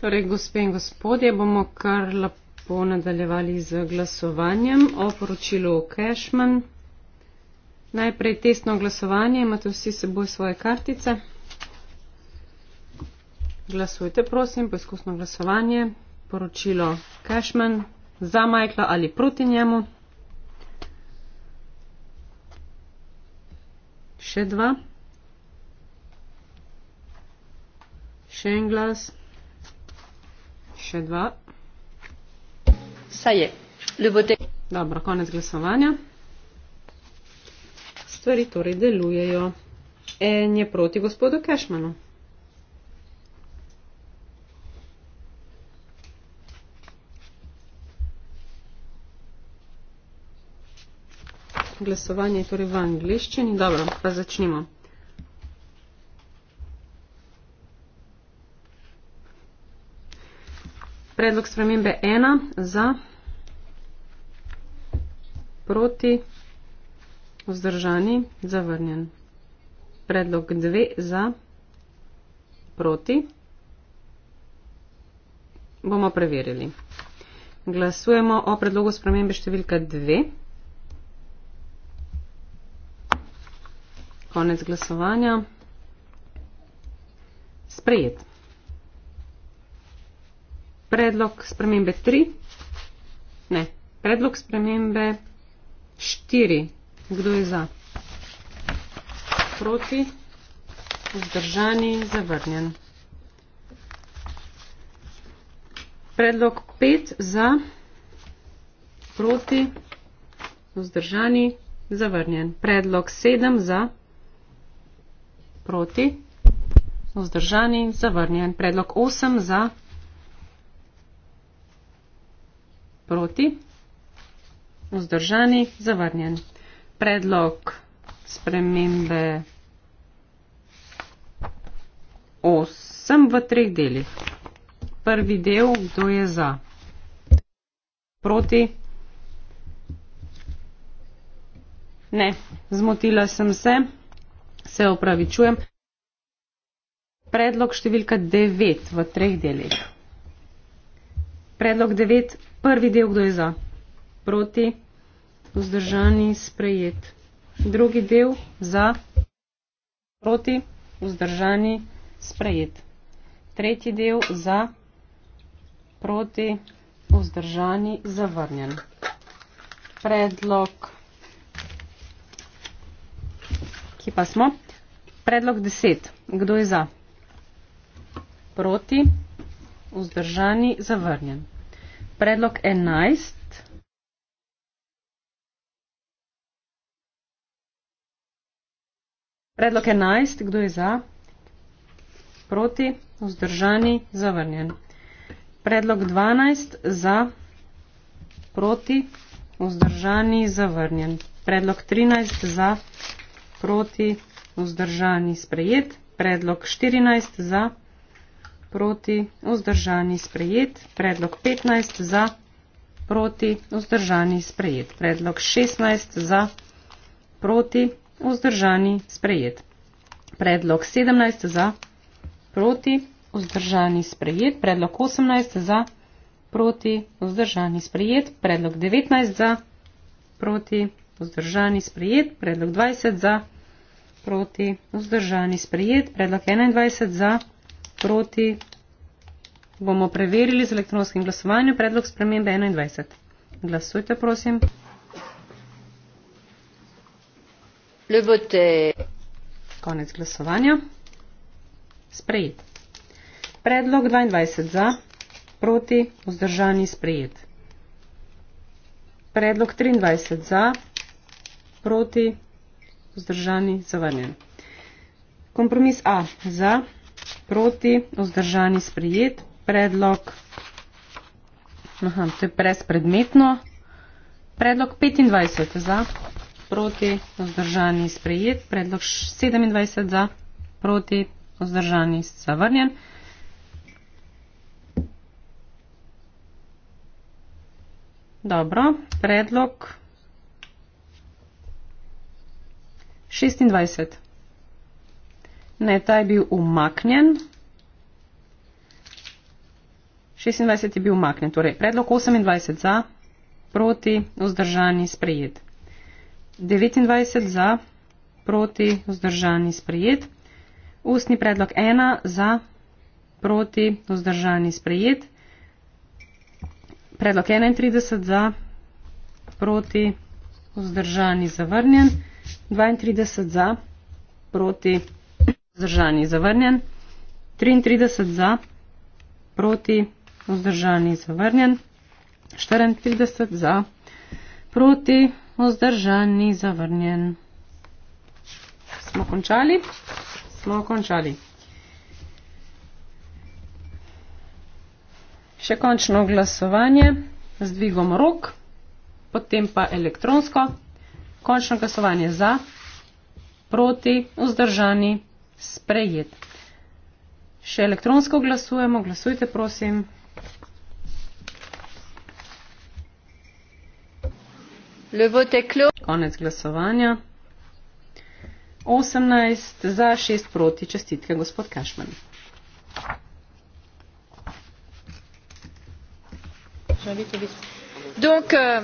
Torej, gospe in gospodje, bomo kar lepo nadaljevali z glasovanjem o poročilu Cashman. Najprej testno glasovanje, imate vsi seboj svoje kartice. Glasujte, prosim, poizkusno glasovanje, poročilo Cashman za Majkla ali proti njemu. Še dva. Še en glas. Še dva. Saj je. Ljubote. Dobro, konec glasovanja. Stvari torej delujejo. En je proti gospodu Kešmanu. Glasovanje je torej v angliščini. Dobro, pa začnimo. Predlog spremembe ena za, proti, vzdržani, zavrnjen. Predlog dve za, proti, bomo preverili. Glasujemo o predlogu spremembe številka dve. Konec glasovanja. Sprejet predlog spremembe 3, ne, predlog spremembe 4. Kdo je za? Proti, vzdržani, zavrnjen. Predlog 5 za, proti, vzdržani, zavrnjen. Predlog 7 za, proti, vzdržani, zavrnjen. Predlog 8 za, proti. proti, vzdržani, zavrnjen. Predlog spremembe 8 v treh delih. Prvi del, kdo je za, proti. Ne, zmotila sem se, se opravičujem. Predlog številka 9 v treh delih. Predlog 9. Prvi del, kdo je za? Proti. Vzdržani sprejet. Drugi del za. Proti. Vzdržani sprejet. Tretji del za. Proti. Vzdržani zavrnjen. Predlog. Ki pa smo? Predlog 10. Kdo je za? Proti. Vzdržani zavrnjen. Predlog 11. Predlog 11. Kdo je za? Proti. Vzdržani zavrnjen. Predlog 12. Za. Proti. Vzdržani zavrnjen. Predlog 13. Za. Proti. Vzdržani sprejet. Predlog 14. Za. Proti proti, vzdržani, sprejet, predlog 15 za, proti, vzdržani, sprejet, predlog 16 za, proti, vzdržani, sprejet, predlog 17 za, proti, vzdržani, sprejet, predlog 18 za, proti, vzdržani, sprejet, predlog 19 za, proti, vzdržani, sprejet, predlog 20 za, proti, vzdržani, sprejet, predlog 21 za, proti, proti. Bomo preverili z elektronskim glasovanjem predlog spremembe 21. Glasujte, prosim. Lebote. Konec glasovanja. Sprejet. Predlog 22 za, proti, vzdržani, sprejet. Predlog 23 za, proti, vzdržani, zavrnjen. Kompromis A za, proti, vzdržani sprijet, predlog, aha, to je prespredmetno, predlog 25 za, proti, vzdržani sprijet, predlog 27 za, proti, vzdržani zavrnjen. Dobro, predlog 26. Ne, ta je bil umaknjen. 26 je bil umaknjen, torej predlog 28 za, proti, vzdržani, sprejet. 29 za, proti, vzdržani, sprejet. Ustni predlog 1 za, proti, vzdržani, sprejet. Predlog 31 za, proti, vzdržani, zavrnjen. 32 za, proti, vzdržani vzdržani zavrnjen, 33 za, proti, vzdržani zavrnjen, 34 za, proti, vzdržani zavrnjen. Smo končali? Smo končali. Še končno glasovanje z dvigom rok, potem pa elektronsko. Končno glasovanje za, proti, vzdržani zavrnjen sprejet. Še elektronsko glasujemo, glasujte prosim. Konec glasovanja. 18 za 6 proti. Čestitke, gospod Kašman. Donc, euh,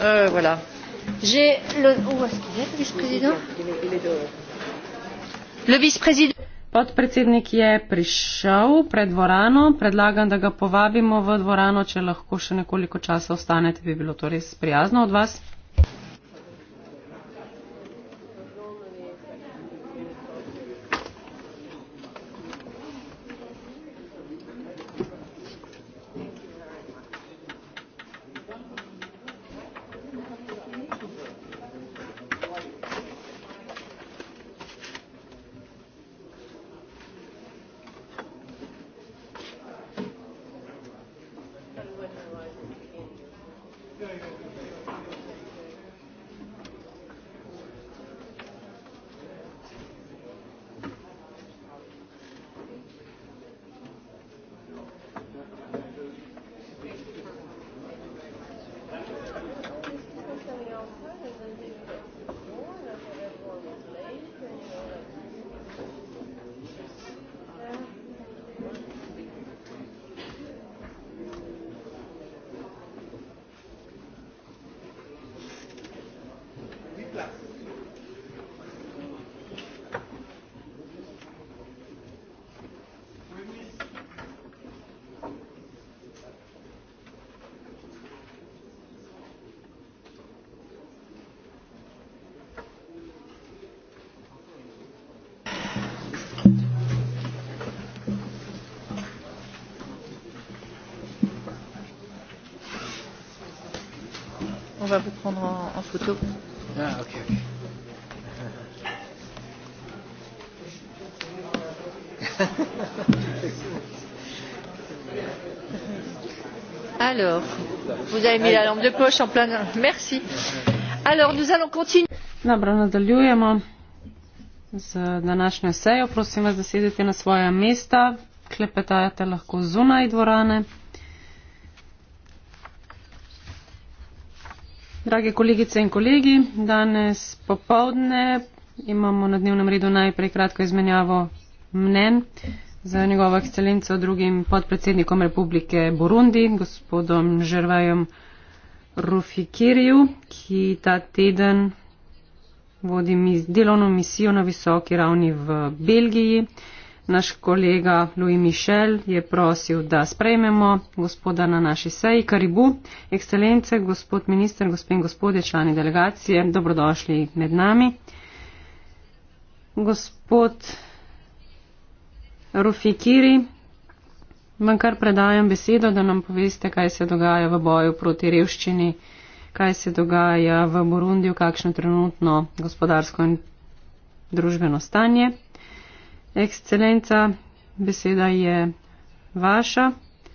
euh, voilà. J'ai le. Où oh, est-ce qu'il est, vice-président Il est dehors. Podpredsednik je prišel pred dvorano, predlagam, da ga povabimo v dvorano, če lahko še nekoliko časa ostanete, bi bilo to res prijazno od vas. va vous prendre en, en photo. Ah, ok, ok. Alors, vous avez mis la lampe de poche en plein. Merci. Alors, nous allons continuer. Dobro, nadaljujemo z današnjo sejo. Prosim vas, da sedite na svoja mesta, klepetajte lahko zunaj dvorane. drage kolegice in kolegi, danes popovdne imamo na dnevnem redu najprej kratko izmenjavo mnen za njegovo ekscelenco drugim podpredsednikom Republike Burundi, gospodom Žervajom Rufikirju, ki ta teden vodi delovno misijo na visoki ravni v Belgiji. Naš kolega Louis Michel je prosil, da sprejmemo gospoda na naši seji Karibu. Ekscelence, gospod minister, gospod in gospode, člani delegacije, dobrodošli med nami. Gospod Rufikiri, vam kar predajam besedo, da nam poveste, kaj se dogaja v boju proti revščini, kaj se dogaja v Burundiju, kakšno trenutno gospodarsko in. Družbeno stanje. Ekscelenca, beseda je vaša.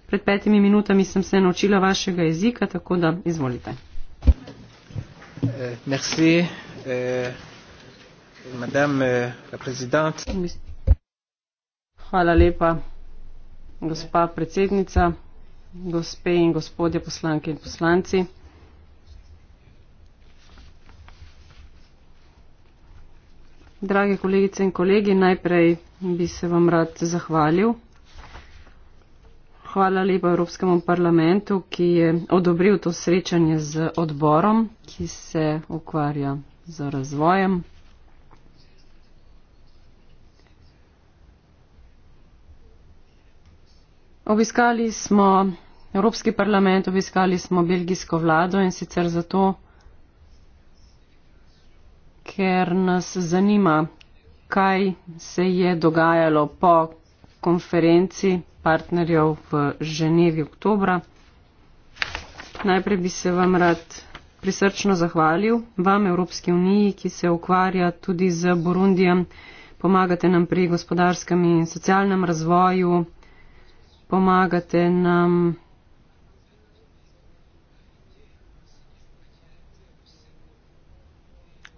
Pred petimi minutami sem se naučila vašega jezika, tako da izvolite. Eh, merci, eh, madame, eh, la president. Hvala lepa, gospa predsednica, gospe in gospodje poslanke in poslanci. Drage kolegice in kolegi, najprej bi se vam rad zahvalil. Hvala lepa Evropskemu parlamentu, ki je odobril to srečanje z odborom, ki se ukvarja z razvojem. Obiskali smo Evropski parlament, obiskali smo belgijsko vlado in sicer zato, ker nas zanima, kaj se je dogajalo po konferenci partnerjev v Ženevi oktobra. Najprej bi se vam rad prisrčno zahvalil, vam Evropski uniji, ki se ukvarja tudi z Burundijem, pomagate nam pri gospodarskem in socialnem razvoju, pomagate nam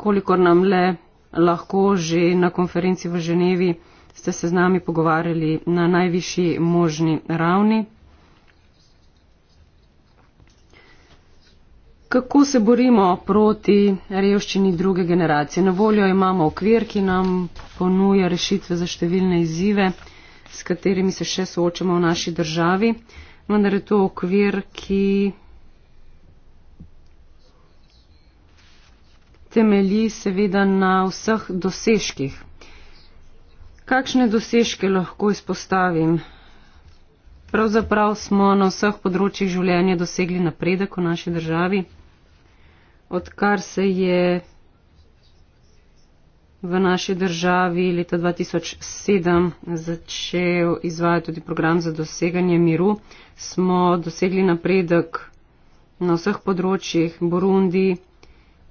kolikor nam le lahko že na konferenci v Ženevi ste se z nami pogovarjali na najvišji možni ravni. Kako se borimo proti revščini druge generacije? Na voljo imamo okvir, ki nam ponuja rešitve za številne izzive, s katerimi se še soočamo v naši državi, vendar je to okvir, ki temelji seveda na vseh dosežkih. Kakšne dosežke lahko izpostavim? Pravzaprav smo na vseh področjih življenja dosegli napredek v naši državi, odkar se je v naši državi leta 2007 začel izvajati tudi program za doseganje miru, smo dosegli napredek na vseh področjih Burundi,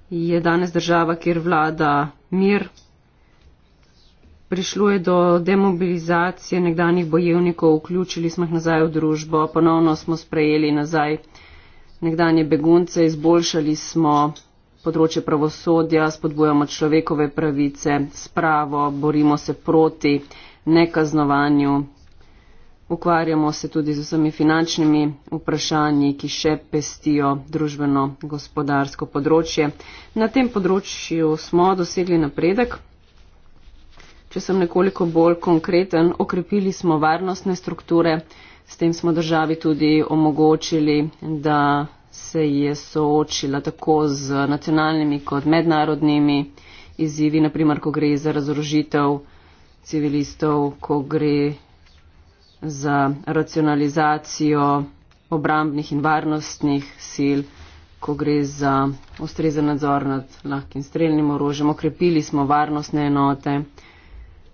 je danes država, kjer vlada mir. Prišlo je do demobilizacije nekdanjih bojevnikov, vključili smo jih nazaj v družbo, ponovno smo sprejeli nazaj nekdanje begunce, izboljšali smo področje pravosodja, spodbujamo človekove pravice, spravo, borimo se proti nekaznovanju Ukvarjamo se tudi z vsemi finančnimi vprašanji, ki še pestijo družbeno-gospodarsko področje. Na tem področju smo dosegli napredek. Če sem nekoliko bolj konkreten, okrepili smo varnostne strukture, s tem smo državi tudi omogočili, da se je soočila tako z nacionalnimi kot mednarodnimi izzivi, naprimer, ko gre za razorožitev civilistov, ko gre za racionalizacijo obrambnih in varnostnih sil, ko gre za ustrezen nadzor nad lahkim streljnim orožjem. Okrepili smo varnostne enote,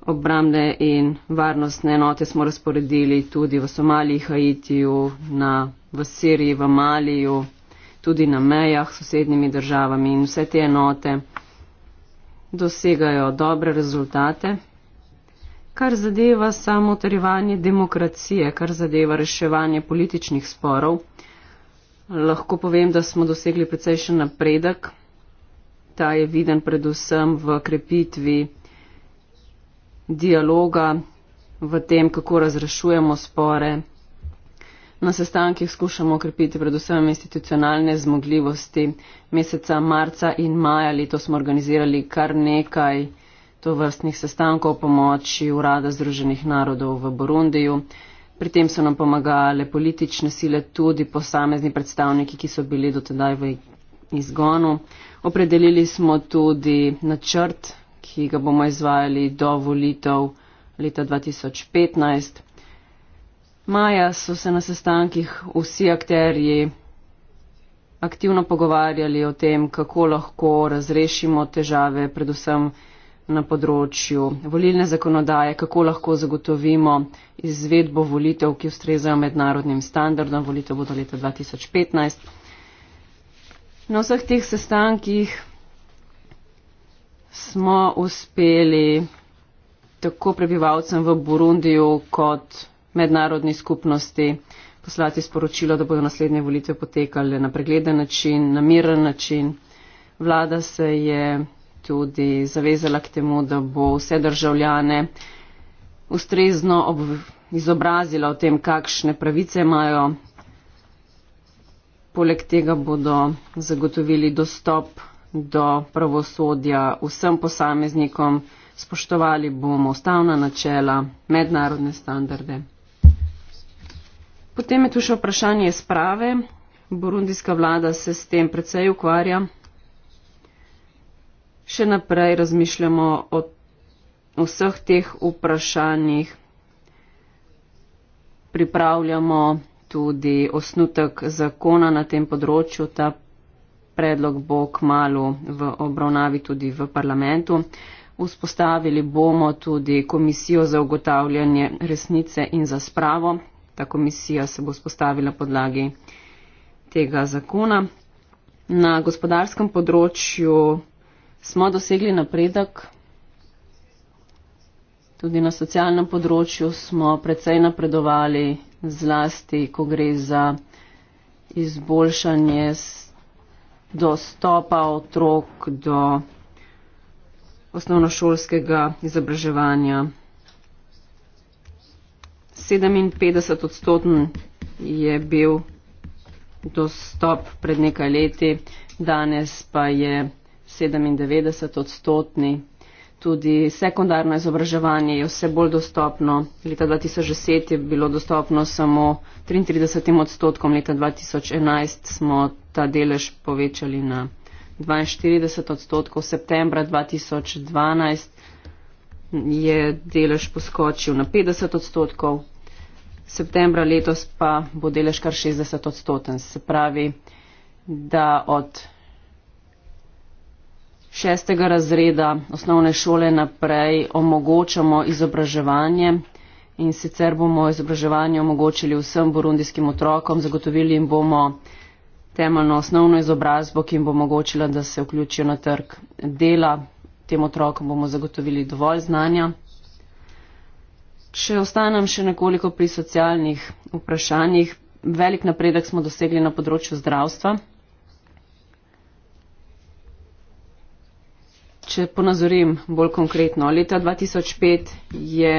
obrambne in varnostne enote smo razporedili tudi v Somaliji, Haitiju, na, v Siriji, v Maliju, tudi na mejah s sosednjimi državami in vse te enote dosegajo dobre rezultate kar zadeva samo utrjevanje demokracije, kar zadeva reševanje političnih sporov. Lahko povem, da smo dosegli precejšen napredek. Ta je viden predvsem v krepitvi dialoga, v tem, kako razrešujemo spore. Na sestankih skušamo okrepiti predvsem institucionalne zmogljivosti. Meseca marca in maja leto smo organizirali kar nekaj to vrstnih sestankov pomoči Urada Združenih narodov v Burundiju. Pri tem so nam pomagale politične sile, tudi posamezni predstavniki, ki so bili dotedaj v izgonu. Opredelili smo tudi načrt, ki ga bomo izvajali do volitev leta 2015. Maja so se na sestankih vsi akterji aktivno pogovarjali o tem, kako lahko razrešimo težave, predvsem na področju volilne zakonodaje, kako lahko zagotovimo izvedbo volitev, ki ustrezajo mednarodnim standardom, volitev bo do leta 2015. Na vseh teh sestankih smo uspeli tako prebivalcem v Burundiju kot mednarodni skupnosti poslati sporočilo, da bodo naslednje volitve potekale na pregleden način, na miren način. Vlada se je tudi zavezala k temu, da bo vse državljane ustrezno izobrazila o tem, kakšne pravice imajo. Poleg tega bodo zagotovili dostop do pravosodja vsem posameznikom, spoštovali bomo ustavna načela, mednarodne standarde. Potem je tu še vprašanje sprave. Burundijska vlada se s tem precej ukvarja še naprej razmišljamo o vseh teh vprašanjih. Pripravljamo tudi osnutek zakona na tem področju. Ta predlog bo k malu v obravnavi tudi v parlamentu. Vzpostavili bomo tudi komisijo za ugotavljanje resnice in za spravo. Ta komisija se bo spostavila podlagi tega zakona. Na gospodarskem področju smo dosegli napredek, tudi na socialnem področju smo precej napredovali, zlasti, ko gre za izboljšanje dostopa otrok do osnovnošolskega izobraževanja. 57 odstotn je bil dostop pred nekaj leti, danes pa je 97 odstotni. Tudi sekundarno izobraževanje je vse bolj dostopno. Leta 2010 je bilo dostopno samo 33 odstotkom, leta 2011 smo ta delež povečali na 42 odstotkov. Septembra 2012 je delež poskočil na 50 odstotkov, septembra letos pa bo delež kar 60 odstoten. Se pravi, da od šestega razreda osnovne šole naprej omogočamo izobraževanje in sicer bomo izobraževanje omogočili vsem burundijskim otrokom, zagotovili jim bomo temeljno osnovno izobrazbo, ki jim bo omogočila, da se vključijo na trg dela. Tem otrokom bomo zagotovili dovolj znanja. Če ostanem še nekoliko pri socialnih vprašanjih, velik napredek smo dosegli na področju zdravstva. če ponazorim bolj konkretno, leta 2005 je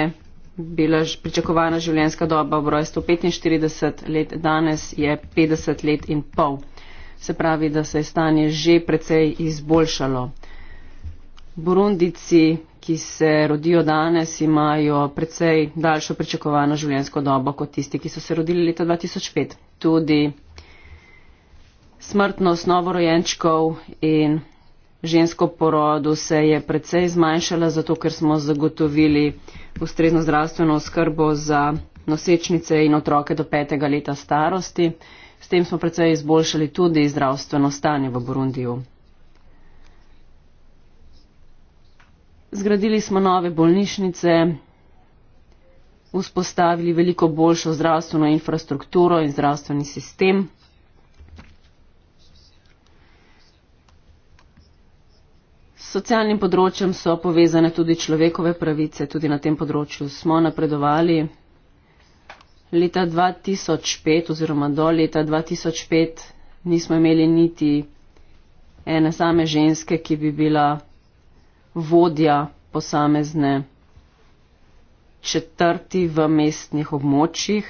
bila pričakovana življenjska doba v rojstvu 45 let, danes je 50 let in pol. Se pravi, da se je stanje že precej izboljšalo. Burundici, ki se rodijo danes, imajo precej daljšo pričakovano življenjsko dobo kot tisti, ki so se rodili leta 2005. Tudi smrtnost novorojenčkov in žensko porodu se je precej zmanjšala, zato ker smo zagotovili ustrezno zdravstveno oskrbo za nosečnice in otroke do petega leta starosti. S tem smo precej izboljšali tudi zdravstveno stanje v Burundiju. Zgradili smo nove bolnišnice, vzpostavili veliko boljšo zdravstveno infrastrukturo in zdravstveni sistem. socialnim področjem so povezane tudi človekove pravice, tudi na tem področju smo napredovali. Leta 2005 oziroma do leta 2005 nismo imeli niti ene same ženske, ki bi bila vodja posamezne četrti v mestnih območjih.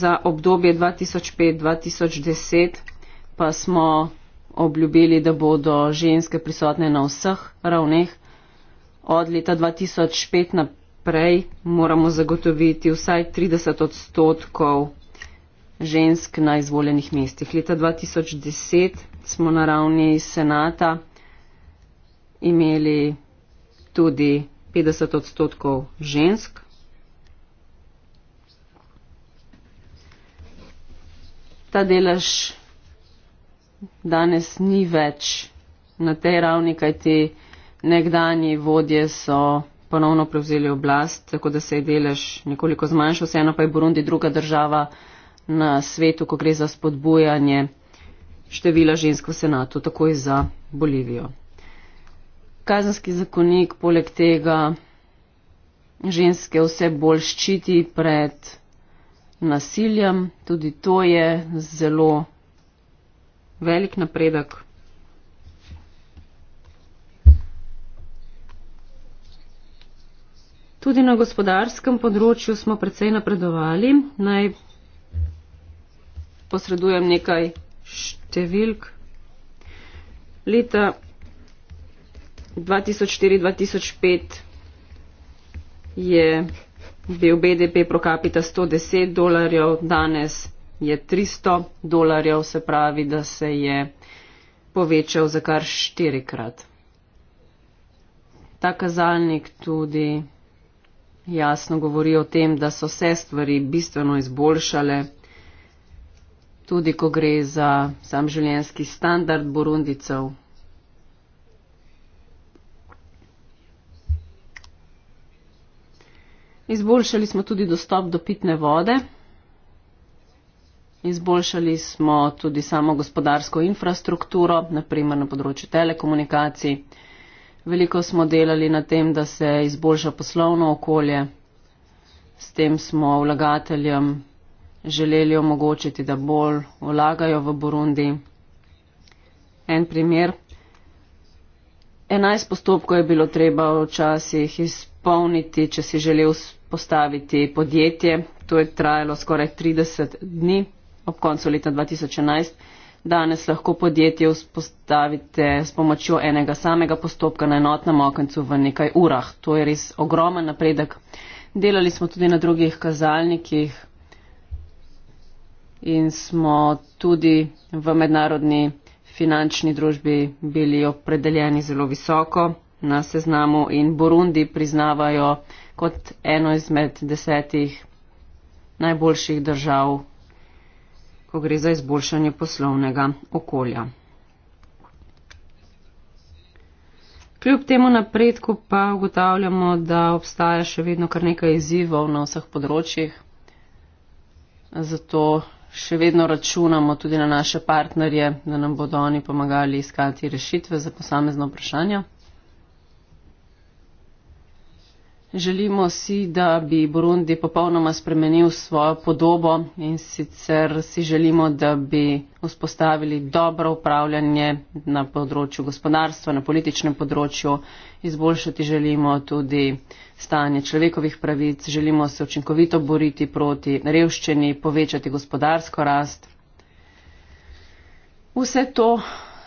Za obdobje 2005-2010 pa smo obljubili, da bodo ženske prisotne na vseh ravneh. Od leta 2005 naprej moramo zagotoviti vsaj 30 odstotkov žensk na izvoljenih mestih. Leta 2010 smo na ravni senata imeli tudi 50 odstotkov žensk. Ta delež danes ni več na tej ravni, kaj ti nekdani vodje so ponovno prevzeli oblast, tako da se je delež nekoliko zmanjšal, vseeno pa je Burundi druga država na svetu, ko gre za spodbujanje števila žensk v senatu, takoj za Bolivijo. Kazanski zakonik poleg tega ženske vse bolj ščiti pred nasiljem, tudi to je zelo velik napredek. Tudi na gospodarskem področju smo precej napredovali. Naj posredujem nekaj številk. Leta 2004-2005 je bil BDP pro capita 110 dolarjev, danes 120 je 300 dolarjev, se pravi, da se je povečal za kar štirikrat. Ta kazalnik tudi jasno govori o tem, da so se stvari bistveno izboljšale. Tudi ko gre za sam življenjski standard borundicev. Izboljšali smo tudi dostop do pitne vode. Izboljšali smo tudi samo gospodarsko infrastrukturo, naprimer na področju telekomunikacij. Veliko smo delali na tem, da se izboljša poslovno okolje. S tem smo vlagateljem želeli omogočiti, da bolj vlagajo v Burundi. En primer. 11 postopkov je bilo treba včasih izpolniti, če si želel postaviti podjetje. To je trajalo skoraj 30 dni ob koncu leta 2011. Danes lahko podjetje vzpostavite s pomočjo enega samega postopka na enotnem okencu v nekaj urah. To je res ogromen napredek. Delali smo tudi na drugih kazalnikih in smo tudi v mednarodni finančni družbi bili opredeljeni zelo visoko na seznamu in Burundi priznavajo kot eno izmed desetih najboljših držav ko gre za izboljšanje poslovnega okolja. Kljub temu napredku pa ugotavljamo, da obstaja še vedno kar nekaj izzivov na vseh področjih. Zato še vedno računamo tudi na naše partnerje, da nam bodo oni pomagali iskati rešitve za posamezno vprašanje. Želimo si, da bi Burundi popolnoma spremenil svojo podobo in sicer si želimo, da bi vzpostavili dobro upravljanje na področju gospodarstva, na političnem področju. Izboljšati želimo tudi stanje človekovih pravic, želimo se učinkovito boriti proti revščini, povečati gospodarsko rast. Vse to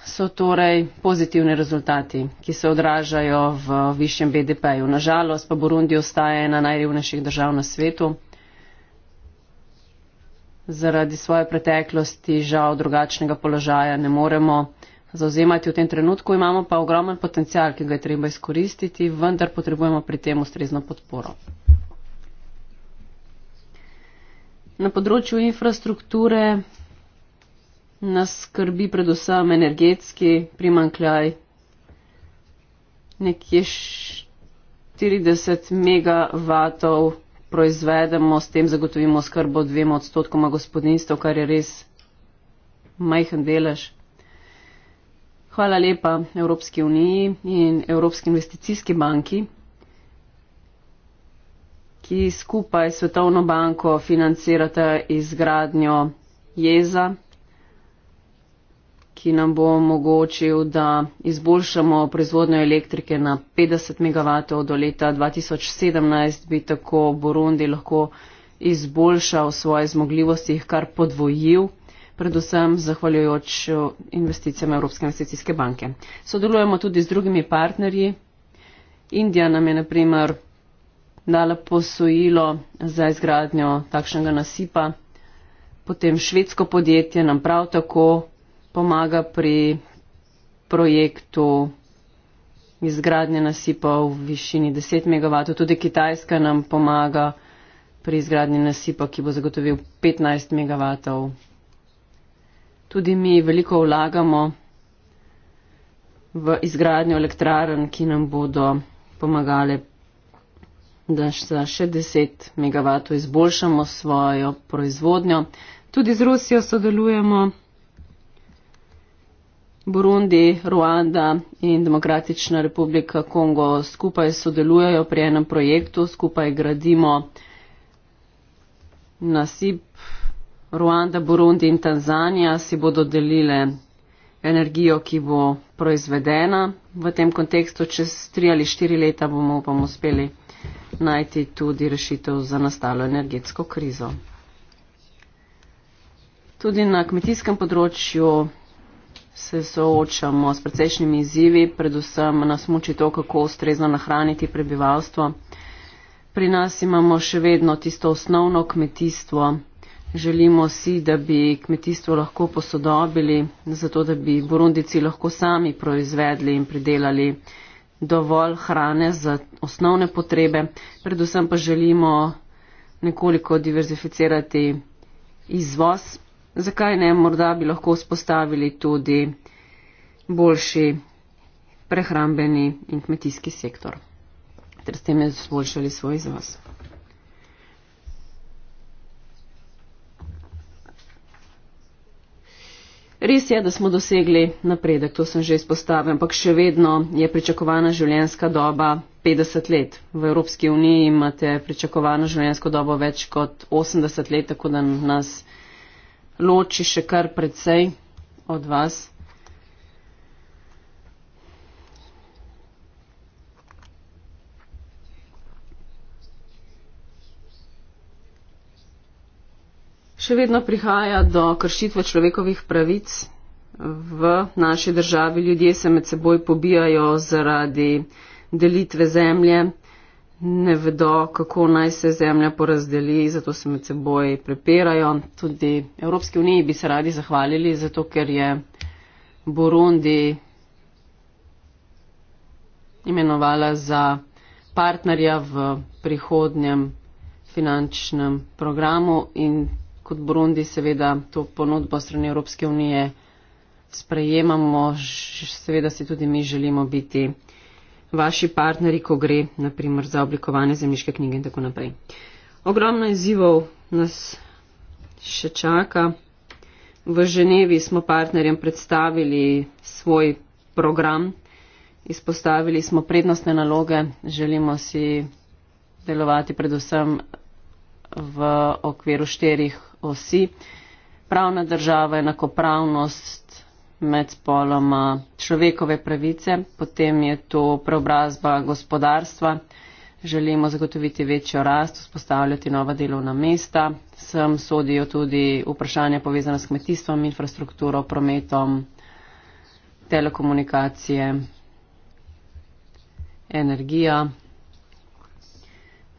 so torej pozitivni rezultati, ki se odražajo v višjem BDP-ju. Nažalost pa Burundi ostaja ena najrevnejših držav na svetu. Zaradi svoje preteklosti žal drugačnega položaja ne moremo zauzemati v tem trenutku, imamo pa ogromen potencial, ki ga je treba izkoristiti, vendar potrebujemo pri tem ustrezno podporo. Na področju infrastrukture nas skrbi predvsem energetski primankljaj. Nekje 40 megavatov proizvedemo, s tem zagotovimo skrbo dvema odstotkoma gospodinstv, kar je res majhen delež. Hvala lepa Evropski uniji in Evropski investicijski banki, ki skupaj s Svetovno banko financirata izgradnjo jeza ki nam bo omogočil, da izboljšamo proizvodnjo elektrike na 50 MW. Do leta 2017 bi tako Burundi lahko izboljšal svoje zmogljivosti, kar podvojil, predvsem zahvaljujoč eh, investicijam Evropske investicijske banke. Sodelujemo tudi z drugimi partnerji. Indija nam je naprimer dala posojilo za izgradnjo takšnega nasipa. Potem švedsko podjetje nam prav tako pomaga pri projektu izgradnje nasipa v višini 10 MW. Tudi Kitajska nam pomaga pri izgradnji nasipa, ki bo zagotovil 15 MW. Tudi mi veliko vlagamo v izgradnjo elektrarn, ki nam bodo pomagale, da za še 10 MW izboljšamo svojo proizvodnjo. Tudi z Rusijo sodelujemo. Burundi, Ruanda in Demokratična republika Kongo skupaj sodelujejo pri enem projektu, skupaj gradimo nasip. Ruanda, Burundi in Tanzanija si bodo delile energijo, ki bo proizvedena v tem kontekstu. Čez tri ali štiri leta bomo pa uspeli najti tudi rešitev za nastalo energetsko krizo. Tudi na kmetijskem področju se soočamo s precejšnjimi izzivi, predvsem nas muči to, kako ustrezno nahraniti prebivalstvo. Pri nas imamo še vedno tisto osnovno kmetijstvo. Želimo si, da bi kmetijstvo lahko posodobili, zato da bi burundici lahko sami proizvedli in pridelali dovolj hrane za osnovne potrebe. Predvsem pa želimo nekoliko diverzificirati izvoz zakaj ne, morda bi lahko vzpostavili tudi boljši prehrambeni in kmetijski sektor ter s tem izboljšali svoj izvoz. Res je, da smo dosegli napredek, to sem že izpostavil, ampak še vedno je pričakovana življenjska doba 50 let. V Evropski uniji imate pričakovano življenjsko dobo več kot 80 let, tako da nas loči še kar precej od vas. Še vedno prihaja do kršitve človekovih pravic. V naši državi ljudje se med seboj pobijajo zaradi delitve zemlje ne vedo, kako naj se zemlja porazdeli, zato se med seboj prepirajo. Tudi Evropski uniji bi se radi zahvalili, zato ker je Burundi imenovala za partnerja v prihodnjem finančnem programu in kot Burundi seveda to ponudbo strani Evropske unije sprejemamo, seveda si tudi mi želimo biti vaši partneri, ko gre naprimer za oblikovanje zemljiške knjige in tako naprej. Ogromno izzivov nas še čaka. V Ženevi smo partnerjem predstavili svoj program, izpostavili smo prednostne naloge, želimo si delovati predvsem v okviru štirih osi. Pravna država, enakopravnost, med spoloma človekove pravice, potem je to preobrazba gospodarstva, želimo zagotoviti večjo rast, vzpostavljati nova delovna mesta, sem sodijo tudi vprašanja povezana s kmetijstvom, infrastrukturo, prometom, telekomunikacije, energija.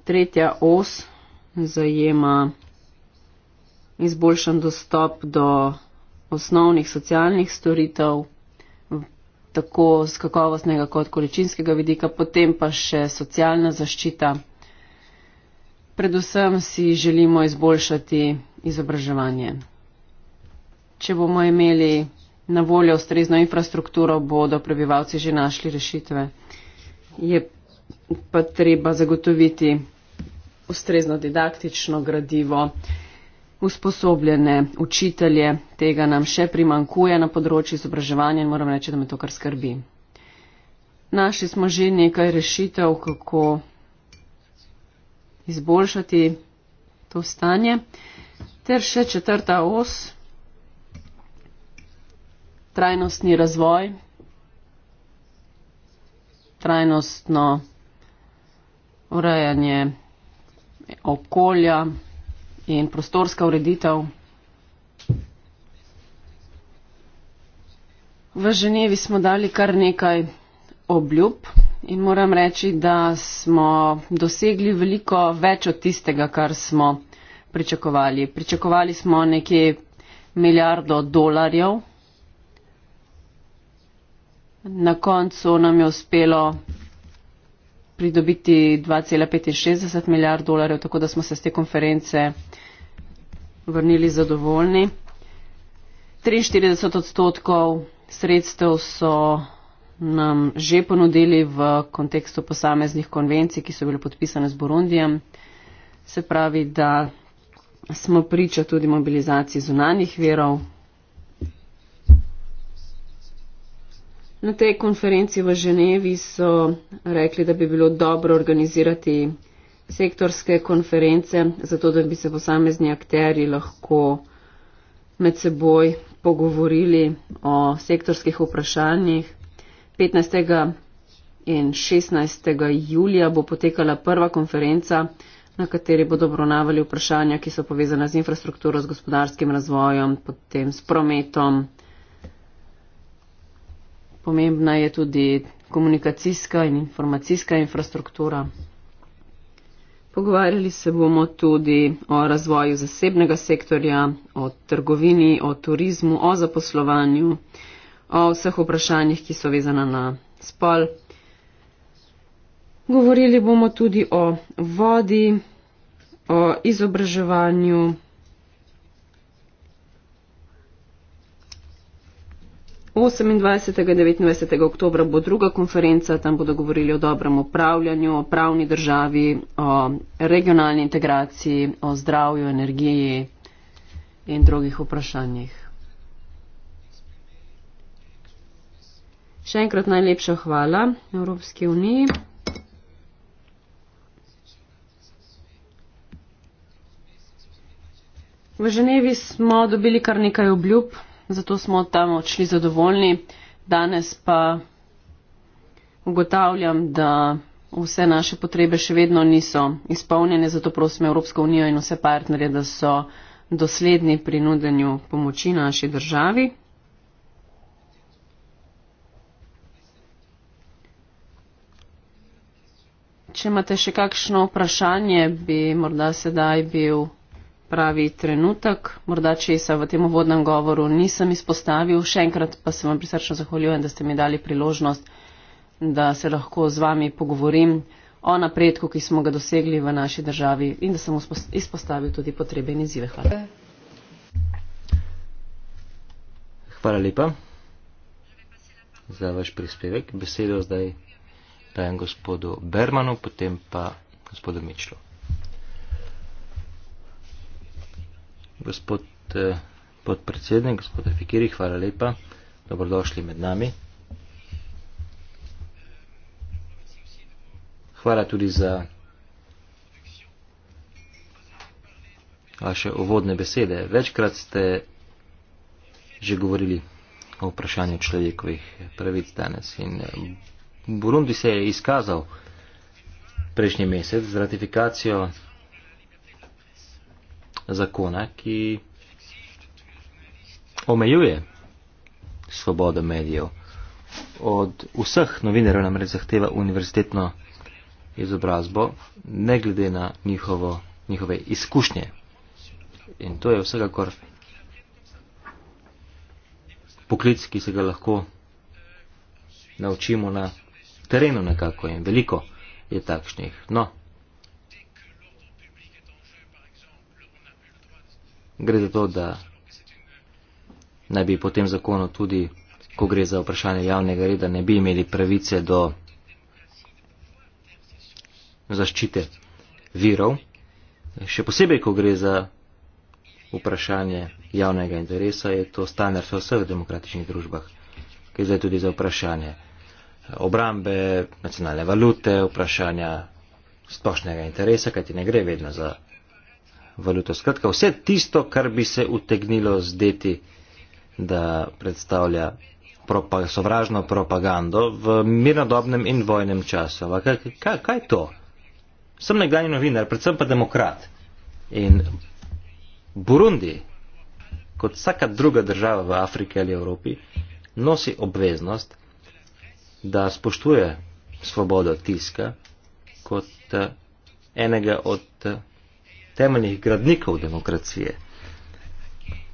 Tretja os zajema izboljšan dostop do osnovnih socialnih storitev, tako z kakovostnega kot količinskega vidika, potem pa še socialna zaščita. Predvsem si želimo izboljšati izobraževanje. Če bomo imeli na voljo ustrezno infrastrukturo, bodo prebivalci že našli rešitve. Je pa treba zagotoviti ustrezno didaktično gradivo usposobljene učitelje, tega nam še primankuje na področju izobraževanja in moram reči, da me to kar skrbi. Našli smo že nekaj rešitev, kako izboljšati to stanje. Ter še četrta os, trajnostni razvoj, trajnostno urejanje okolja, in prostorska ureditev. V Ženevi smo dali kar nekaj obljub in moram reči, da smo dosegli veliko več od tistega, kar smo pričakovali. Pričakovali smo nekje milijardo dolarjev. Na koncu nam je uspelo pridobiti 2,65 milijard dolarjev, tako da smo se z te konference vrnili zadovoljni. 43 odstotkov sredstev so nam že ponudili v kontekstu posameznih konvencij, ki so bile podpisane z Burundijem. Se pravi, da smo priča tudi mobilizaciji zunanjih verov, Na tej konferenci v Ženevi so rekli, da bi bilo dobro organizirati sektorske konference, zato da bi se posamezni akteri lahko med seboj pogovorili o sektorskih vprašanjih. 15. in 16. julija bo potekala prva konferenca, na kateri bodo obravnavali vprašanja, ki so povezana z infrastrukturo, z gospodarskim razvojem, potem s prometom pomembna je tudi komunikacijska in informacijska infrastruktura. Pogovarjali se bomo tudi o razvoju zasebnega sektorja, o trgovini, o turizmu, o zaposlovanju, o vseh vprašanjih, ki so vezana na spol. Govorili bomo tudi o vodi, o izobraževanju, 28. in 29. oktobra bo druga konferenca, tam bodo govorili o dobrem upravljanju, o pravni državi, o regionalni integraciji, o zdravju, energiji in drugih vprašanjih. Še enkrat najlepša hvala Evropski uniji. V Ženevi smo dobili kar nekaj obljub zato smo tam odšli zadovoljni. Danes pa ugotavljam, da vse naše potrebe še vedno niso izpolnjene, zato prosim Evropsko unijo in vse partnerje, da so dosledni pri nudenju pomoči naši državi. Če imate še kakšno vprašanje, bi morda sedaj bil pravi trenutek. Morda česa v tem uvodnem govoru nisem izpostavil, še enkrat pa se vam prisrčno zahvaljujem, da ste mi dali priložnost, da se lahko z vami pogovorim o napredku, ki smo ga dosegli v naši državi in da sem izpostavil tudi potrebe in izzive. Hvala. Hvala lepa za vaš prispevek. Besedo zdaj dajem gospodu Bermanu, potem pa gospodu Mičlu. Gospod eh, podpredsednik, gospod Fikiri, hvala lepa. Dobrodošli med nami. Hvala tudi za vaše uvodne besede. Večkrat ste že govorili o vprašanju človekovih pravic danes. In eh, Burundi se je izkazal prejšnji mesec z ratifikacijo zakona, ki omejuje svobodo medijev. Od vseh novinarjev namreč zahteva univerzitetno izobrazbo, ne glede na njihovo, njihove izkušnje. In to je vsekakor poklic, ki se ga lahko naučimo na terenu nekako in veliko je takšnih. No, gre za to, da ne bi po tem zakonu tudi, ko gre za vprašanje javnega reda, ne bi imeli pravice do zaščite virov, še posebej, ko gre za vprašanje javnega interesa, je to standard v vseh demokratičnih družbah, ki je zdaj tudi za vprašanje obrambe, nacionalne valute, vprašanja splošnega interesa, kajti ne gre vedno za valuto. Skratka, vse tisto, kar bi se utegnilo zdeti, da predstavlja propag sovražno propagando v mirnodobnem in vojnem času. Ampak kaj, kaj, kaj to? Sem nekdanji novinar, predvsem pa demokrat. In Burundi, kot vsaka druga država v Afriki ali Evropi, nosi obveznost, da spoštuje svobodo tiska kot eh, enega od eh, temeljnih gradnikov demokracije.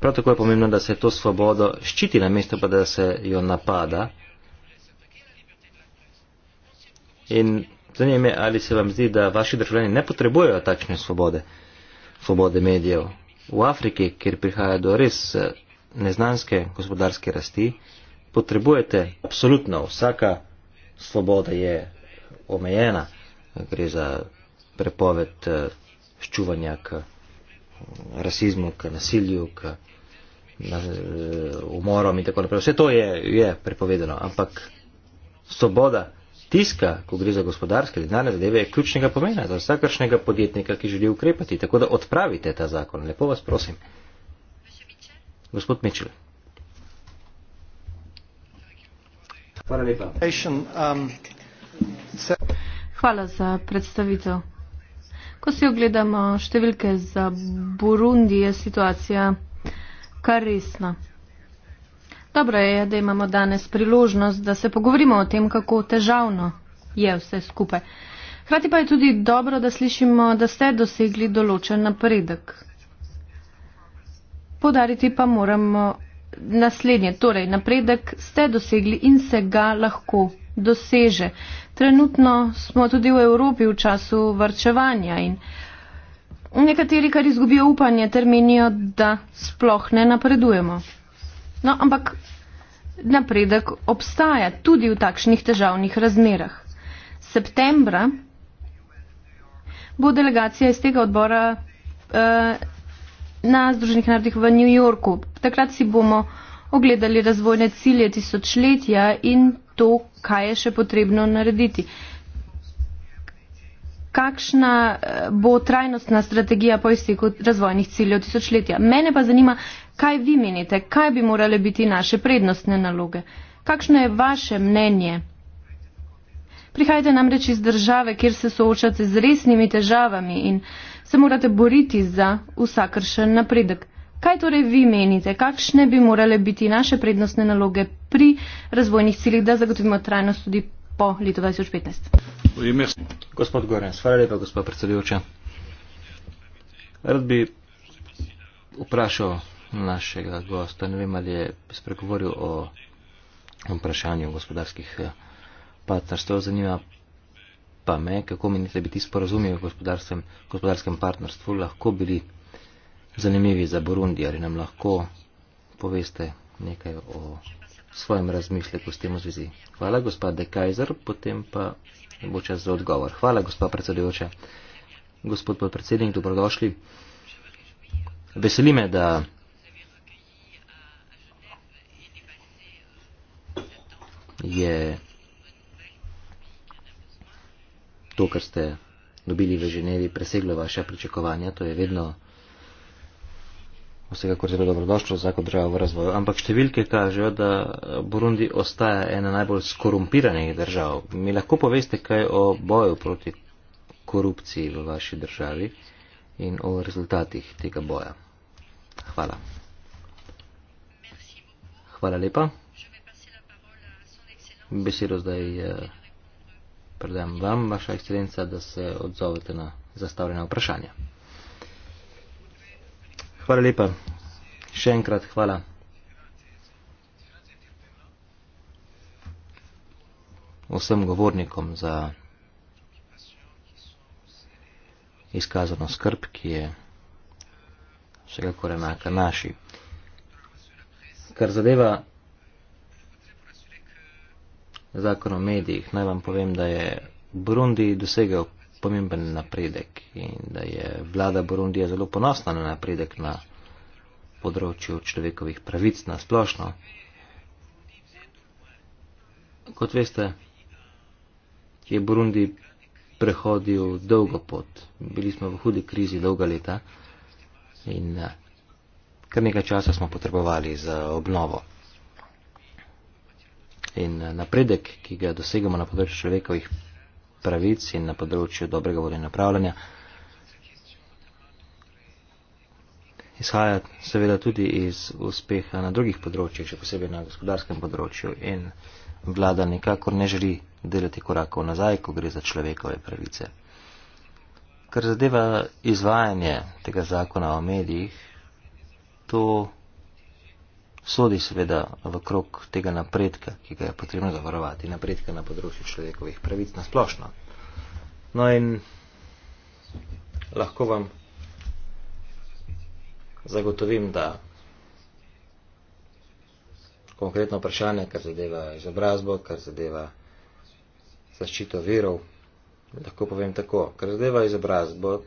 Prav tako je pomembno, da se to svobodo ščiti na mesto, pa da se jo napada. In zanima me, ali se vam zdi, da vaši državljani ne potrebujejo takšne svobode, svobode medijev. V Afriki, kjer prihaja do res eh, neznanske gospodarske rasti, potrebujete absolutno vsaka svoboda je omejena. Gre za prepoved eh, ščuvanja k eh, rasizmu, k nasilju, k eh, umorom in tako naprej. Vse to je, je prepovedano, ampak svoboda tiska, ko gre za gospodarske denarne zadeve, je ključnega pomena za vsakršnega podjetnika, ki želi ukrepati. Tako da odpravite ta zakon. Lepo vas prosim. Gospod Mičel. Hvala lepa. Hvala za predstavitev. Ko si ogledamo številke za Burundi, je situacija kar resna. Dobro je, da imamo danes priložnost, da se pogovorimo o tem, kako težavno je vse skupaj. Hrati pa je tudi dobro, da slišimo, da ste dosegli določen napredek. Podariti pa moramo naslednje, torej napredek ste dosegli in se ga lahko doseže. Trenutno smo tudi v Evropi v času varčevanja in nekateri, kar izgubijo upanje, ter menijo, da sploh ne napredujemo. No, ampak napredek obstaja tudi v takšnih težavnih razmerah. Septembra bo delegacija iz tega odbora eh, na Združenih narodih v New Yorku. Takrat si bomo ogledali razvojne cilje tisočletja in to, kaj je še potrebno narediti. Kakšna eh, bo trajnostna strategija po izteku razvojnih ciljev tisočletja? Mene pa zanima, kaj vi menite, kaj bi morale biti naše prednostne naloge? Kakšno je vaše mnenje? Prihajate namreč iz države, kjer se soočate z resnimi težavami in se morate boriti za vsakršen napredek. Kaj torej vi menite, kakšne bi morale biti naše prednostne naloge pri razvojnih ciljih, da zagotovimo trajnost tudi po letu 2015? Gospod Gorens, hvala lepa, gospod predsedujoča. Rad bi vprašal našega gosta, ne vem, ali je spregovoril o vprašanju gospodarskih eh, partnerstv. Zanima pa me, kako menite, da bi ti sporazumijo o gospodarskem partnerstvu lahko bili zanimivi za Burundi, ali nam lahko poveste nekaj o svojem razmišljaku s tem v zvezi. Hvala, gospod De Kajzer, potem pa bo čas za odgovor. Hvala, gospod predsedujoča. Gospod podpredsednik, dobrodošli. Veseli me, da. je to, kar ste dobili v Ženevi, preseglo vaše pričakovanja. To je vedno vsekakor zelo dobrodošlo, vsako državo v razvoju, ampak številke kažejo, da Burundi ostaja ena najbolj skorumpiranih držav. Mi lahko poveste kaj o boju proti korupciji v vaši državi in o rezultatih tega boja. Hvala. Hvala lepa. Besedo zdaj eh, predajam vam, vaša ekscelenca, da se odzovete na zastavljena vprašanja. Hvala lepa. Še enkrat hvala. Vsem govornikom za izkazano skrb, ki je vsekakor enaka naši. Kar zadeva zakon o medijih, naj vam povem, da je Burundi dosegel pomemben napredek in da je vlada Burundija zelo ponosna na napredek na področju človekovih pravic na splošno. Kot veste, je Burundi prehodil dolgo pot. Bili smo v hudi krizi dolga leta in eh, kar nekaj časa smo potrebovali za obnovo. In eh, napredek, ki ga dosegamo na področju človekovih pravic in na področju dobrega vodenja upravljanja. Izhaja seveda tudi iz uspeha na drugih področjih, še posebej na gospodarskem področju in vlada nikakor ne želi delati korakov nazaj, ko gre za človekove pravice. Kar zadeva izvajanje tega zakona o medijih, to sodi seveda v krok tega napredka, ki ga je potrebno zavarovati, napredka na področju človekovih pravic na splošno. No in lahko vam zagotovim, da konkretno vprašanje, kar zadeva izobrazbo, kar zadeva zaščito virov, lahko povem tako, kar zadeva izobrazbo,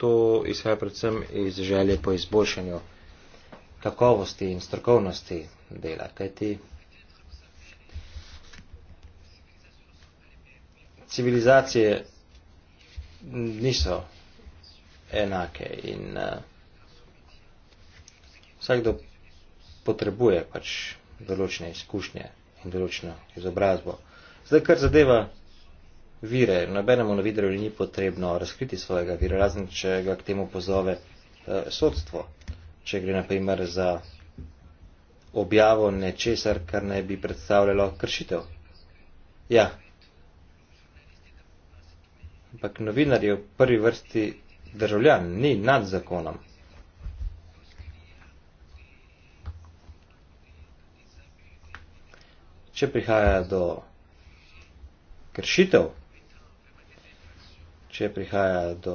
to izhaja predvsem iz želje po izboljšanju kakovosti in strokovnosti dela, kajti civilizacije niso enake in uh, vsakdo potrebuje pač določene izkušnje in določeno izobrazbo. Zdaj, kar zadeva vire, nobenemu novidarju ni potrebno razkriti svojega vira, razen če ga k temu pozove uh, sodstvo če gre na primer za objavo nečesar, kar ne bi predstavljalo kršitev. Ja. Ampak novinar je v prvi vrsti državljan, ni nad zakonom. Če prihaja do kršitev, če prihaja do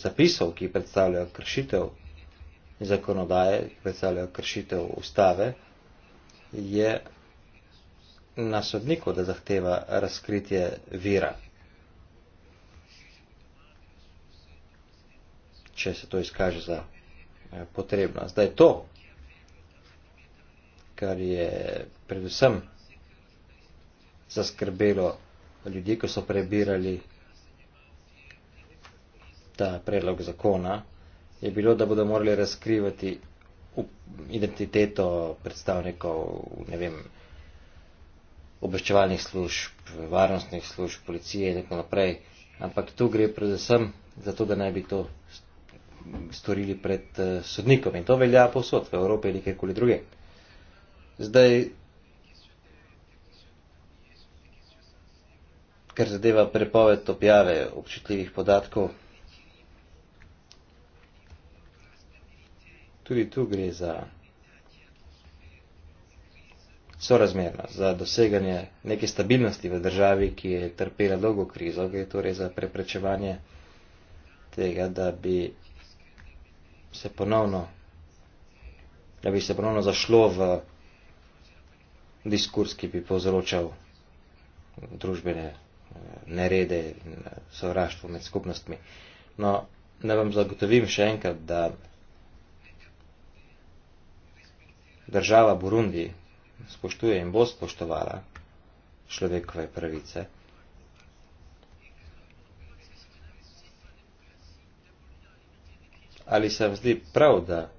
zapisov, ki predstavljajo kršitev, zakonodaje, ki predstavljajo kršitev ustave, je na sodniku, da zahteva razkritje vira. če se to izkaže za eh, potrebno. Zdaj to, kar je predvsem zaskrbelo ljudi, ko so prebirali ta predlog zakona, je bilo, da bodo morali razkrivati identiteto predstavnikov, ne vem, obveščevalnih služb, varnostnih služb, policije in tako naprej. Ampak tu gre predvsem za to, da naj bi to storili pred eh, sodnikom in to velja povsod v Evropi ali kjerkoli druge. Zdaj, ker zadeva prepoved objave občutljivih podatkov, tudi tu gre za sorazmerno, za doseganje neke stabilnosti v državi, ki je trpela dolgo krizo, gre torej za preprečevanje tega, da bi se ponovno, da bi se ponovno zašlo v diskurs, ki bi povzročal družbene eh, nerede in eh, sovraštvo med skupnostmi. No, da vam zagotovim še enkrat, da država Burundi spoštuje in bo spoštovala človekove pravice. Ali se vam zdi prav, da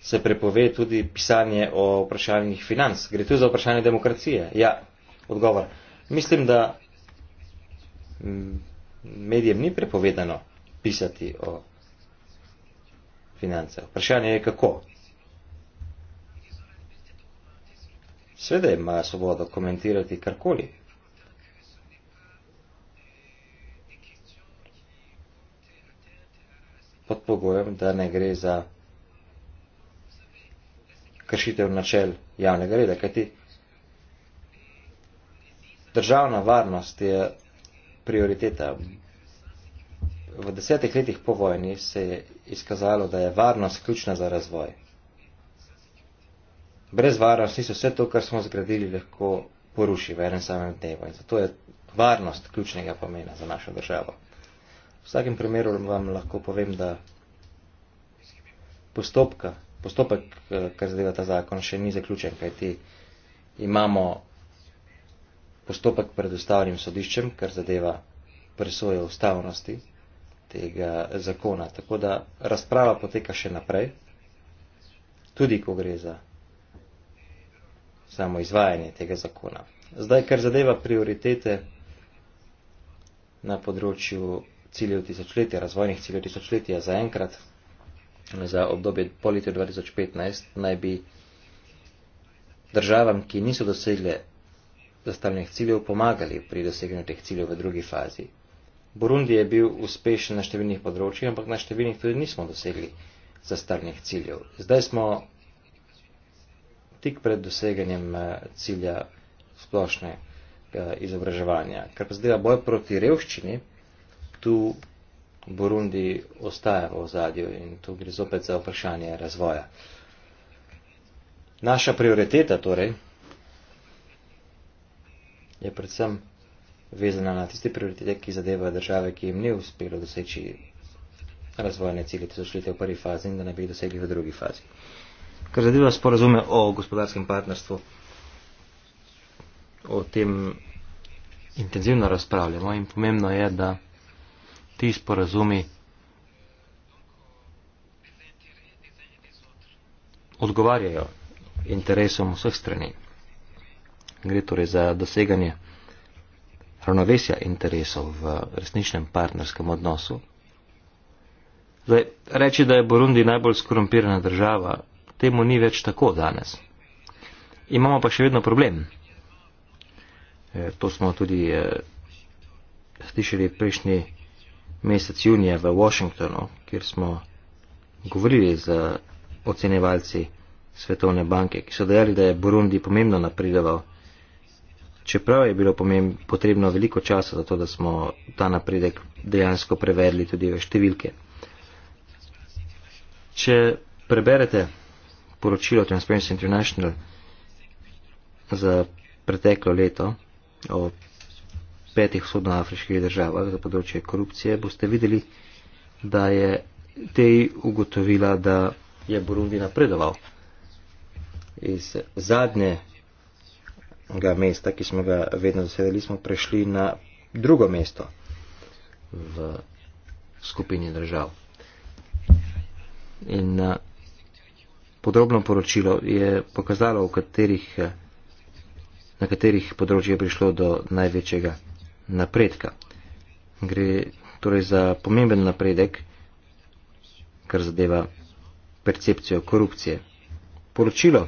se prepove tudi pisanje o vprašanjih financ? Gre tu za vprašanje demokracije? Ja, odgovor. Mislim, da medijem ni prepovedano pisati o financah. Vprašanje je kako. Sveda imajo svobodo komentirati karkoli. Pod pogojem, da ne gre za kršitev načel javnega reda, kajti državna varnost je prioriteta. V desetih letih po vojni se je izkazalo, da je varnost ključna za razvoj brez varnosti se vse to, kar smo zgradili, lahko poruši v enem samem dnevu. In zato je varnost ključnega pomena za našo državo. V vsakem primeru vam lahko povem, da postopka, postopek, eh, kar zadeva ta zakon, še ni zaključen, kajti imamo postopek pred ustavnim sodiščem, kar zadeva presojo ustavnosti tega eh, zakona. Tako da razprava poteka še naprej, tudi ko gre za samo izvajanje tega zakona. Zdaj, kar zadeva prioritete na področju ciljev tisočletja, razvojnih ciljev tisočletja za enkrat, za obdobje politijo 2015, naj bi državam, ki niso dosegle zastavljenih ciljev, pomagali pri doseganju teh ciljev v drugi fazi. Burundi je bil uspešen na številnih področjih, ampak na številnih tudi nismo dosegli zastavljenih ciljev. Zdaj smo tik pred doseganjem eh, cilja splošne eh, izobraževanja. Kar pa zdaj boj proti revščini, tu Burundi ostaja v ozadju in tu gre zopet za vprašanje razvoja. Naša prioriteta torej je predvsem vezana na tiste prioritete, ki zadevajo države, ki jim ni uspelo doseči razvojne cilje, ki so šli v prvi fazi in da ne bi jih dosegli v drugi fazi kar zadeva sporazume o gospodarskem partnerstvu, o tem intenzivno razpravljamo in pomembno je, da ti sporazumi odgovarjajo interesom vseh strani. Gre torej za doseganje ravnovesja interesov v resničnem partnerskem odnosu. Zdaj, reči, da je Burundi najbolj skorumpirana država temu ni več tako danes. Imamo pa še vedno problem. E, to smo tudi e, slišali prejšnji mesec junija v Washingtonu, kjer smo govorili z ocenevalci Svetovne banke, ki so dejali, da je Burundi pomembno napredoval. Čeprav je bilo potrebno veliko časa za to, da smo ta napredek dejansko prevedli tudi v številke. Če preberete poročilo Transparency International za preteklo leto o petih vzhodnoafriških državah za področje korupcije, boste videli, da je tej ugotovila, da je Burundi napredoval iz zadnje mesta, ki smo ga vedno zasedali, smo prešli na drugo mesto v skupini držav. In uh, podrobno poročilo je pokazalo, katerih, na katerih področjih je prišlo do največjega napredka. Gre torej za pomemben napredek, kar zadeva percepcijo korupcije. Poročilo,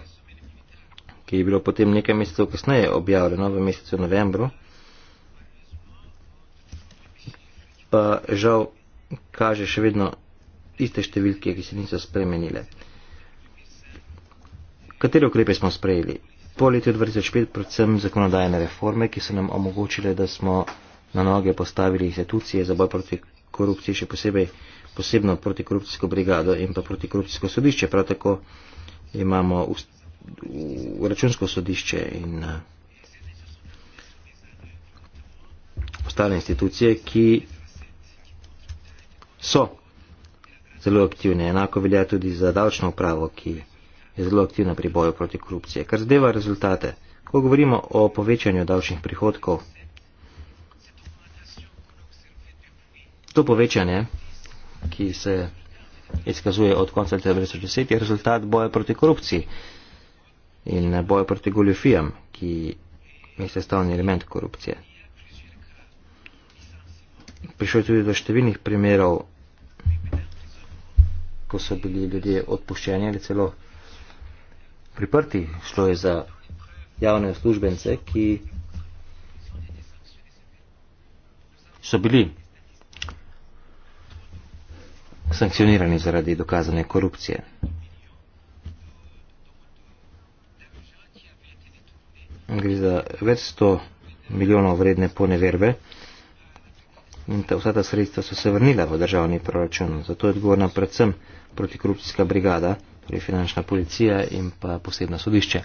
ki je bilo potem nekaj mesecev kasneje objavljeno v mesecu novembru, pa žal kaže še vedno iste številke, ki se niso spremenile. Kateri ukrepe smo sprejeli? Po letu 2005 predvsem zakonodajne reforme, ki so nam omogočile, da smo na noge postavili institucije za boj proti korupciji, še posebej posebno protikorupcijsko brigado in pa protikorupcijsko sodišče. Prav tako imamo v, v računsko sodišče in uh, ostale institucije, ki so zelo aktivne. Enako velja tudi za davčno upravo, ki je zelo aktivna pri boju proti korupciji. Kar zdeva rezultate, ko govorimo o povečanju davčnih prihodkov, to povečanje, ki se izkazuje od konca 1910, je rezultat boja proti korupciji in boja proti goljofijam, ki je sestavni element korupcije. Prišlo je tudi do številnih primerov, ko so bili ljudje odpuščeni ali celo priprti, šlo je za javne službence, ki so bili sankcionirani zaradi dokazane korupcije. Gre za več sto milijonov vredne poneverbe in ta, vsa ta sredstva so se vrnila v državni proračun. Zato je odgovorna predvsem protikorupcijska brigada torej finančna policija in pa posebno sodišče.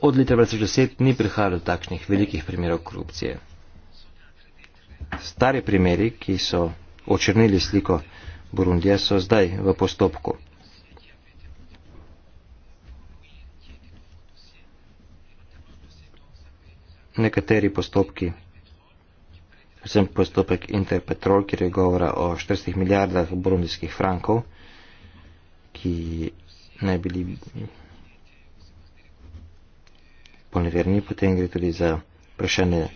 Od leta 2010 ni prihajalo do takšnih velikih primerov korupcije. Stari primeri, ki so očrnili sliko Burundija, so zdaj v postopku. Nekateri postopki predvsem postopek Interpetrol, kjer je govora o 40 milijardah burundijskih frankov, ki naj bili poneverni. Potem gre tudi za vprašanje eh,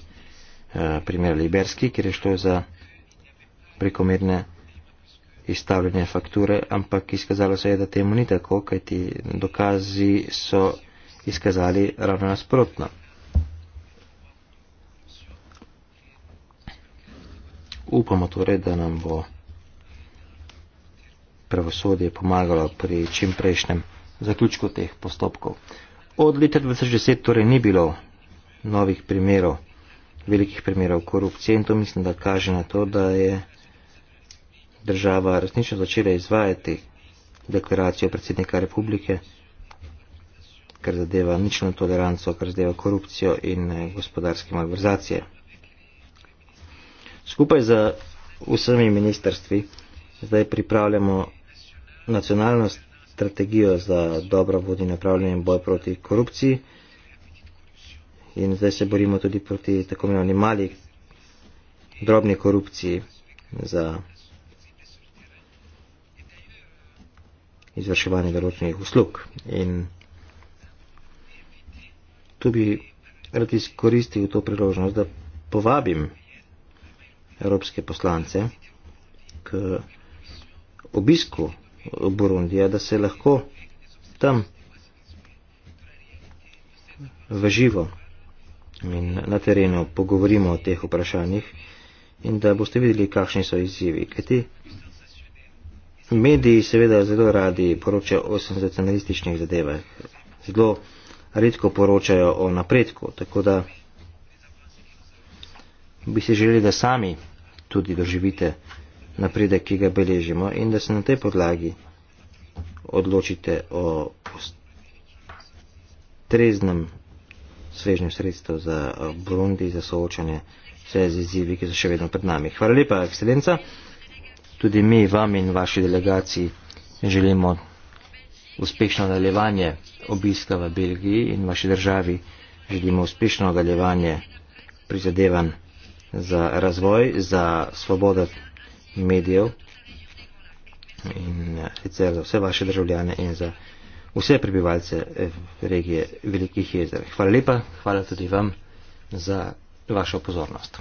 primer Liberski, kjer je šlo za prekomerne izstavljanje fakture, ampak izkazalo se je, da temu ni tako, kajti dokazi so izkazali ravno nasprotno. upamo torej, da nam bo pravosodje pomagalo pri čimprejšnjem zaključku teh postopkov. Od leta 2010 torej ni bilo novih primerov, velikih primerov korupcije in to mislim, da kaže na to, da je država resnično začela izvajati deklaracijo predsednika republike, kar zadeva nično toleranco, kar zadeva korupcijo in eh, gospodarske malverzacije. Skupaj z vsemi ministrstvi zdaj pripravljamo nacionalno strategijo za dobro vodenje upravljanje in boj proti korupciji. In zdaj se borimo tudi proti tako imenovani mali drobni korupciji za izvrševanje določenih uslug. In tu bi rad izkoristil to priložnost, da povabim evropske poslance k obisku Burundija, da se lahko tam v živo in na terenu pogovorimo o teh vprašanjih in da boste videli, kakšni so izzivi. Kajti mediji seveda zelo radi poročajo o senzacionalističnih zadevah, zelo redko poročajo o napredku, tako da bi se želeli, da sami tudi doživite napredek, ki ga beležimo in da se na tej podlagi odločite o treznem svežnju sredstev za eh, Burundi, za soočanje vse z izzivi, ki so še vedno pred nami. Hvala lepa, ekscelenca. Tudi mi, vam in vaši delegaciji želimo uspešno nadaljevanje obiska v Belgiji in vaši državi želimo uspešno nadaljevanje prizadevanj za razvoj, za svobodo medijev in eh, sicer za vse vaše državljane in za vse prebivalce eh, regije Velikih jezer. Hvala lepa, hvala tudi vam za vašo pozornost.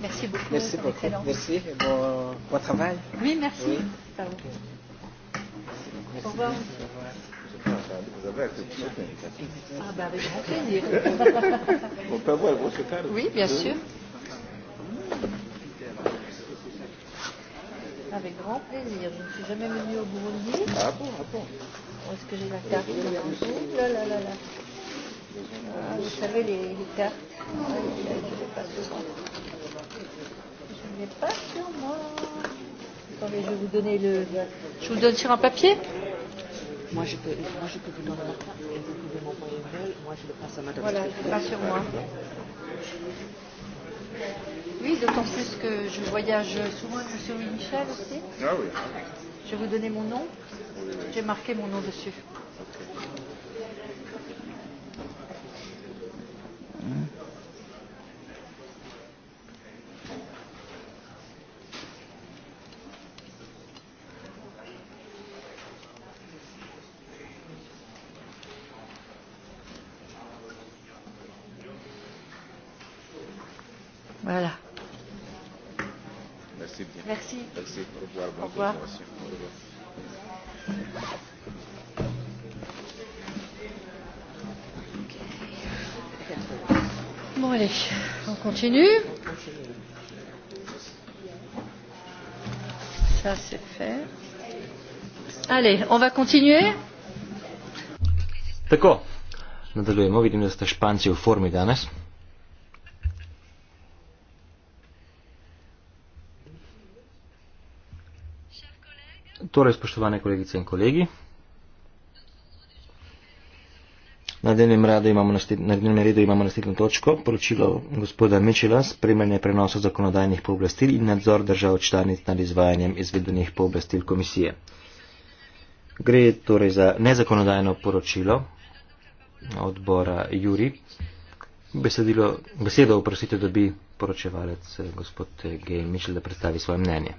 Merci beaucoup. Merci beaucoup. Merci pour votre travail. Oui, merci. Oui. On peut avoir le brosse cadre Oui, bien sûr. Avec grand plaisir. Je ne suis jamais venue au Burundi. Ah bon, ah bon. Où est-ce que j'ai la carte Oh là là là là. Ah, vous savez, les, les cartes. Je ne l'ai pas sur moi. Attendez, je vais vous donner le. Je vous donne sur un papier Moi, je peux, moi, je peux vous donner la carte et vous pouvez m'envoyer une mail. Moi, je le passe à madame. Voilà, je pas sur moi. Oui, d'autant plus que je voyage souvent, monsieur Michel aussi. Ah oui. Je vais vous donner mon nom. J'ai marqué mon nom dessus. Okay. Mmh. soir. Bon, allez, on continue. Ça, c'est fait. Allez, on va continuer. D'accord. Nadaljujemo, vidim da ste Španci u formi danas. Torej, spoštovane kolegice in kolegi, na dnevnem redu imamo, naslednj, na redu imamo naslednjo točko, poročilo gospoda Mičela, spremljanje prenosa zakonodajnih pooblastil in nadzor držav članic nad izvajanjem izvedenih pooblastil komisije. Gre torej za nezakonodajno poročilo odbora Juri. Besedilo, besedo vprosite dobi poročevalec eh, gospod eh, G. Mičel, da predstavi svoje mnenje.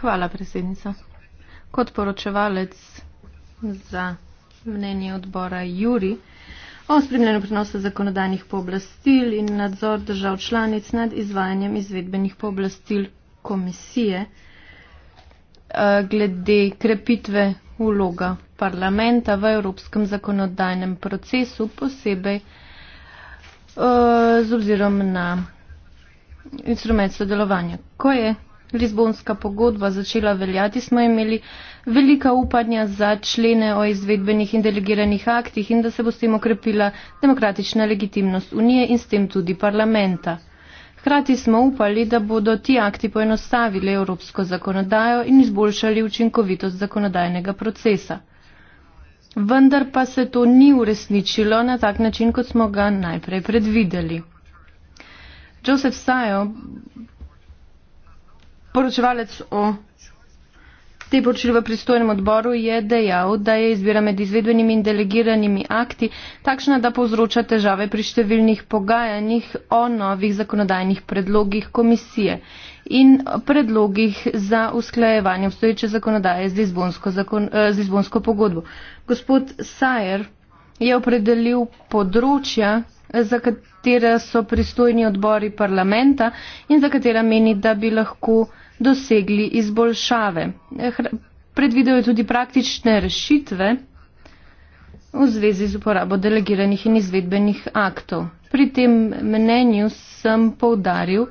Hvala, predsednica kot poročevalec za mnenje odbora Juri o spremljanju prenosa zakonodajnih pooblastil in nadzor držav članic nad izvajanjem izvedbenih pooblastil komisije eh, glede krepitve uloga parlamenta v evropskem zakonodajnem procesu, posebej eh, z obzirom na instrument sodelovanja. Ko je Lizbonska pogodba začela veljati, smo imeli velika upanja za člene o izvedbenih in delegiranih aktih in da se bo s tem okrepila demokratična legitimnost Unije in s tem tudi parlamenta. Hkrati smo upali, da bodo ti akti poenostavili evropsko zakonodajo in izboljšali učinkovitost zakonodajnega procesa. Vendar pa se to ni uresničilo na tak način, kot smo ga najprej predvideli. Joseph Sajo, poročevalec o te poročilo v pristojnem odboru je dejal, da je izbira med izvedbenimi in delegiranimi akti takšna, da povzroča težave pri številnih pogajanjih o novih zakonodajnih predlogih komisije in predlogih za usklajevanje obstoječe zakonodaje z izbonsko, zakon, eh, z izbonsko pogodbo. Gospod Sajer je opredelil področja, za katera so pristojni odbori parlamenta in za katera meni, da bi lahko dosegli izboljšave. Predvidejo tudi praktične rešitve v zvezi z uporabo delegiranih in izvedbenih aktov. Pri tem mnenju sem povdaril,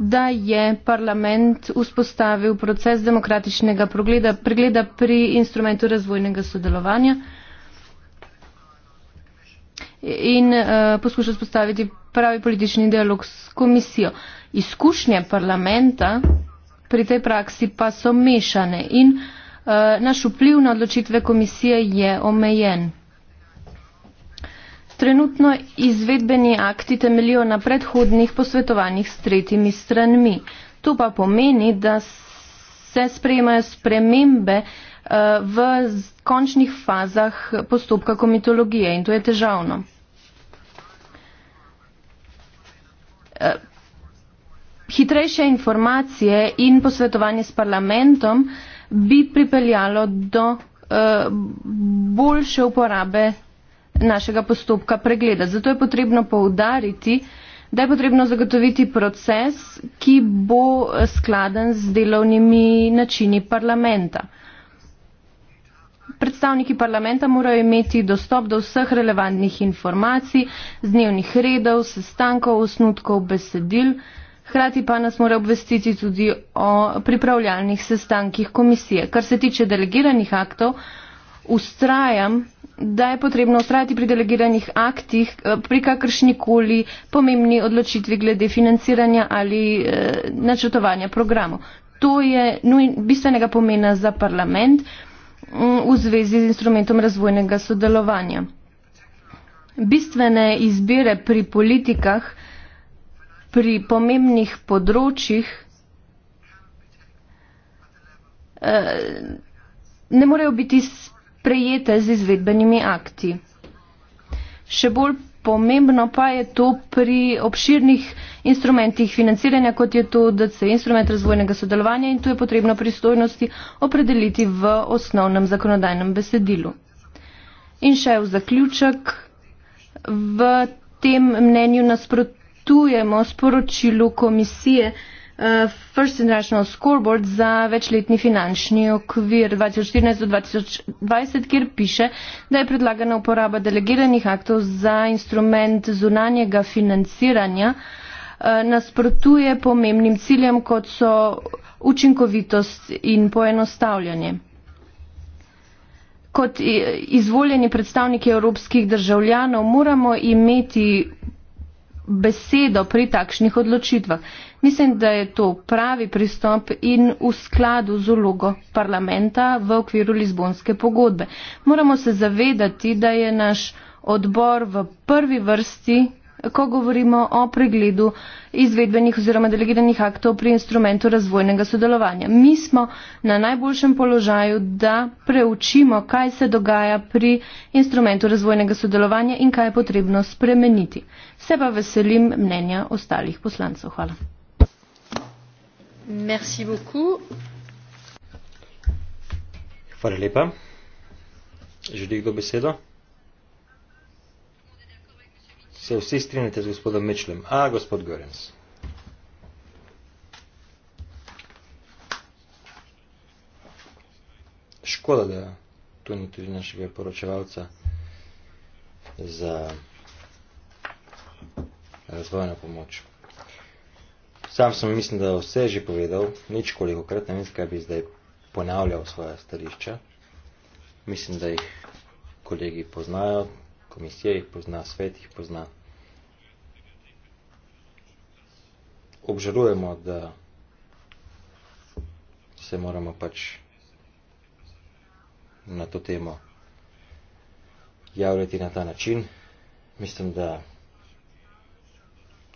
da je parlament vzpostavil proces demokratičnega pregleda, pregleda pri instrumentu razvojnega sodelovanja in uh, eh, poskuša vzpostaviti pravi politični dialog s komisijo. Uh, izkušnje parlamenta pri tej praksi pa so mešane in eh, naš vpliv na odločitve komisije je omejen. Trenutno izvedbeni akti temeljijo na predhodnih posvetovanjih s tretjimi stranmi. To pa pomeni, da se sprejemajo spremembe eh, v končnih fazah postopka komitologije in to je težavno. Eh, hitrejše informacije in posvetovanje s parlamentom bi pripeljalo do eh, boljše uporabe našega postopka pregleda. Zato je potrebno poudariti, da je potrebno zagotoviti proces, ki bo skladen z delovnimi načini parlamenta. Predstavniki parlamenta morajo imeti dostop do vseh relevantnih informacij, z dnevnih redov, sestankov, osnutkov, besedil. Uh, Hrati pa nas mora obvestiti tudi o pripravljalnih sestankih komisije. Kar se tiče delegiranih aktov, ustrajam, da je potrebno ustrajati pri delegiranih aktih, eh, pri kakršnikoli pomembni odločitvi glede financiranja ali e, načrtovanja programov. To je nujn, bistvenega pomena za parlament mm, v zvezi z instrumentom razvojnega sodelovanja. Bistvene izbire pri politikah pri pomembnih področjih eh, ne morejo biti sprejete z izvedbenimi akti. Še bolj pomembno pa je to pri obširnih instrumentih financiranja, kot je to DC, instrument razvojnega sodelovanja in tu je potrebno pristojnosti opredeliti v osnovnem zakonodajnem besedilu. In še v zaključek, v tem mnenju nasprotujem nasprotujemo sporočilu komisije eh, First International Scoreboard za večletni finančni okvir 2014-2020, kjer piše, da je predlagana uporaba delegiranih aktov za instrument zunanjega financiranja eh, nasprotuje pomembnim ciljem, kot so učinkovitost in poenostavljanje. Kot eh, izvoljeni predstavniki evropskih državljanov moramo imeti besedo pri takšnih odločitvah. Mislim, da je to pravi pristop in v skladu z ulogo parlamenta v okviru Lizbonske pogodbe. Moramo se zavedati, da je naš odbor v prvi vrsti ko govorimo o pregledu izvedbenih oziroma delegiranih aktov pri instrumentu razvojnega sodelovanja. Mi smo na najboljšem položaju, da preučimo, kaj se dogaja pri instrumentu razvojnega sodelovanja in kaj je potrebno spremeniti. Se pa veselim mnenja ostalih poslancev. Hvala. Merci Hvala lepa. Želi kdo besedo? se vsi strinjate z gospodom Mečlem. A, gospod Gorens. Škoda, da tu ni tudi našega poročevalca za razvojno pomoč. Sam sem mislim, da vse že povedal, nič koliko krat, ne vem, bi zdaj ponavljal svoja stališča. Mislim, da jih kolegi poznajo, komisija jih pozna, svet jih pozna. obžalujemo, da se moramo pač na to temo javljati na ta način. Mislim, da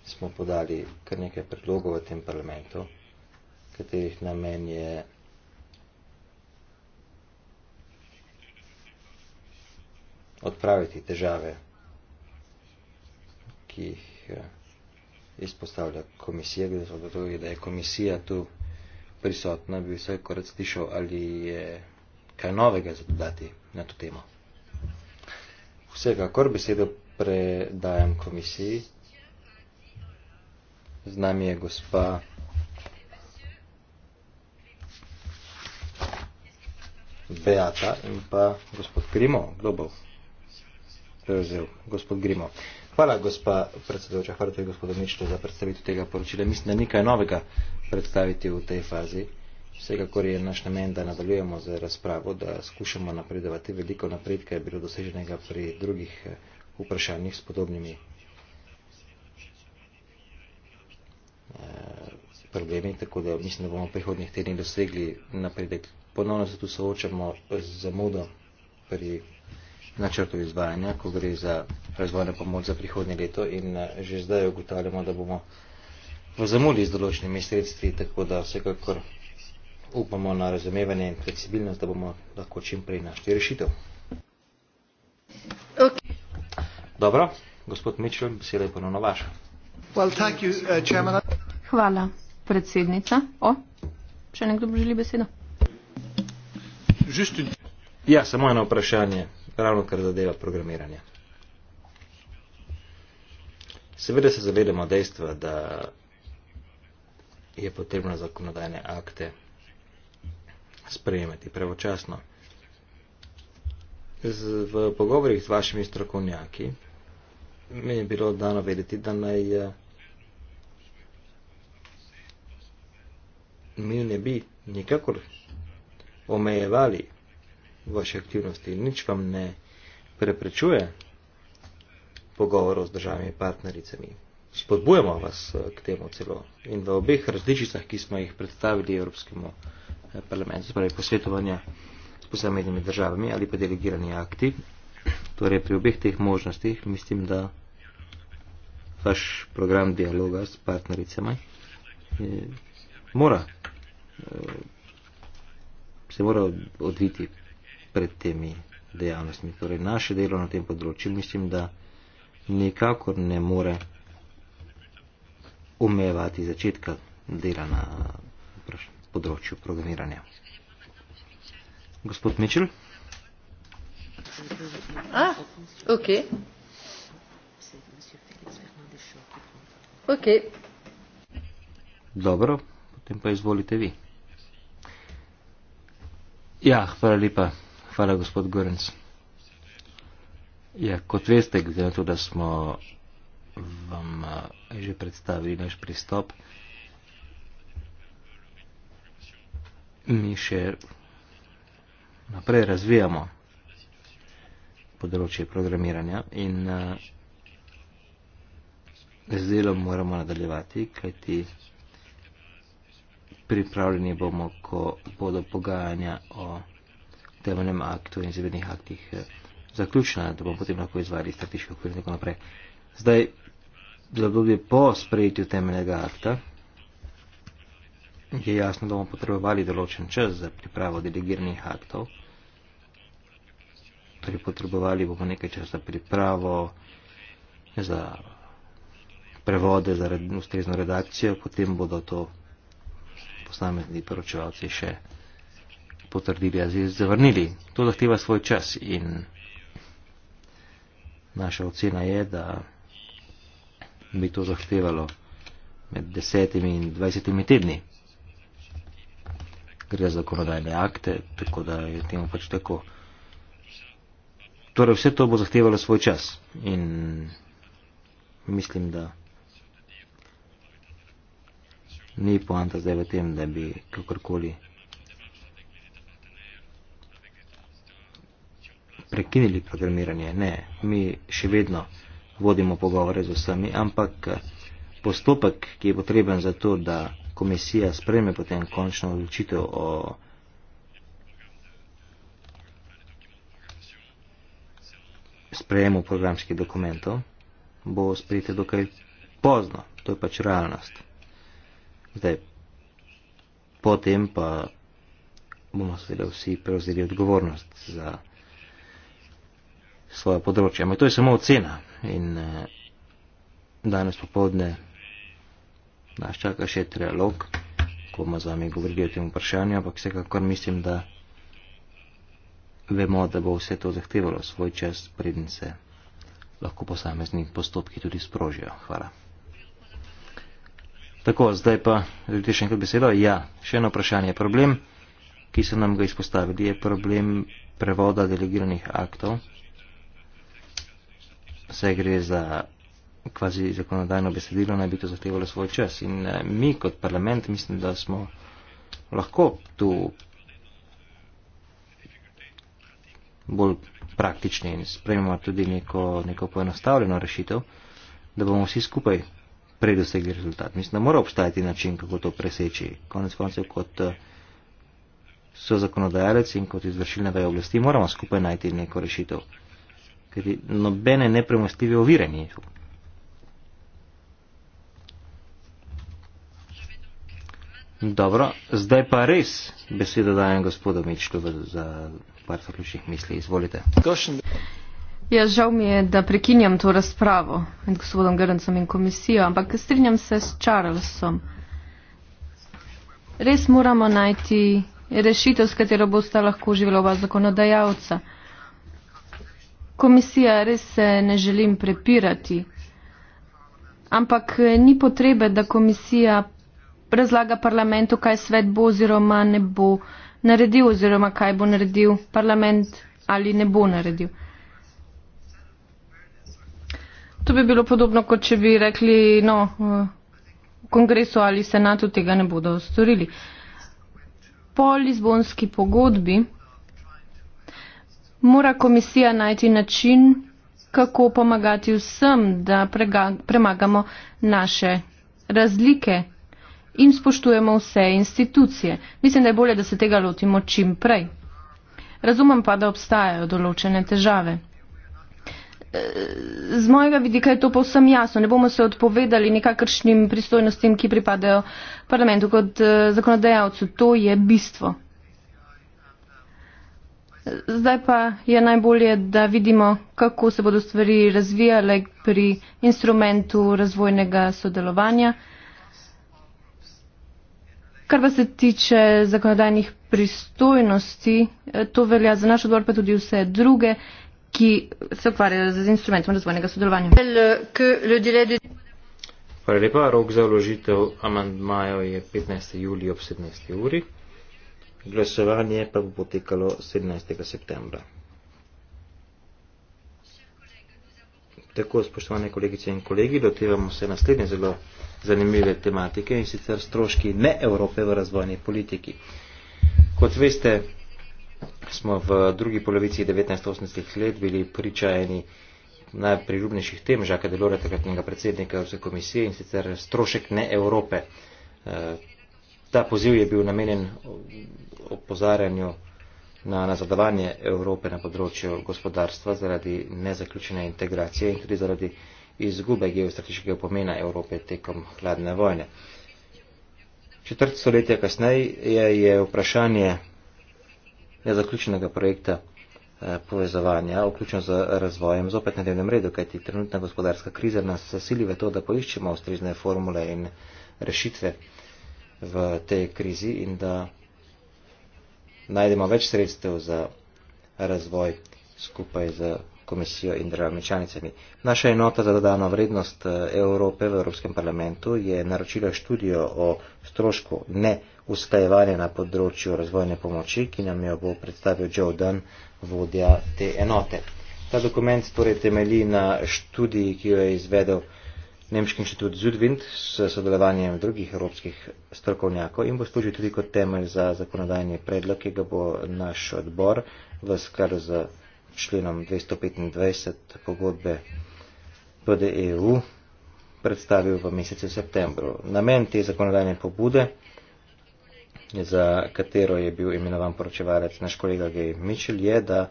smo podali kar nekaj predlogov v tem parlamentu, katerih namen je odpraviti težave, ki jih eh, izpostavlja komisija, glede so to, da je komisija tu prisotna, bi vsaj korec slišal, ali je kaj novega zadodati na to temo. Vsekakor besedo predajam komisiji. Z nami je gospa Beata in pa gospod Grimo, kdo bo prevzel? Gospod Grimo. Uh, Hvala, gospa predsedovča. Hvala tudi gospodu Mišlju za predstavitev tega poročila. Mislim, da nekaj novega predstaviti v tej fazi. Vsekakor je naš namen, da nadaljujemo z razpravo, da skušamo napredovati. Veliko napredka je bilo doseženega pri drugih eh, vprašanjih s podobnimi eh, problemi, tako da mislim, da bomo v prihodnjih tednih dosegli napredek. Ponovno se tu soočamo z zamudo pri načrtov izvajanja, ko gre za razvojno pomoč za prihodnje leto in eh, že zdaj ugotavljamo, da bomo v zamudi z določenimi sredstvi, tako da vsekakor upamo na razumevanje in fleksibilnost, da bomo lahko čim prej našli rešitev. Okay. Dobro, gospod Mitchell, beseda je ponovno vaša. Well, thank you, uh, Hvala, predsednica. O, še nekdo želi besedo? Ja, samo eno vprašanje ravno kar zadeva programiranje. Seveda se zavedamo dejstva, da je potrebno zakonodajne akte sprejemati pravočasno. Z, v pogovorih z vašimi strokovnjaki mi je bilo dano vedeti, da naj eh, mi ne bi nikakor omejevali vaše aktivnosti. Nič vam ne preprečuje pogovorov z državami partnericami. Spodbujamo vas eh, k temu celo in v obeh različicah, ki smo jih predstavili Evropskemu eh, parlamentu, torej posvetovanja s posameznimi državami ali pa delegirani akti, torej pri obeh teh možnostih mislim, da vaš program dialoga s partnericami eh, mora se mora odviti pred temi dejavnostmi. Torej, naše delo na tem področju mislim, da nikakor ne more omejevati začetka dela na področju programiranja. Gospod Mičel? Ah, ok. Ok. Dobro, potem pa izvolite vi. Ja, hvala lepa. Hvala, gospod Gorenc. Ja, kot veste, glede na to, da smo vam eh, že predstavili naš pristop, mi še naprej razvijamo področje programiranja in eh, z delom moramo nadaljevati, kajti pripravljeni bomo, ko bodo pogajanja o programiranju temeljnem aktu in izvednih aktih eh, zaključena, da bomo potem lahko izvali strateški okvir in tako naprej. Zdaj, za obdobje po sprejetju temeljnega akta je jasno, da bomo potrebovali določen čas za pripravo delegiranih aktov. Torej, potrebovali bomo nekaj časa za pripravo, za prevode, za ustrezno redakcijo, potem bodo to posamezni poročevalci še potrdili ali zavrnili. To zahteva svoj čas in naša ocena je, da bi to zahtevalo med desetimi in dvajsetimi tedni. Gre za zakonodajne akte, tako da je temu pač tako. Torej vse to bo zahtevalo svoj čas in mislim, da ni poanta zdaj v tem, da bi kakorkoli. prekinili programiranje. Ne, mi še vedno vodimo pogovore z vsemi, ampak eh, postopek, ki je potreben za to, da komisija spreme potem končno odločitev o. sprejemu programskih dokumentov, bo sprejete dokaj pozno. To je pač realnost. Zdaj, potem pa bomo seveda vsi prevzeli odgovornost za svoje področje. Ampak to je samo ocena. In eh, danes popovdne nas čaka še trialog, ko bomo z vami govorili o tem vprašanju, ampak vsekakor mislim, da vemo, da bo vse to zahtevalo svoj čas, preden se lahko posamezni postopki tudi sprožijo. Hvala. Tako, zdaj pa, želite še enkrat besedo? Ja, še eno vprašanje. Problem, ki so nam ga izpostavili, je problem prevoda delegiranih aktov vse gre za kvazi zakonodajno besedilo, naj bi to zahtevalo svoj čas. In eh, mi kot parlament mislim, da smo lahko tu bolj praktični in sprejmemo tudi neko, neko poenostavljeno rešitev, da bomo vsi skupaj prej dosegli rezultat. Mislim, da mora obstajati način, kako to preseči. Konec koncev, kot eh, so zakonodajalec in kot izvršilne veje oblasti, moramo skupaj najti neko rešitev. Ker nobene nepremostljive ovire ni. Dobro, zdaj pa res besedo dajem gospodu Mičlu za par zaključnih misli. Izvolite. Ja, žal mi je, da prekinjam to razpravo med gospodom Grncem in komisijo, ampak strinjam se s Charlesom. Res moramo najti rešitev, s katero bosta lahko živela oba zakonodajalca komisija res se ne želim prepirati, ampak eh, ni potrebe, da komisija razlaga parlamentu, kaj svet bo oziroma ne bo naredil oziroma kaj bo naredil parlament ali ne bo naredil. To bi bilo podobno, kot če bi rekli, no, eh, v kongresu ali senatu tega ne bodo storili. Po Lizbonski pogodbi mora komisija najti način, kako pomagati vsem, da premagamo naše razlike in spoštujemo vse institucije. Mislim, da je bolje, da se tega lotimo čim prej. Razumem pa, da obstajajo določene težave. Eh, z mojega vidika je to povsem jasno. Ne bomo se odpovedali nekakršnim pristojnostim, ki pripadajo parlamentu kot eh, zakonodajalcu. To je bistvo. Zdaj pa je najbolje, da vidimo, kako se bodo stvari razvijale pri instrumentu razvojnega sodelovanja. Kar pa se tiče zakonodajnih pristojnosti, eh, to velja za naš odbor, pa tudi vse druge, ki se ukvarjajo z instrumentom razvojnega sodelovanja. Hvala lepa. Rok za vložitev amandmajev je 15. julij ob 17. uri. Glasovanje pa bo potekalo 17. septembra. Tako, spoštovane kolegice in kolegi, dotevamo se naslednje zelo zanimive tematike in sicer stroški ne Evrope v razvojni politiki. Kot veste, smo v drugi polovici 1980 let bili pričajeni najpriljubnejših tem Žaka Delora, takratnega predsednika Evropske komisije in sicer strošek ne Evrope. Eh, ta poziv je bil namenjen opozarjanju na nazadovanje Evrope na področju gospodarstva zaradi nezaključene integracije in tudi zaradi izgube geostratičkega pomena Evrope tekom hladne vojne. Četrt stoletja kasneje je vprašanje nezaključenega projekta eh, povezovanja, vključno z razvojem, zopet na dnevnem redu, kajti trenutna gospodarska kriza nas sili v to, da poiščemo ustrezne formule in rešitve v tej krizi in da najdemo več sredstev za razvoj skupaj z komisijo in državami članicami. Naša enota za dodano vrednost eh, Evrope v Evropskem parlamentu je naročila študijo o strošku neusklajevanja na področju razvojne pomoči, ki nam jo bo predstavil Joe Dunn, vodja te enote. Ta dokument torej temelji na študiji, ki jo je izvedel Nemški inštitut Zudvind s sodelovanjem drugih evropskih strokovnjakov in bo služil tudi kot temelj za zakonodajni predlog, ki ga bo naš odbor v skar z členom 225 pogodbe PDEU predstavil v mesecu septembru. Namen te zakonodajne pobude, za katero je bil imenovan poročevalec naš kolega Gej Mičel, je, da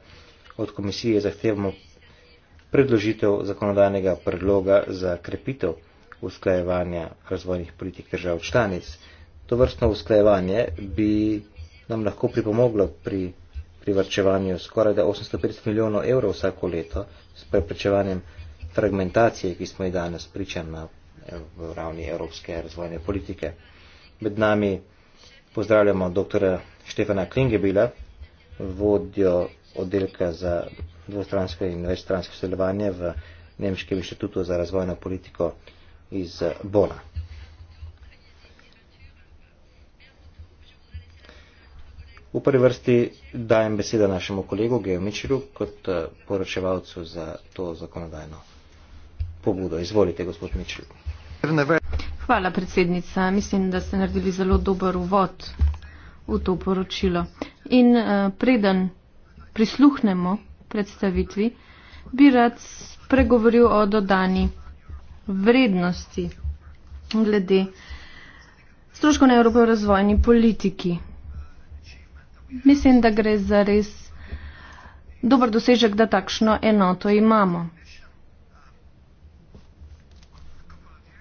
od komisije zahtevamo predložitev zakonodajnega predloga za krepitev usklajevanja razvojnih politik držav članic. To vrstno usklajevanje bi nam lahko pripomoglo pri privrčevanju skoraj 850 milijonov evrov vsako leto s preprečevanjem fragmentacije, ki smo ji danes pričali na v ravni evropske razvojne politike. Med nami pozdravljamo dr. Štefana Klingebila, vodjo oddelka za dvostransko in večstransko sodelovanje v Nemškem inštitutu za razvojno politiko iz Bona. V prvi vrsti dajem besedo našemu kolegu Geo Mičiru kot eh, poročevalcu za to zakonodajno pobudo. Izvolite, gospod Mičiru. Hvala, predsednica. Mislim, da ste naredili zelo dober uvod v to poročilo. In uh, preden prisluhnemo predstavitvi, bi rad spregovoril o dodani vrednosti glede stroškovne Evrope v razvojni politiki. Mislim, da gre za res dober dosežek, da takšno enoto imamo.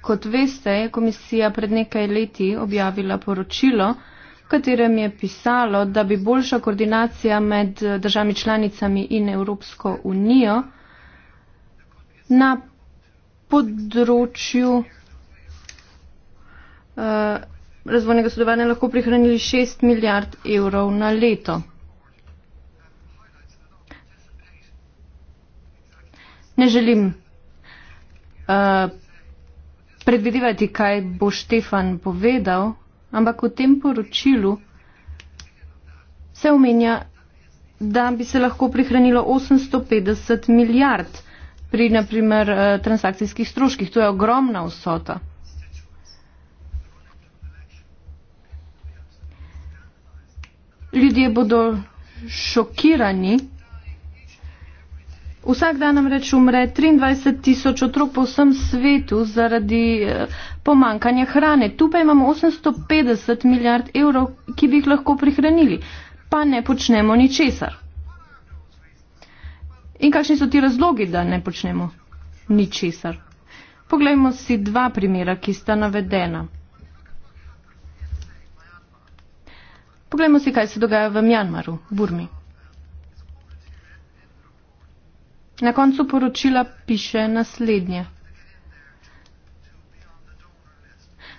Kot veste, je komisija pred nekaj leti objavila poročilo, katerem je pisalo, da bi boljša koordinacija med eh, državami članicami in Evropsko unijo na področju uh, razvojnega sodelovanja lahko prihranili 6 milijard evrov na leto. Ne želim uh, predvidevati, kaj bo Štefan povedal, ampak v tem poročilu se omenja, da bi se lahko prihranilo 850 milijard pri naprimer eh, transakcijskih stroških. To je ogromna vsota. Ljudje bodo šokirani. Vsak dan nam reč umre 23 tisoč otrok po vsem svetu zaradi eh, pomankanja hrane. Tu pa imamo 850 milijard evrov, ki bi jih lahko prihranili, pa ne počnemo ničesar. In kakšni so ti razlogi, da ne počnemo ničesar? Poglejmo si dva primera, ki sta navedena. Poglejmo si, kaj se dogaja v Mjanmaru, Burmi. Na koncu poročila piše naslednje.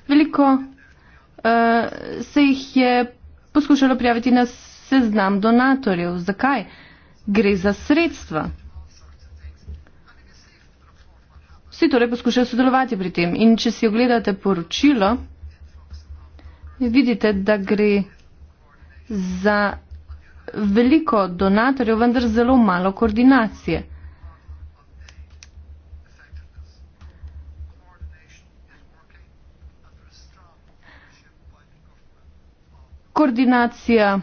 Veliko uh, se jih je poskušalo prijaviti na seznam donatorjev. Zakaj? Gre za sredstva. Vsi torej poskušajo sodelovati pri tem. In če si ogledate poročilo, vidite, da gre za veliko donatorjev, vendar zelo malo koordinacije. koordinacija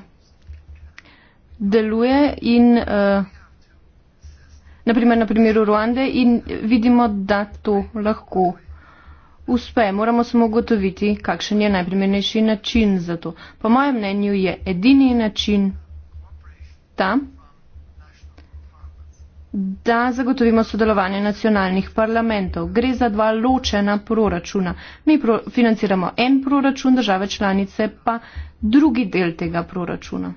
deluje in uh, eh, naprimer na primeru Ruande in vidimo, da to lahko uspe. Moramo samo ugotoviti, kakšen je najprimernejši način za to. Po mojem mnenju je edini način ta da zagotovimo sodelovanje nacionalnih parlamentov. Gre za dva ločena proračuna. Mi pro financiramo en proračun države članice, pa drugi del tega proračuna.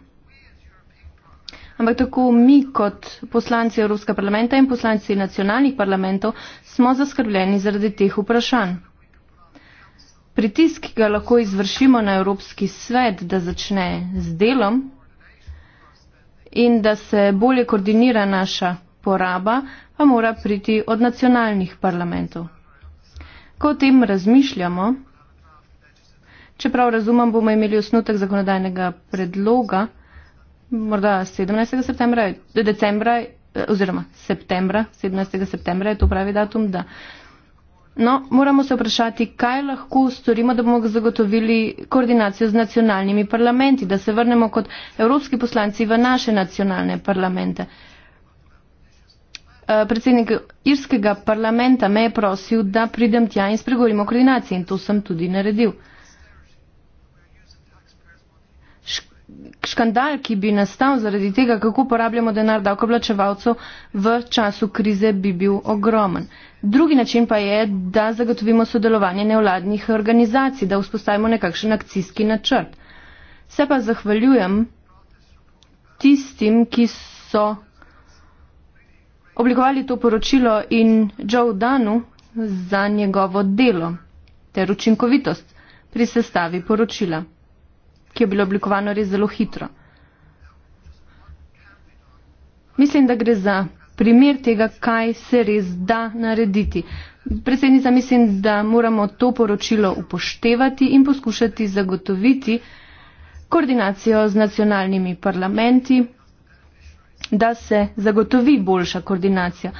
Ampak tako mi kot poslanci Evropskega parlamenta in poslanci nacionalnih parlamentov smo zaskrbljeni zaradi teh vprašanj. Pritisk, ki ga lahko izvršimo na Evropski svet, da začne z delom in da se bolje koordinira naša poraba pa mora priti od nacionalnih parlamentov. Ko o tem razmišljamo, čeprav razumem, bomo imeli osnutek zakonodajnega predloga, morda 17. septembra, decembra eh, oziroma septembra, 17. septembra je to pravi datum, da. No, moramo se vprašati, kaj lahko storimo, da bomo zagotovili koordinacijo z nacionalnimi parlamenti, da se vrnemo kot evropski poslanci v naše nacionalne parlamente. Eh, predsednik irskega parlamenta me je prosil, da pridem tja in spregovorim o koordinaciji in to sem tudi naredil. Škandal, ki bi nastal zaradi tega, kako porabljamo denar davkoplačevalcev v času krize, bi bil ogromen. Drugi način pa je, da zagotovimo sodelovanje nevladnih organizacij, da vzpostavimo nekakšen akcijski načrt. Se pa zahvaljujem tistim, ki so oblikovali to poročilo in Joe Danu za njegovo delo ter učinkovitost pri sestavi poročila, ki je bilo oblikovano res zelo hitro. Mislim, da gre za primer tega, kaj se res da narediti. Predsednica, mislim, da moramo to poročilo upoštevati in poskušati zagotoviti koordinacijo z nacionalnimi parlamenti da se zagotovi boljša koordinacija.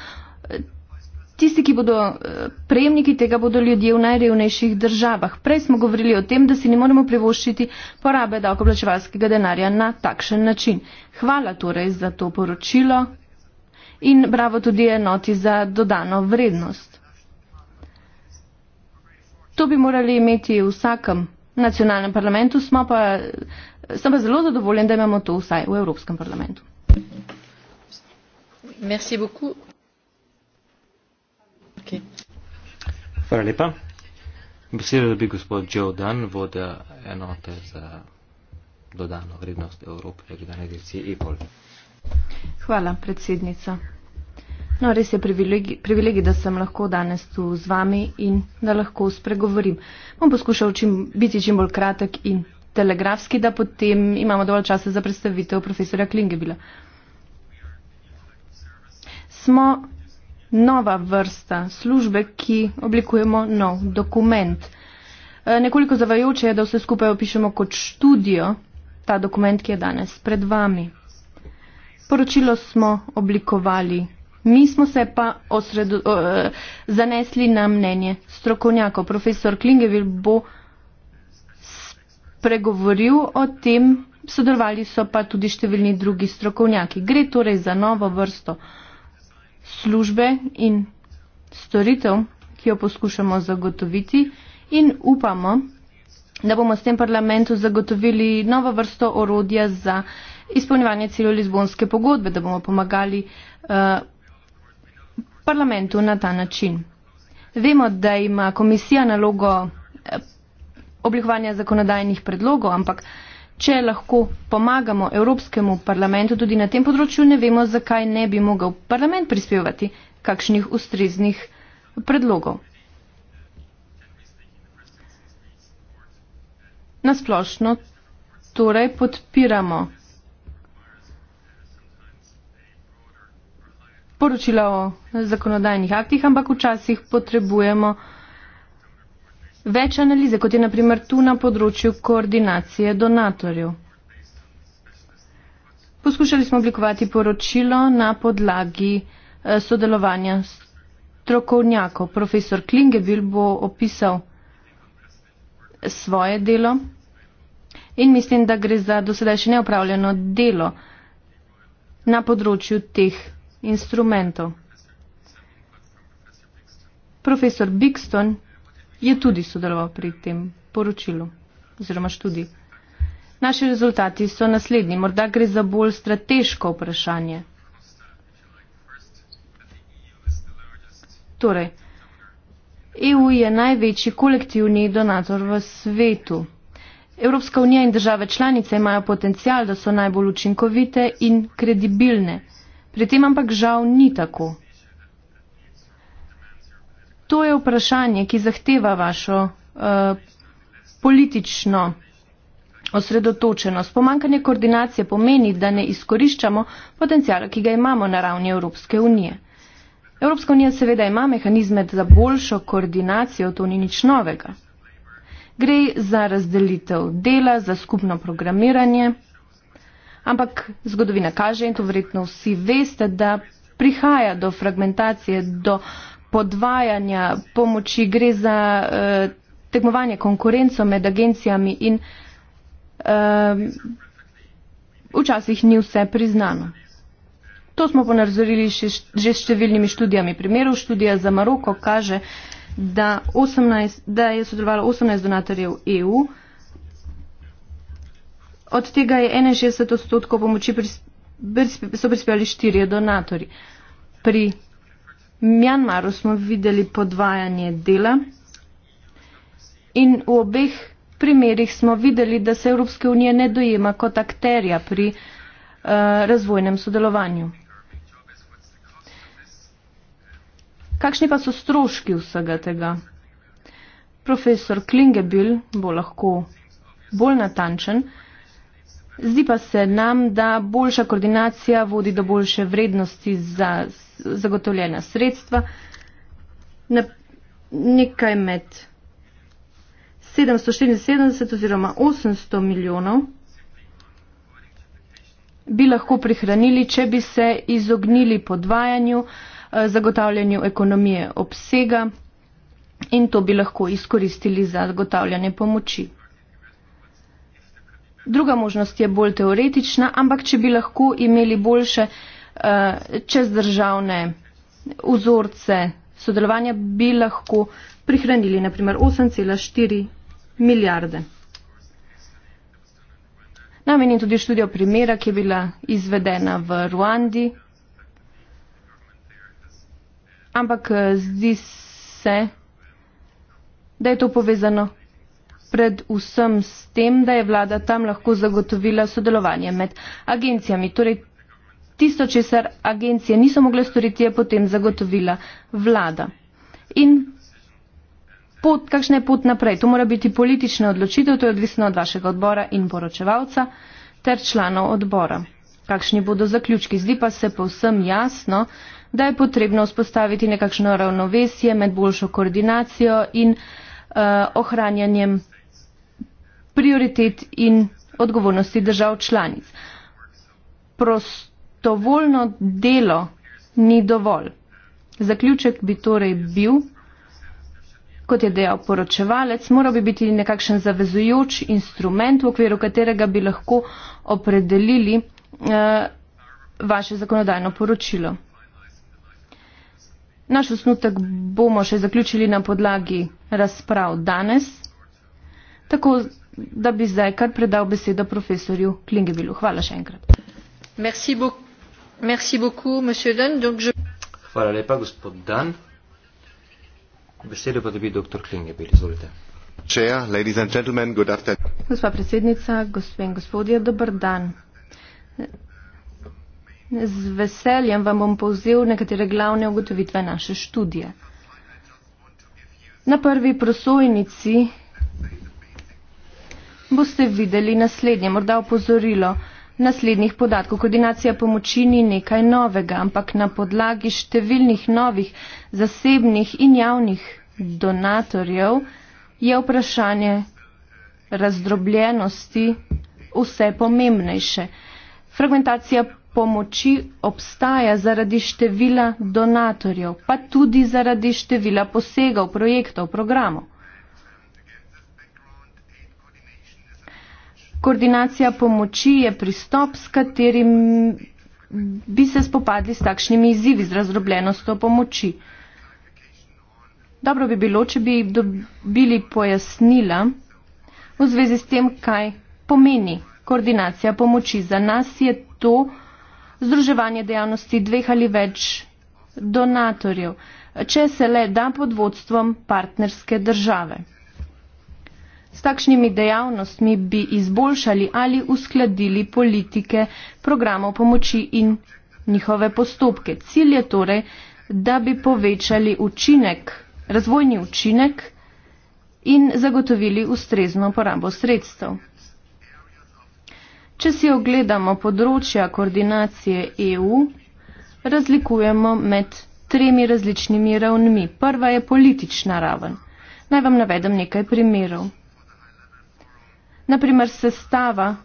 Tisti, ki bodo eh, prejemniki tega, bodo ljudje v najrevnejših državah. Prej smo govorili o tem, da si ne moremo privoščiti porabe davkoplačevalskega denarja na takšen način. Hvala torej za to poročilo in bravo tudi enoti za dodano vrednost. To bi morali imeti v vsakem nacionalnem parlamentu, pa, sem pa zelo zadovoljen, da imamo to vsaj v Evropskem parlamentu. Hvala lepa. Besedo dobi gospod Joe Dan, vodja enote za dodano vrednost Evrope, regionalne direkcije EPOL. Hvala, predsednica. No, res je privilegij, privilegi, da sem lahko danes tu z vami in da lahko spregovorim. Bom poskušal čim, biti čim bolj kratek in telegrafski, da potem imamo dovolj časa za predstavitev profesora Klingebila smo nova vrsta službe, ki oblikujemo nov dokument. E, nekoliko zavajoče je, da vse skupaj opišemo kot študijo, ta dokument, ki je danes pred vami. Poročilo smo oblikovali, mi smo se pa osredo, o, e, zanesli na mnenje strokovnjakov. Profesor Klingevil bo spregovoril o tem, sodelovali so pa tudi številni drugi strokovnjaki. Gre torej za novo vrsto službe in storitev, ki jo poskušamo zagotoviti in upamo, da bomo s tem parlamentu zagotovili novo vrsto orodja za izpolnjevanje ciljev Lizbonske pogodbe, da bomo pomagali uh, parlamentu na ta način. Vemo, da ima komisija nalogo uh, oblikovanja zakonodajnih predlogov, ampak uh, Če lahko pomagamo Evropskemu parlamentu tudi na tem področju, ne vemo, zakaj ne bi mogel parlament prispevati kakšnih ustreznih predlogov. Nasplošno torej podpiramo poročila o zakonodajnih aktih, ampak včasih potrebujemo več analize, kot je naprimer tu na področju koordinacije donatorjev. Poskušali smo oblikovati poročilo na podlagi eh, sodelovanja strokovnjakov. Profesor Klingebil bo opisal svoje delo in mislim, da gre za dosedaj še neopravljeno delo na področju teh instrumentov. Profesor Bigston je tudi sodeloval pri tem poročilu oziroma študiji. Naši rezultati so naslednji, morda gre za bolj strateško vprašanje. Torej, EU je največji kolektivni donator v svetu. Evropska unija in države članice imajo potencial, da so najbolj učinkovite in kredibilne. Pri tem ampak žal ni tako to je vprašanje, ki zahteva vašo uh, politično osredotočenost. Pomankanje koordinacije pomeni, da ne izkoriščamo potencijala, ki ga imamo na ravni Evropske unije. Evropska unija seveda ima mehanizme za boljšo koordinacijo, to ni nič novega. Gre za razdelitev dela, za skupno programiranje, ampak zgodovina kaže in to verjetno vsi veste, da prihaja do fragmentacije, do uh, podvajanja pomoči, gre za uh, tekmovanje konkurenco med agencijami in uh, včasih ni vse priznano. To smo ponazorili že s številnimi študijami. Primerov študija za Maroko kaže, da, 18, da je sodelovalo 18 donatorjev EU. Od tega je 61 odstotkov pomoči pris, so prispevali štirje donatori. Pri Mjanmaru smo videli podvajanje dela in v obeh primerih smo videli, da se Evropske unije ne dojema kot akterja pri uh, razvojnem sodelovanju. Kakšni pa so stroški vsega tega? Profesor Klingebil bo lahko bolj natančen. Uh, Zdi pa se nam, da boljša koordinacija vodi do boljše vrednosti za zagotovljena sredstva. Na nekaj med 774 oziroma 800 milijonov bi lahko prihranili, če bi se izognili podvajanju, eh, zagotavljanju ekonomije obsega in to bi lahko izkoristili za zagotavljanje pomoči. Druga možnost je bolj teoretična, ampak če bi lahko imeli boljše uh, čezdržavne vzorce sodelovanja, bi lahko prihranili naprimer 8,4 milijarde. Namenim tudi študijo primera, ki je bila izvedena v Ruandi, ampak eh, zdi se, da je to povezano predvsem s tem, da je vlada tam lahko zagotovila sodelovanje med agencijami. Torej, tisto, česar agencije niso mogle storiti, je potem zagotovila vlada. In pot, kakšna je pot naprej? To mora biti politična odločitev, to je odvisno od vašega odbora in poročevalca ter članov odbora. Kakšni bodo zaključki? Zdi pa se povsem jasno, da je potrebno vzpostaviti nekakšno ravnovesje med boljšo koordinacijo in uh, ohranjanjem prioritet in odgovornosti držav članic. Prostovoljno delo ni dovolj. Zaključek bi torej bil, kot je dejal poročevalec, moral bi biti nekakšen zavezujoč instrument, v okviru katerega bi lahko opredelili uh, vaše zakonodajno poročilo. Naš osnutek bomo še zaključili na podlagi razprav danes. Tako da bi zdaj kar predal besedo profesorju Klingevilu. Hvala še enkrat. Merci beaucoup, monsieur Dan. Donc je... Hvala lepa, gospod Dan. Besedo pa dobi dr. Klingevil, izvolite. Chair, ladies and gentlemen, good afternoon. Gospa predsednica, gospe in gospodje, dobr dan. Z veseljem vam bom povzel nekatere glavne ugotovitve naše študije. Na prvi prosojnici boste videli naslednje, morda opozorilo. Naslednjih podatkov koordinacija pomoči ni nekaj novega, ampak na podlagi številnih novih zasebnih in javnih donatorjev je vprašanje razdrobljenosti vse pomembnejše. Fragmentacija pomoči obstaja zaradi števila donatorjev, pa tudi zaradi števila posegov, projektov, programov. Koordinacija pomoči je pristop, s katerim bi se spopadli s takšnimi izzivi, z razdrobljenostjo pomoči. Dobro bi bilo, če bi dobili pojasnila v zvezi s tem, kaj pomeni koordinacija pomoči. Za nas je to združevanje dejavnosti dveh ali več donatorjev, če se le da pod vodstvom partnerske države. S takšnimi dejavnostmi bi izboljšali ali uskladili politike programov pomoči in njihove postopke. Cilj je torej, da bi povečali učinek, razvojni učinek in zagotovili ustrezno porabo sredstev. Če si ogledamo področja koordinacije EU, razlikujemo med tremi različnimi ravnmi. Prva je politična raven. Naj vam navedem nekaj primerov. Naprimer, sestava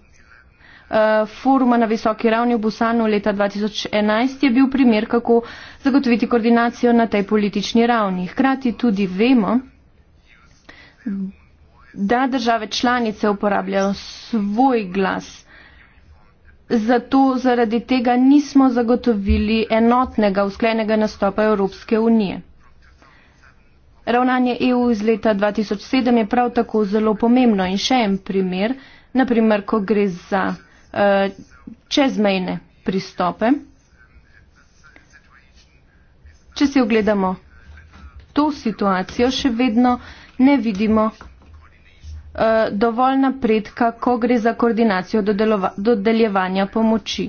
eh, foruma na visoki ravni v Busanu leta 2011 je bil primer, kako zagotoviti koordinacijo na tej politični ravni. Hkrati tudi vemo, da države članice uporabljajo svoj glas. Zato zaradi tega nismo zagotovili enotnega usklenega nastopa Evropske unije. Ravnanje EU iz leta 2007 je prav tako zelo pomembno in še en primer, naprimer, ko gre za uh, čezmejne pristope. Če si ogledamo to situacijo, še vedno ne vidimo uh, dovolj napredka, ko gre za koordinacijo dodeljevanja pomoči.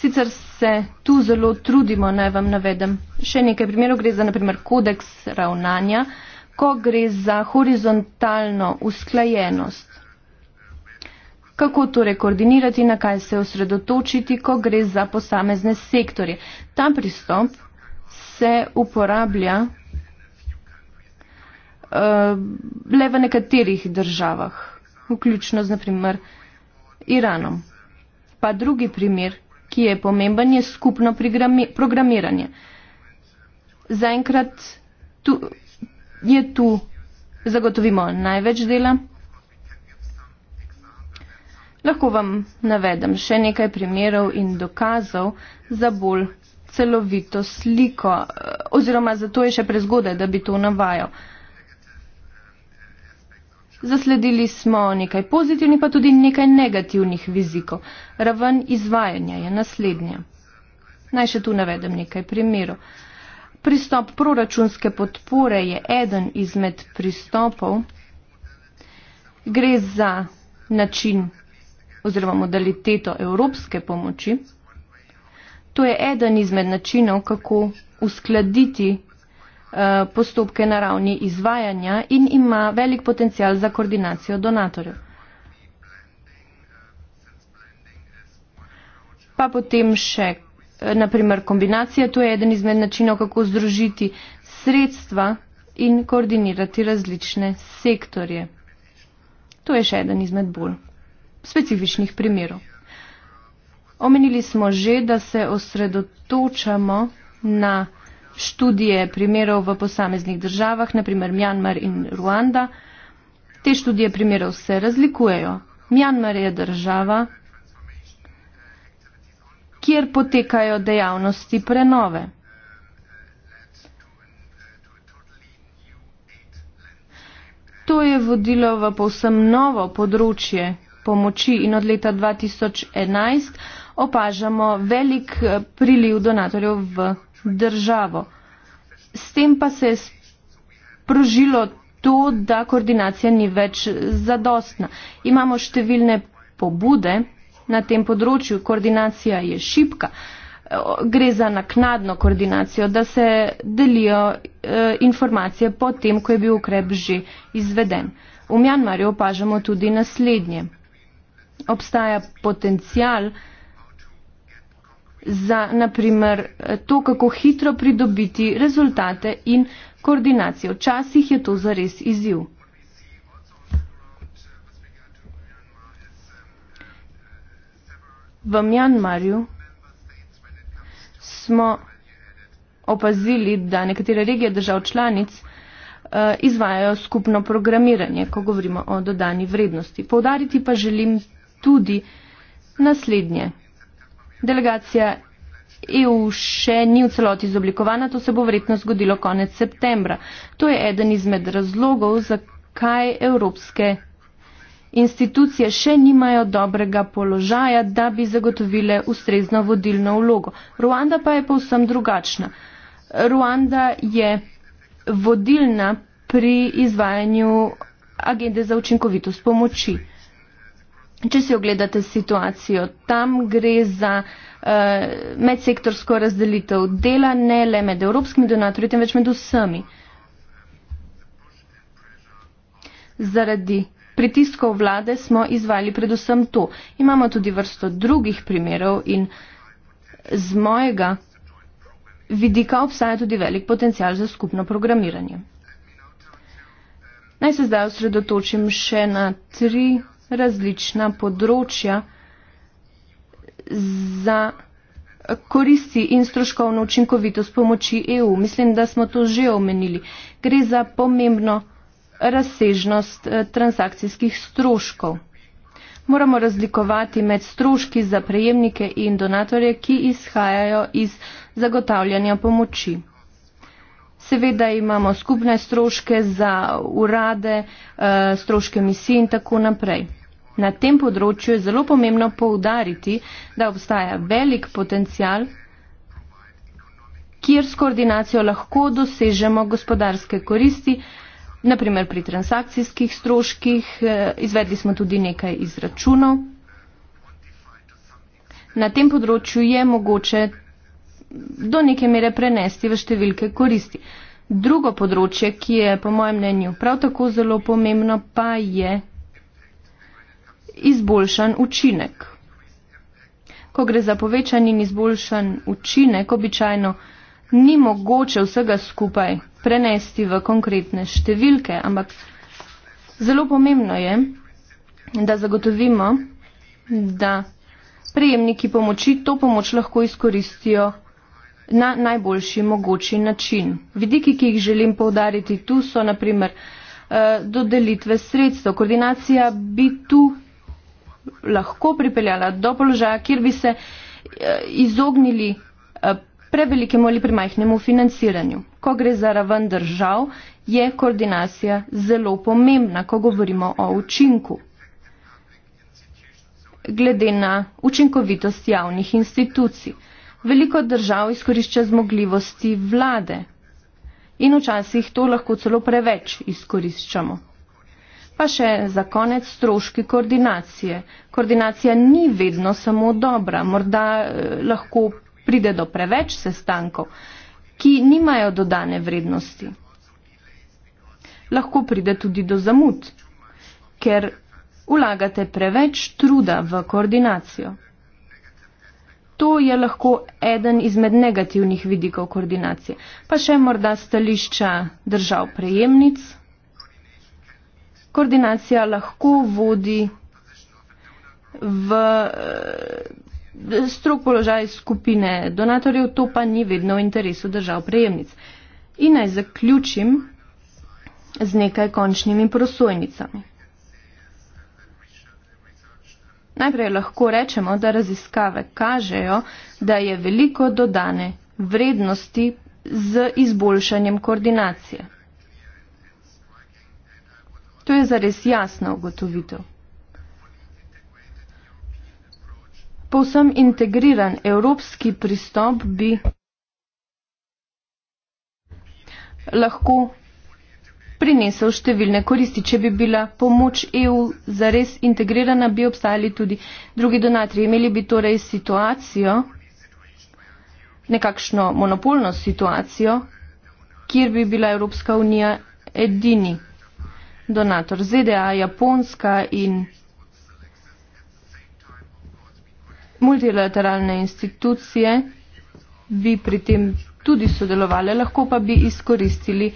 Sicer se tu zelo trudimo, naj vam navedem. Še nekaj primerov gre za naprimer kodeks ravnanja, ko gre za horizontalno usklajenost. Kako torej koordinirati, na kaj se osredotočiti, ko gre za posamezne sektorje. Ta pristop se uporablja uh, le v nekaterih državah, vključno z naprimer Iranom. Pa drugi primer, ki je pomemben, je skupno programiranje. Zaenkrat tu, je tu, zagotovimo največ dela. Lahko vam navedem še nekaj primerov in dokazov za bolj celovito sliko, eh, oziroma zato je še prezgodaj, da bi to navajal. Zasledili smo nekaj pozitivnih, pa tudi nekaj negativnih vizikov. Raven izvajanja je naslednja. Naj še tu navedem nekaj primerov. Pristop proračunske podpore je eden izmed pristopov. Gre za način oziroma modaliteto evropske pomoči. To je eden izmed načinov, kako uskladiti Eh, postopke na ravni izvajanja in ima velik potencial za koordinacijo donatorjev. Pa potem še, eh, naprimer, kombinacija, to je eden izmed načinov, kako združiti sredstva in koordinirati različne sektorje. To je še eden izmed bolj specifičnih primerov. Omenili smo že, da se osredotočamo na študije primerov v posameznih državah, naprimer Mjanmar in Ruanda. Te študije primerov se razlikujejo. Mjanmar je država, kjer potekajo dejavnosti prenove. To je vodilo v povsem novo področje pomoči in od leta 2011 opažamo velik eh, priliv donatorjev v državo. S tem pa se je sprožilo to, da koordinacija ni več zadostna. Imamo številne pobude na tem področju, koordinacija je šipka, gre za naknadno koordinacijo, da se delijo eh, informacije po tem, ko je bil ukrep že izveden. V Mjanmarju opažamo tudi naslednje. Obstaja potencial, za naprimer to, kako hitro pridobiti rezultate in koordinacijo. Včasih je to zares izziv. V Mjanmarju smo opazili, da nekatere regije držav članic eh, izvajajo skupno programiranje, ko govorimo o dodani vrednosti. Povdariti pa želim tudi naslednje. Delegacija EU še ni v celoti izoblikovana, to se bo verjetno zgodilo konec septembra. To je eden izmed razlogov, zakaj evropske institucije še nimajo dobrega položaja, da bi zagotovile ustrezno vodilno vlogo. Ruanda pa je povsem drugačna. Ruanda je vodilna pri izvajanju agende za učinkovitost pomoči. Če si ogledate situacijo, tam gre za uh, medsektorsko razdelitev dela ne le med evropskimi donatorji, temveč med vsemi. Zaradi pritiskov vlade smo izvali predvsem to. Imamo tudi vrsto drugih primerov in z mojega vidika obstaja tudi velik potencial za skupno programiranje. Naj se zdaj osredotočim še na tri različna področja za koristi in stroškovno učinkovitost pomoči EU. Mislim, da smo to že omenili. Gre za pomembno razsežnost eh, transakcijskih stroškov. Moramo razlikovati med stroški za prejemnike in donatorje, ki izhajajo iz zagotavljanja pomoči. Seveda imamo skupne stroške za urade, eh, stroške misij in tako naprej. Na tem področju je zelo pomembno poudariti, da obstaja velik potencial, kjer s koordinacijo lahko dosežemo gospodarske koristi, naprimer pri transakcijskih stroških, eh, izvedli smo tudi nekaj izračunov. Na tem področju je mogoče do neke mere prenesti v številke koristi. Drugo področje, ki je po mojem mnenju prav tako zelo pomembno, pa je izboljšan učinek. Ko gre za povečan in izboljšan učinek, običajno ni mogoče vsega skupaj prenesti v konkretne številke, ampak zelo pomembno je, da zagotovimo, da prejemniki pomoči to pomoč lahko izkoristijo na najboljši mogoči način. Vidiki, ki jih želim povdariti tu, so naprimer eh, dodelitve sredstev. Koordinacija bi tu lahko pripeljala do položaja, kjer bi se eh, izognili eh, prevelikemu ali premajhnemu financiranju. Ko gre za raven držav, je koordinacija zelo pomembna, ko govorimo o učinku. Glede na učinkovitost javnih institucij. Veliko držav izkorišča zmogljivosti vlade in včasih to lahko celo preveč izkoriščamo. Pa še za konec stroški koordinacije. Koordinacija ni vedno samo dobra, morda eh, lahko pride do preveč sestankov, ki nimajo dodane vrednosti. Lahko pride tudi do zamud, ker vlagate preveč truda v koordinacijo. To je lahko eden izmed negativnih vidikov koordinacije. Pa še morda stališča držav prejemnic koordinacija lahko vodi v eh, strok položaj skupine donatorjev, to pa ni vedno v interesu držav prejemnic. In naj zaključim z nekaj končnimi prosojnicami. Najprej lahko rečemo, da raziskave kažejo, da je veliko dodane vrednosti z izboljšanjem koordinacije. To je zares jasna ugotovitev. Povsem integriran evropski pristop bi lahko prinesel številne koristi. Če bi bila pomoč EU zares integrirana, bi obstajali tudi drugi donatri. Imeli bi torej situacijo, nekakšno monopolno situacijo, kjer bi bila Evropska unija edini donator ZDA, Japonska in multilateralne institucije bi pri tem tudi sodelovali, lahko pa bi izkoristili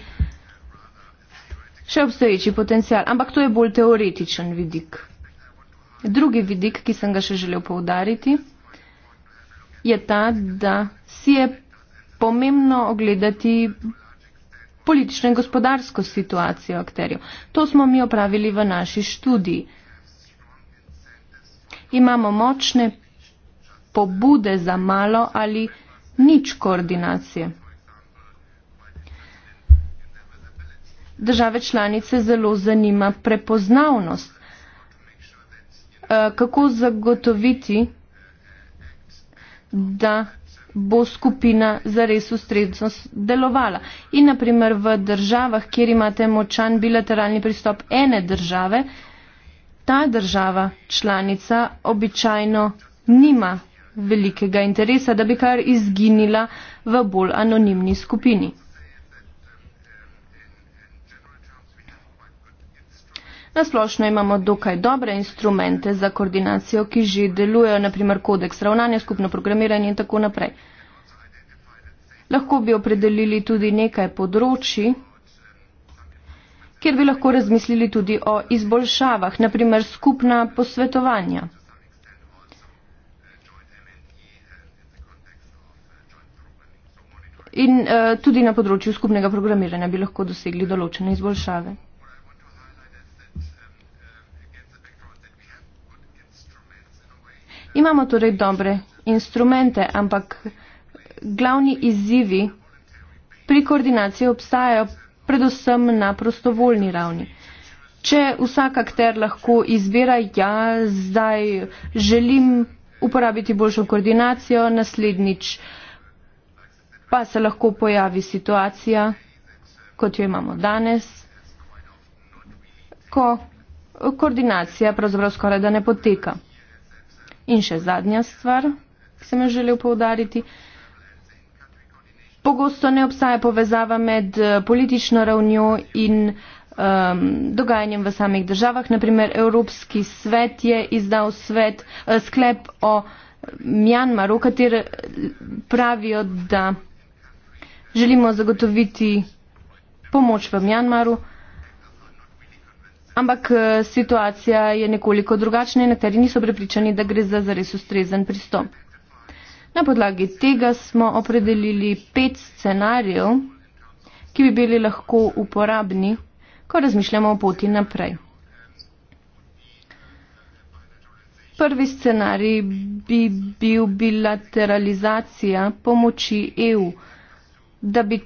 še obstoječi potencial. Ampak to je bolj teoretičen vidik. Drugi vidik, ki sem ga še želel povdariti, je ta, da si je pomembno ogledati politično in gospodarsko situacijo akterjev. To smo mi opravili v naši študiji. Imamo močne pobude za malo ali nič koordinacije. Države članice zelo zanima prepoznavnost. Eh, kako zagotoviti, da bo skupina zares ustrezno delovala. In naprimer v državah, kjer imate močan bilateralni pristop ene države, ta država članica običajno nima velikega interesa, da bi kar izginila v bolj anonimni skupini. Na splošno imamo dokaj dobre instrumente za koordinacijo, ki že delujejo, naprimer kodeks ravnanja, skupno programiranje in tako naprej. Lahko bi opredelili tudi nekaj področji, kjer bi lahko razmislili tudi o izboljšavah, naprimer skupna posvetovanja. In uh, tudi na področju skupnega programiranja bi lahko dosegli določene izboljšave. Imamo torej dobre instrumente, ampak glavni izzivi pri koordinaciji obstajajo predvsem na prostovoljni ravni. Če vsak akter lahko izbira, ja, zdaj želim uporabiti boljšo koordinacijo, naslednjič pa se lahko pojavi situacija, kot jo imamo danes, ko koordinacija pravzaprav skoraj da ne poteka. In še zadnja stvar, ki sem jo želel povdariti. Pogosto ne obstaja povezava med eh, politično ravnjo in um, dogajanjem v samih državah. Naprimer, Evropski svet je izdal svet, eh, sklep o Mjanmaru, kater eh, pravijo, da želimo zagotoviti pomoč v Mjanmaru. Ampak eh, situacija je nekoliko drugačna in nekateri niso prepričani, da gre za zares ustrezen pristop. Na podlagi tega smo opredelili pet scenarijev, ki bi bili lahko uporabni, ko razmišljamo o poti naprej. Prvi scenarij bi bil bilateralizacija pomoči EU, da bi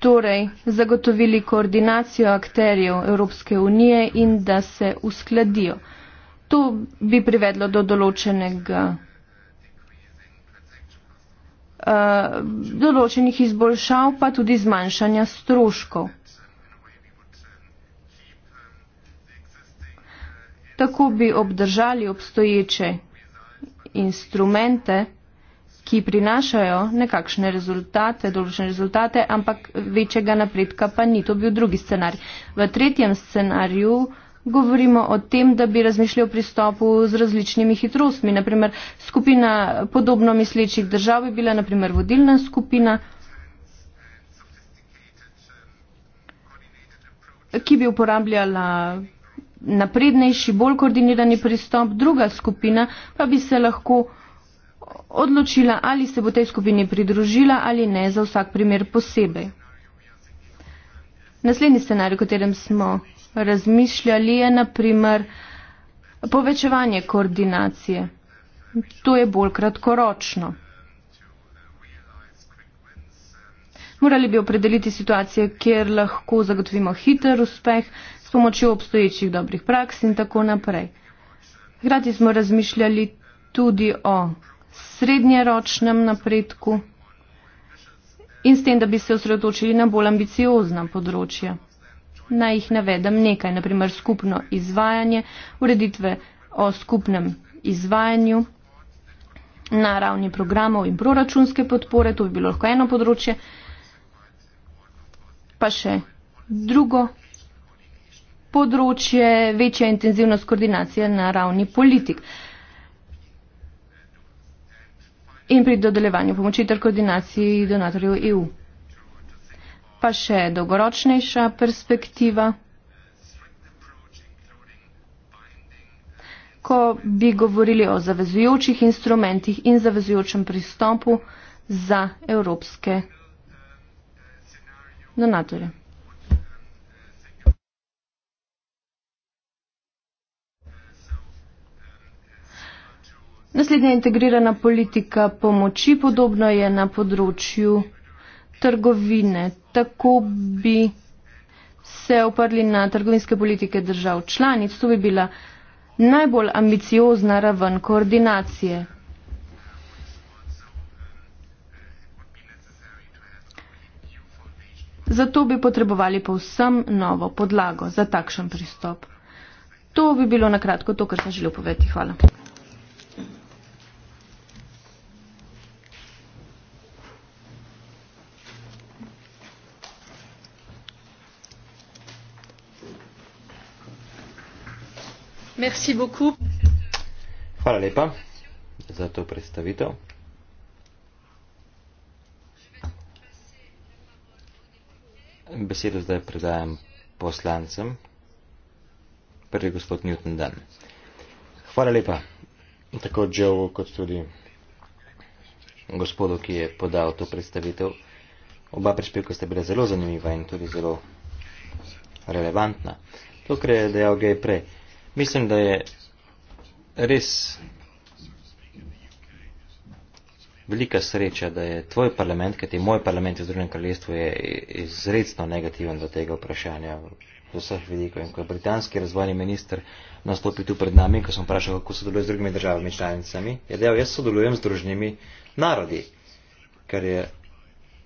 torej zagotovili koordinacijo akterjev Evropske unije in da se uskladijo. To bi privedlo do določenega, uh, določenih izboljšav, pa tudi zmanjšanja stroškov. Tako bi obdržali obstoječe instrumente, ki prinašajo nekakšne rezultate, določene rezultate, ampak večjega napredka pa ni. To bi bil drugi scenarij. V tretjem scenariju govorimo o tem, da bi razmišljal o pristopu z različnimi hitrostmi. Naprimer, skupina podobno mislečih držav bi bila naprimer vodilna skupina, ki bi uporabljala naprednejši, bolj koordinirani pristop, druga skupina pa bi se lahko odločila, ali se bo tej skupini pridružila ali ne za vsak primer posebej. Naslednji scenarij, o katerem smo razmišljali, je naprimer povečevanje koordinacije. To je bolj kratkoročno. Morali bi opredeliti situacije, kjer lahko zagotovimo hiter uspeh s pomočjo obstoječih dobrih praks in tako naprej. Hkrati smo razmišljali tudi o srednjeročnem napredku in s tem, da bi se osredotočili na bolj ambiciozna področja. Naj jih navedem nekaj, naprimer skupno izvajanje, ureditve o skupnem izvajanju na ravni programov in proračunske podpore, to bi bilo lahko eno področje, pa še drugo področje, večja intenzivnost koordinacije na ravni politik in pri dodelevanju pomoči ter koordinaciji donatorjev EU. Pa še dolgoročnejša perspektiva. Ko bi govorili o zavezujočih instrumentih in zavezujočem pristopu za evropske donatorje. Naslednja integrirana politika pomoči podobno je na področju trgovine. Tako bi se oprli na trgovinske politike držav članic. To bi bila najbolj ambiciozna raven koordinacije. Zato bi potrebovali povsem novo podlago za takšen pristop. To bi bilo na kratko to, kar sem želel povedati. Hvala. Merci beaucoup. Hvala lepa za to predstavitev. Besedo zdaj predajam poslancem. Prvi gospod Newton Dan. Hvala lepa. Tako Joe kot tudi gospodu, ki je podal to predstavitev. Oba prispevka sta bila zelo zanimiva in tudi zelo relevantna. To, kar je dejal Gay prej. Uh, Mislim, da je res velika sreča, da je tvoj parlament, kajti moj parlament v Združenem kraljestvu je izredno negativen do tega vprašanja z vseh vidikov. In ko je britanski razvojni minister nastopil tu pred nami, ko sem vprašal, kako sodeluje z drugimi državami članicami, je dejal, jaz sodelujem z družnimi narodi, kar je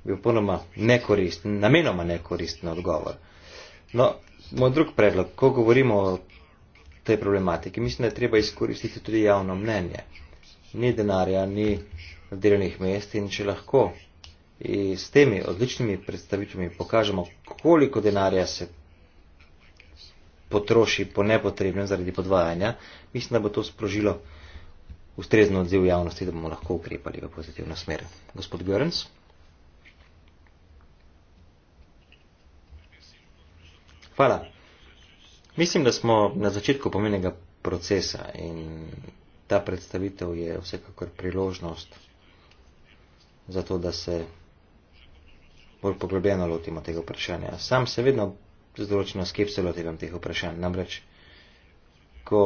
bil ponoma nekoristen, namenoma nekoristen odgovor. No, moj drug predlog, ko govorimo o tej problematiki. Mislim, da je treba izkoristiti tudi javno mnenje. Ni denarja, ni delovnih mest in če lahko in s temi odličnimi predstavitvami pokažemo, koliko denarja se potroši po nepotrebnem zaradi podvajanja, mislim, da bo to sprožilo ustrezno odziv javnosti, da bomo lahko ukrepali v pozitivno smer. Gospod Görens. Hvala. Mislim, da smo na začetku pomenega procesa in ta predstavitev je vsekakor priložnost za to, da se bolj poglobljeno lotimo tega vprašanja. Sam se vedno z določeno skepso lotevam teh vprašanj. Namreč, ko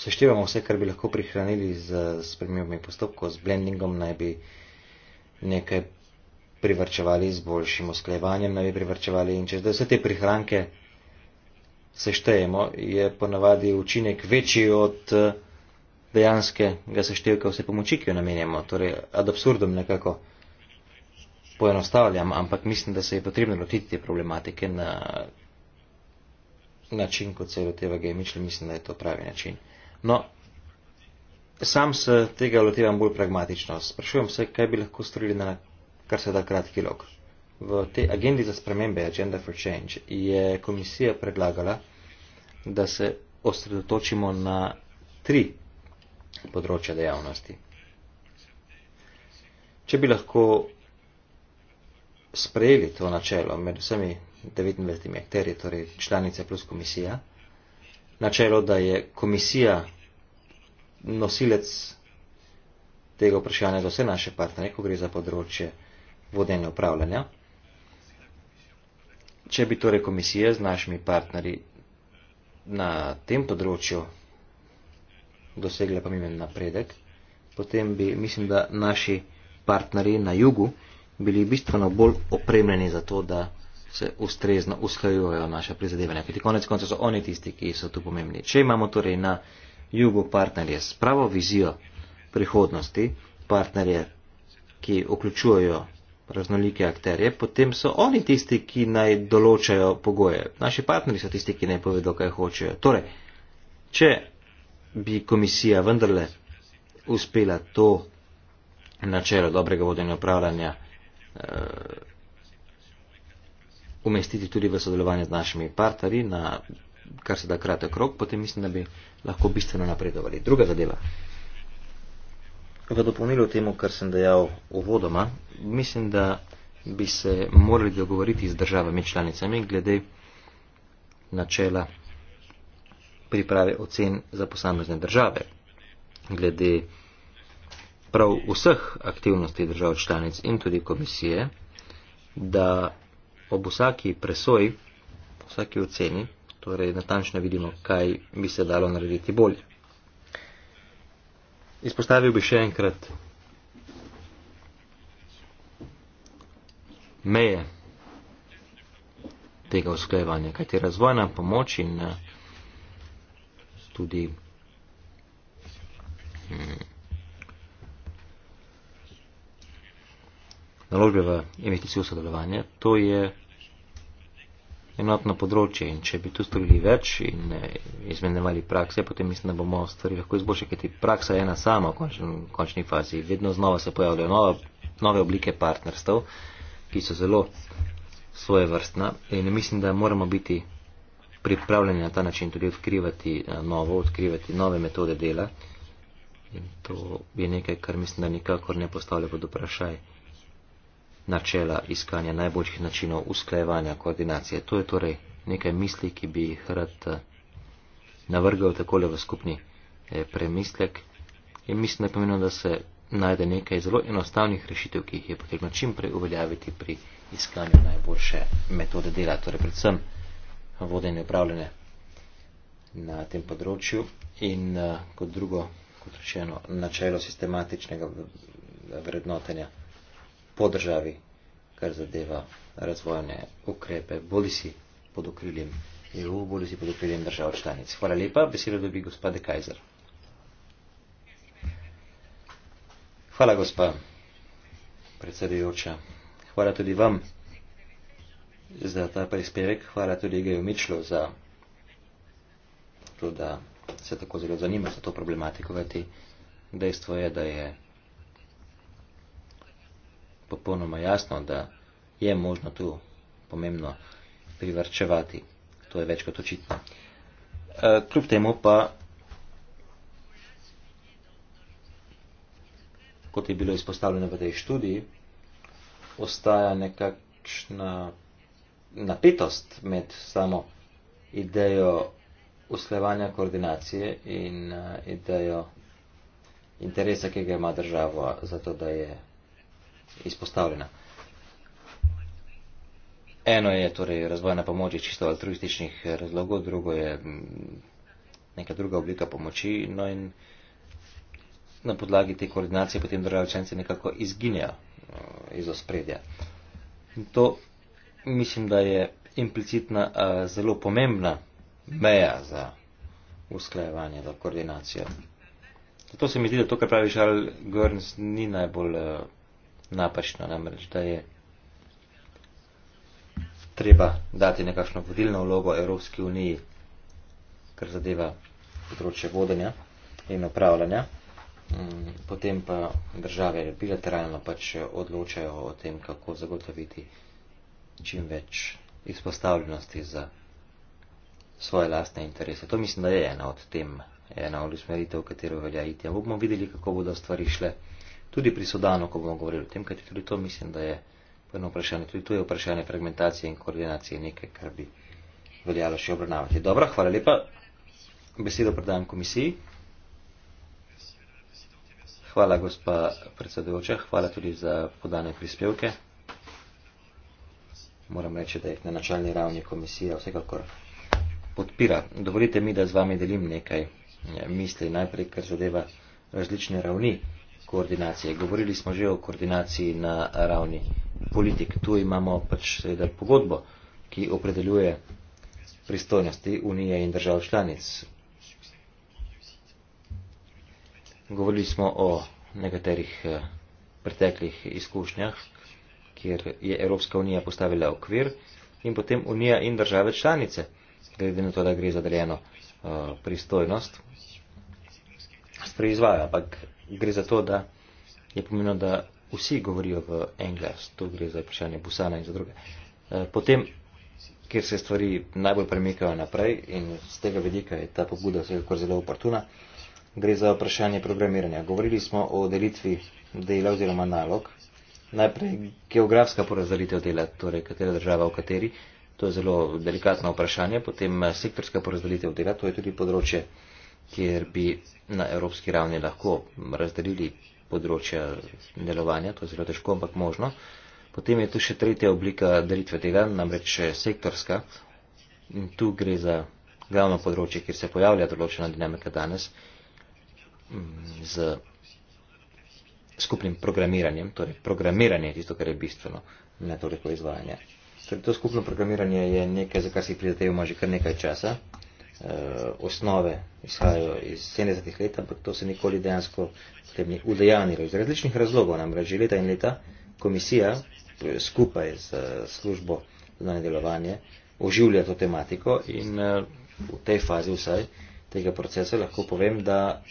seštevamo vse, kar bi lahko prihranili z spremembami postopkov, s blendingom naj bi nekaj privrčevali, z boljšim usklejevanjem naj bi privrčevali in čez vse te prihranke seštejemo, je ponavadi učinek večji od eh, dejanskega seštevka vse pomoči, ki jo namenjamo. Torej, ad absurdom nekako poenostavljam, ampak mislim, da se je potrebno lotiti te problematike na način, kot se je loteva gejmišlja, mislim, da je to pravi način. No, sam se tega lotevam bolj pragmatično. Sprašujem se, kaj bi lahko storili na kar se da kratki rok. V tej agendi za spremembe Agenda for Change je komisija predlagala, da se osredotočimo na tri področja dejavnosti. Če bi lahko sprejeli to načelo med vsemi 29 akterji, torej članice plus komisija, načelo, da je komisija nosilec tega vprašanja za vse naše partnerje, ko gre za področje vodenja upravljanja, če bi torej komisija z našimi partnerji na tem področju dosegla pomemben napredek, potem bi, mislim, da naši partnerji na jugu bili bistveno bolj opremljeni za to, da se ustrezno usklajujejo naše prizadevanja. Kajti konec konca so oni tisti, ki so tu pomembni. Če imamo torej na jugu partnerje s pravo vizijo prihodnosti, partnerje, ki vključujejo raznolike akterje, potem so oni tisti, ki naj določajo pogoje. Naši partnerji so tisti, ki naj povedo, kaj hočejo. Torej, če bi komisija vendarle uspela to načelo dobrega vodenja upravljanja uh, umestiti tudi v sodelovanje z našimi partnerji na kar se da kratek rok, potem mislim, da bi lahko bistveno napredovali. Druga zadeva. V dopolnilu temu, kar sem dejal uvodoma, mislim, da bi se morali dogovoriti z državami članicami glede načela priprave ocen za posamezne države, glede prav vseh aktivnosti držav članic in tudi komisije, da ob vsaki presoji, vsaki oceni, torej natančno vidimo, kaj bi se dalo narediti bolje. Izpostavil bi še enkrat meje tega usklajevanja, kajti razvojna pomoč in eh, tudi hmm, naložbe v investicijo sodelovanja, to je enotno področje in če bi tu storili več in eh, izmenjevali prakse, potem mislim, da bomo stvari lahko izboljšali, kajti praksa je ena sama v končni fazi. Vedno znova se pojavljajo nove, nove oblike partnerstv, ki so zelo svoje vrstna in mislim, da moramo biti pripravljeni na ta način tudi odkrivati eh, novo, odkrivati nove metode dela. In to je nekaj, kar mislim, da nikakor ne postavlja pod vprašanje načela iskanja najboljših načinov usklajevanja koordinacije. To je torej nekaj misli, ki bi jih rad eh, navrgal takole v skupni eh, premislek. In mislim, da je pomembno, da se najde nekaj zelo enostavnih rešitev, ki jih je potrebno čim prej uveljaviti pri iskanju najboljše metode dela, torej predvsem vodenje upravljene na tem področju in eh, kot drugo, kot rečeno, načelo sistematičnega vrednotenja po državi, kar zadeva razvojne ukrepe, bodi si pod okriljem EU, bodi si pod okriljem držav članic. Hvala lepa, besedo dobi gospod De Kajzer. Hvala, gospa predsedujoča. Hvala tudi vam za ta prispevek, hvala tudi Igeju Mičlu za to, da se tako zelo zanima za to problematiko, kajti dejstvo je, da je popolnoma jasno, da je možno tu pomembno privrčevati. To je več kot očitno. E, kljub temu pa, kot je bilo izpostavljeno v tej študiji, ostaja nekakšna napetost med samo idejo uslevanja koordinacije in e, idejo interesa, ki ga ima država za to, da je izpostavljena. Eno je torej razvojna pomoč iz čisto altruističnih razlogov, drugo je mm, neka druga oblika pomoči, no in na podlagi te koordinacije potem države učence nekako izginejo mm, iz ospredja. In to mislim, da je implicitna zelo pomembna meja za usklajevanje, za koordinacijo. Zato se mi zdi, da to, kar pravi Charles Gurns, ni najbolj napačno namreč, da je treba dati nekakšno vodilno vlogo Evropski uniji, kar zadeva področje vodenja in upravljanja. Mm, potem pa države bilateralno pač odločajo o tem, kako zagotoviti čim več izpostavljenosti za svoje lastne interese. To mislim, da je ena od tem, ena od usmeritev, v katero velja iti. Ampak bomo videli, kako bodo stvari šle tudi pri Sudanu, ko bomo govorili o tem, kajti tudi to mislim, da je prvo vprašanje. Tudi tu je vprašanje fragmentacije in koordinacije nekaj, kar bi veljalo še obravnavati. Dobro, hvala lepa. Besedo predajam komisiji. Hvala, gospa predsedujoča. Hvala tudi za podane prispevke. Moram reči, da jih na načalni ravni komisija vsekakor podpira. Dovolite mi, da z vami delim nekaj eh, misli najprej, ker zadeva različne ravni koordinacije. Govorili smo že o koordinaciji na ravni politik. Tu imamo pač seveda pogodbo, ki opredeljuje pristojnosti Unije in držav članic. Govorili smo o nekaterih eh, preteklih izkušnjah, kjer je Evropska unija postavila okvir in potem Unija in države članice, glede na to, da gre za deljeno uh, pristojnost, sprizvaja. Ampak gre za to, da je pomembno, da vsi govorijo v en glas. Tu gre za vprašanje Busana in za druge. Eh, potem, kjer se stvari najbolj premikajo naprej in z tega vidika je ta pobuda vsekakor zelo oportuna, gre za vprašanje programiranja. Govorili smo o delitvi dela oziroma nalog. Najprej geografska porazdelitev dela, torej katera država v kateri, to je zelo delikatno vprašanje, potem eh, sektorska porazdelitev dela, to je tudi področje eh, kjer bi na evropski ravni lahko razdelili področje delovanja, to je zelo težko, ampak možno. Potem je tu še tretja oblika delitve tega, namreč sektorska. In tu gre za glavno področje, kjer se pojavlja določena dinamika danes mm, z skupnim programiranjem. Torej, programiranje je tisto, kar je bistveno, ne toliko izvajanje. Torej, to skupno programiranje je nekaj, za kar si prizadevamo že kar nekaj časa eh, osnove izhajajo iz 70-ih let, ampak to se nikoli dejansko ni udejanilo. Iz različnih razlogov namreč že leta in leta komisija skupaj z eh, službo za delovanje oživlja to tematiko in eh, v tej fazi vsaj tega procesa lahko povem, da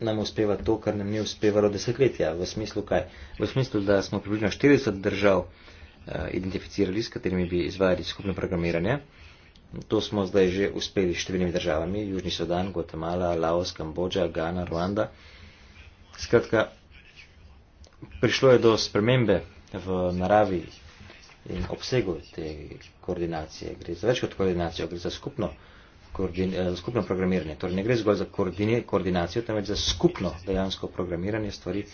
nam uspeva to, kar nam ni uspevalo desetletja. V smislu kaj? V smislu, da smo približno 40 držav eh, identificirali, s katerimi bi izvajali skupno programiranje. To smo zdaj že uspeli s številnimi državami, Južni Sudan, Gvatemala, Laos, Kambodža, Gana, Ruanda. Skratka, prišlo je do spremembe v naravi in obsegu te koordinacije. Gre za več kot koordinacijo, gre za skupno, koordin, eh, skupno programiranje. Torej ne gre zgolj za koordinacijo, temveč za skupno dejansko programiranje stvari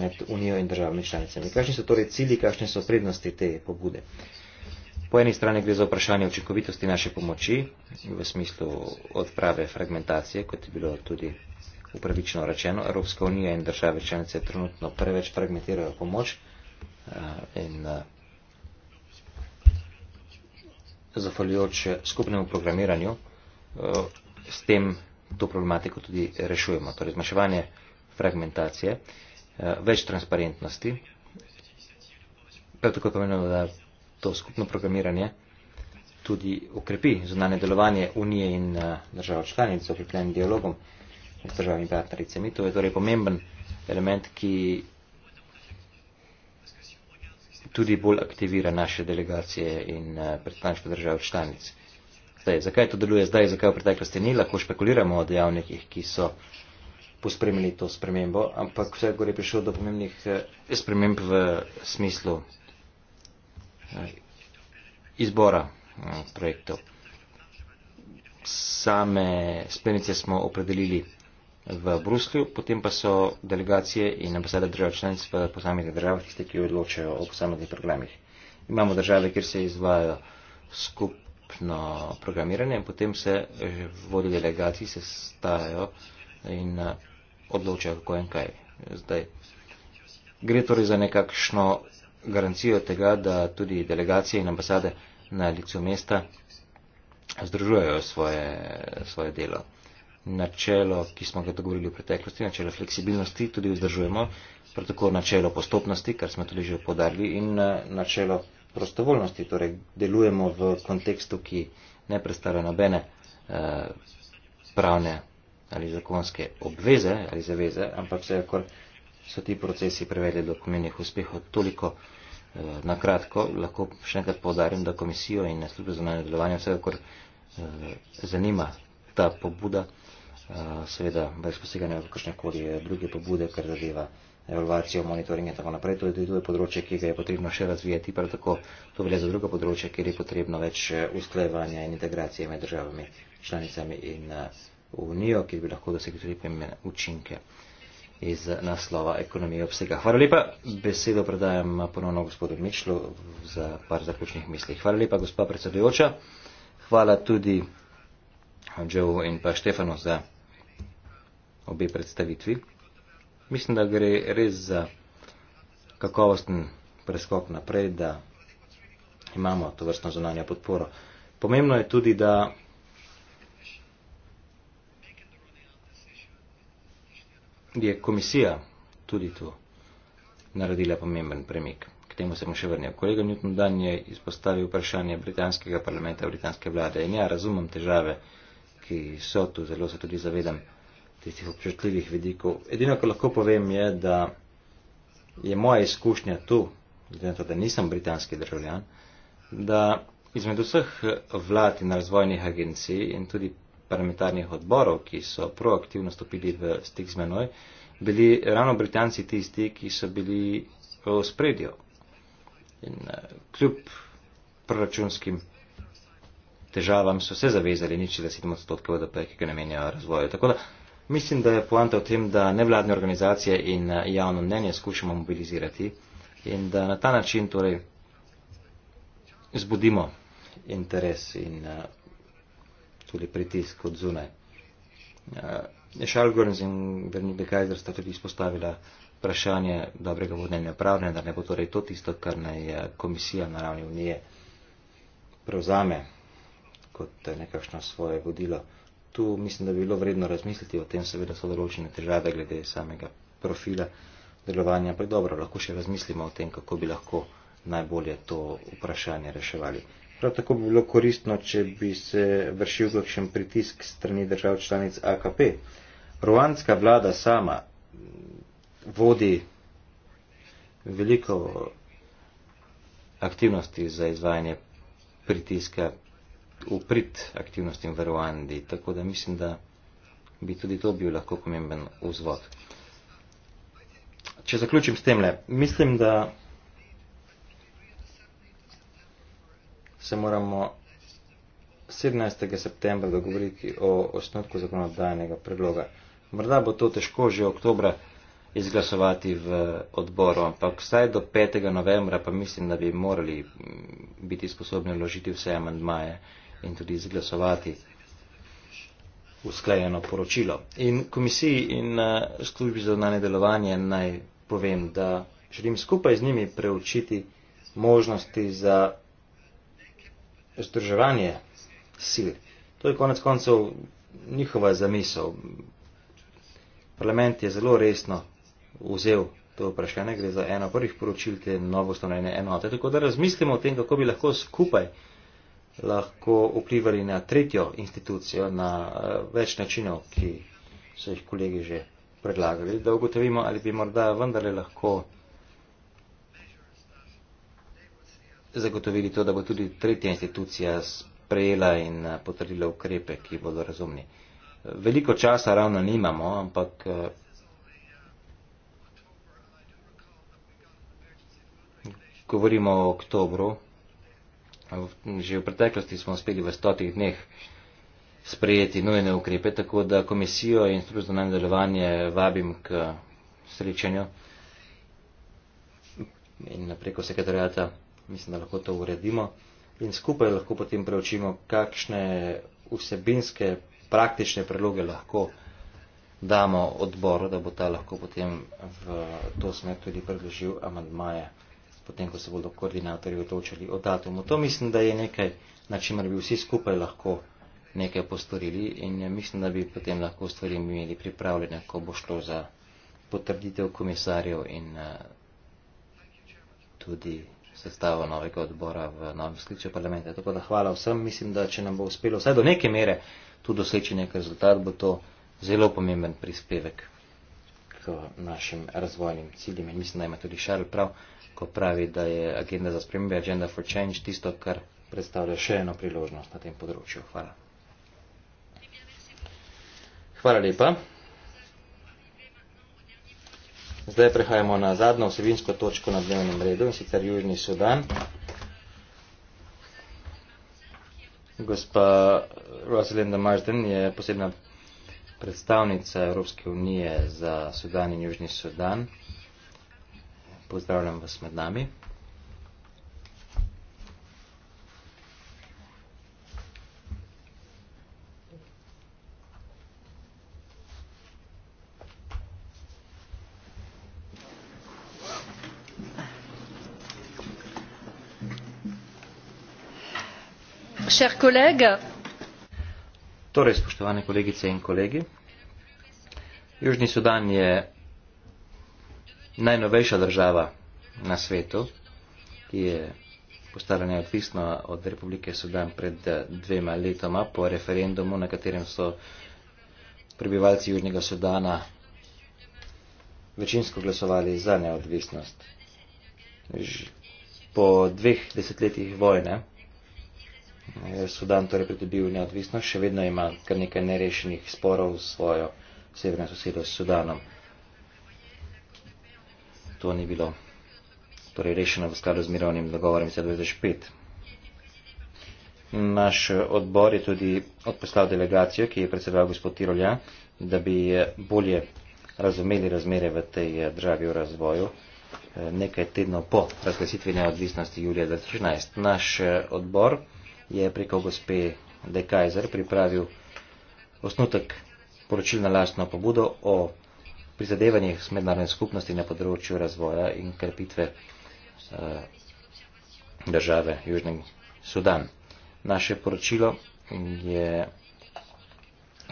med Unijo in državami članicami. Kakšni so torej cilji, kakšne so prednosti te pobude? Uh, Po eni strani gre za vprašanje učinkovitosti naše pomoči v smislu odprave fragmentacije, kot je bilo tudi upravično rečeno. Evropska unija in države članice trenutno preveč fragmentirajo pomoč eh, in eh, zafaljujoč skupnemu programiranju eh, s tem to problematiko tudi rešujemo. Torej zmaševanje fragmentacije, več transparentnosti, prav tako je pomenilo, da to skupno programiranje tudi ukrepi zunanje delovanje Unije in eh, držav članic z okrepljenim dialogom s državami partnericami. To je torej pomemben element, ki tudi bolj aktivira naše delegacije in eh, predstavniške držav članic. Zdaj, zakaj to deluje zdaj, zakaj v preteklosti ni, lahko špekuliramo o dejavnikih, ki so pospremili to spremembo, ampak vse gore je prišlo do pomembnih eh, sprememb v smislu izbora eh, projektov. Same spremnice smo opredelili v Bruslju, potem pa so delegacije in ambasade držav članic v posameznih državah tiste, ki odločajo o posameznih programih. Imamo države, kjer se izvajo skupno programiranje in potem se vodi delegacij, se stajajo in eh, odločajo, kako in kaj. Zdaj, gre torej za nekakšno garancijo tega, da tudi delegacije in ambasade na licu mesta združujejo svoje, svoje delo. Načelo, ki smo ga dogovorili v preteklosti, načelo fleksibilnosti tudi vzdržujemo, prav tako načelo postopnosti, kar smo tudi že podarili, in eh, načelo prostovoljnosti, torej delujemo v kontekstu, ki ne predstavlja nobene eh, pravne ali zakonske obveze ali zaveze, ampak se je kot so ti procesi privedli do pomenih uspehov. Toliko eh, na kratko lahko še enkrat povdarim, da komisijo in službe za nadaljevanje vsekakor eh, zanima ta pobuda, eh, seveda brez poseganja v kakršne koli druge pobude, kar zadeva evaluacijo, monitoring in tako naprej. Torej, to je tudi področje, ki ga je potrebno še razvijati, prav tako to velja za druga področja, kjer je potrebno več eh, usklajevanja in integracije med državami, članicami in eh, Unijo, kjer bi lahko dosegli tudi pomembne učinke iz naslova ekonomije obsega. Hvala lepa. Besedo predajam ponovno gospodu Mičlu za par zaključnih misli. Hvala lepa, gospa predsedujoča. Hvala tudi Joe in pa Štefano za obe predstavitvi. Mislim, da gre res za kakovosten preskok naprej, da imamo to vrstno zunanja podporo. Pomembno je tudi, da je komisija tudi tu naredila pomemben premik. K temu se bom še vrnil. Kolega Newton Dan je izpostavil vprašanje britanskega parlamenta, britanske vlade. In ja, razumem težave, ki so tu, zelo se tudi zavedam tistih občutljivih vidikov. Edino, kar lahko povem, je, da je moja izkušnja tu, glede na to, da nisem britanski državljan, da izmed vseh vlad in razvojnih agencij in tudi parlamentarnih odborov, ki so proaktivno stopili v stik z menoj, bili ravno Britanci tisti, ki so bili v spredju. In eh, kljub proračunskim težavam so se zavezali ničile 7 odstotkov VDP, ki ga namenjajo razvoju. Tako da mislim, da je poanta v tem, da nevladne organizacije in eh, javno mnenje skušamo mobilizirati in da na ta način torej zbudimo interes in eh, tudi pritisk od zunaj. Eh, Šalgorns in Vernibe Kajzer sta tudi izpostavila vprašanje dobrega vodnega pravne, da ne bo torej to tisto, kar naj eh, komisija na ravni unije prevzame kot eh, nekakšno svoje vodilo. Tu mislim, da bi bilo vredno razmisliti o tem, seveda so določene težave glede samega profila delovanja, pa dobro, lahko še razmislimo o tem, kako bi lahko najbolje to vprašanje reševali. Prav tako bi bilo koristno, če bi se vršil kakšen pritisk strani držav članic AKP. Ruanska vlada sama vodi veliko aktivnosti za izvajanje pritiska uprit aktivnostim v Ruandi, tako da mislim, da bi tudi to bil lahko pomemben vzvod. Če zaključim s tem le, mislim, da se moramo 17. septembra dogovoriti o osnutku zakonodajnega predloga. Morda bo to težko že oktobra izglasovati v odboru, ampak vsaj do 5. novembra pa mislim, da bi morali mm, biti sposobni vložiti vse amandmaje in tudi izglasovati usklajeno poročilo. In komisiji in eh, službi za zunanje delovanje naj povem, da želim skupaj z njimi preučiti možnosti za združevanje sil. To je konec koncev njihova zamisel. Parlament je zelo resno vzel to vprašanje, gre za eno prvih poročil te novostanojene enote. Tako da razmislimo o tem, kako bi lahko skupaj lahko vplivali na tretjo institucijo, na eh, več načinov, ki so jih kolegi že predlagali, da ugotovimo, ali bi morda vendarle lahko. zagotovili to, da bo tudi tretja institucija sprejela in eh, potrdila ukrepe, ki bodo razumni. Veliko časa ravno nimamo, ampak. Eh, govorimo o oktobru. Že v preteklosti smo uspeli v stotih dneh sprejeti nujne ukrepe, tako da komisijo in strukturno nadaljevanje vabim k eh, srečanju in preko sekretarjata mislim, da lahko to uredimo in skupaj lahko potem preučimo, kakšne vsebinske, praktične predloge lahko damo odboru, da bo ta lahko potem v to smer tudi predložil amandmaje, potem ko se bodo koordinatorji otočili o datumu. To mislim, da je nekaj, na čemer bi vsi skupaj lahko nekaj postorili in mislim, da bi potem lahko stvari imeli pripravljene, ko bo šlo za potrditev komisarjev in uh, tudi sestavo novega odbora v novem skliču parlamenta. Tako da hvala vsem, mislim, da če nam bo uspelo vsaj do neke mere tu doseči nek rezultat, bo to zelo pomemben prispevek k našim razvojnim ciljem. In mislim, da ima tudi Šarl prav, ko pravi, da je agenda za spremembe, agenda for change, tisto, kar predstavlja še eno priložnost na tem področju. Hvala. Hvala lepa. Zdaj prehajamo na zadnjo vsebinsko točko na dnevnem redu in sicer Južni Sudan. Gospa Rosalinda Marsden je posebna predstavnica Evropske unije za Sudan in Južni Sudan. Pozdravljam vas med nami. Torej, spoštovane kolegice in kolegi, Južni Sudan je najnovejša država na svetu, ki je postala neodvisna od Republike Sudan pred eh, dvema letoma po referendumu, na katerem so prebivalci Južnega Sudana večinsko glasovali za neodvisnost. Po dveh desetletjih vojne je Sudan torej pridobil neodvisnost, še vedno ima kar nekaj nerešenih sporov s svojo severno sosedo s Sudanom. To ni bilo torej rešeno v skladu z mirovnim dogovorom iz 2005. Naš odbor je tudi odposlal delegacijo, ki je predsedoval gospod Tirolja, da bi bolje razumeli razmere v tej eh, državi v razvoju eh, nekaj tednov po razglasitvi neodvisnosti julija 2013. Naš eh, odbor je preko gospe De Kaiser pripravil osnutek poročil na lastno pobudo o prizadevanjih s mednarodne skupnosti na področju razvoja in krepitve eh, države Južni Sudan. Naše poročilo je,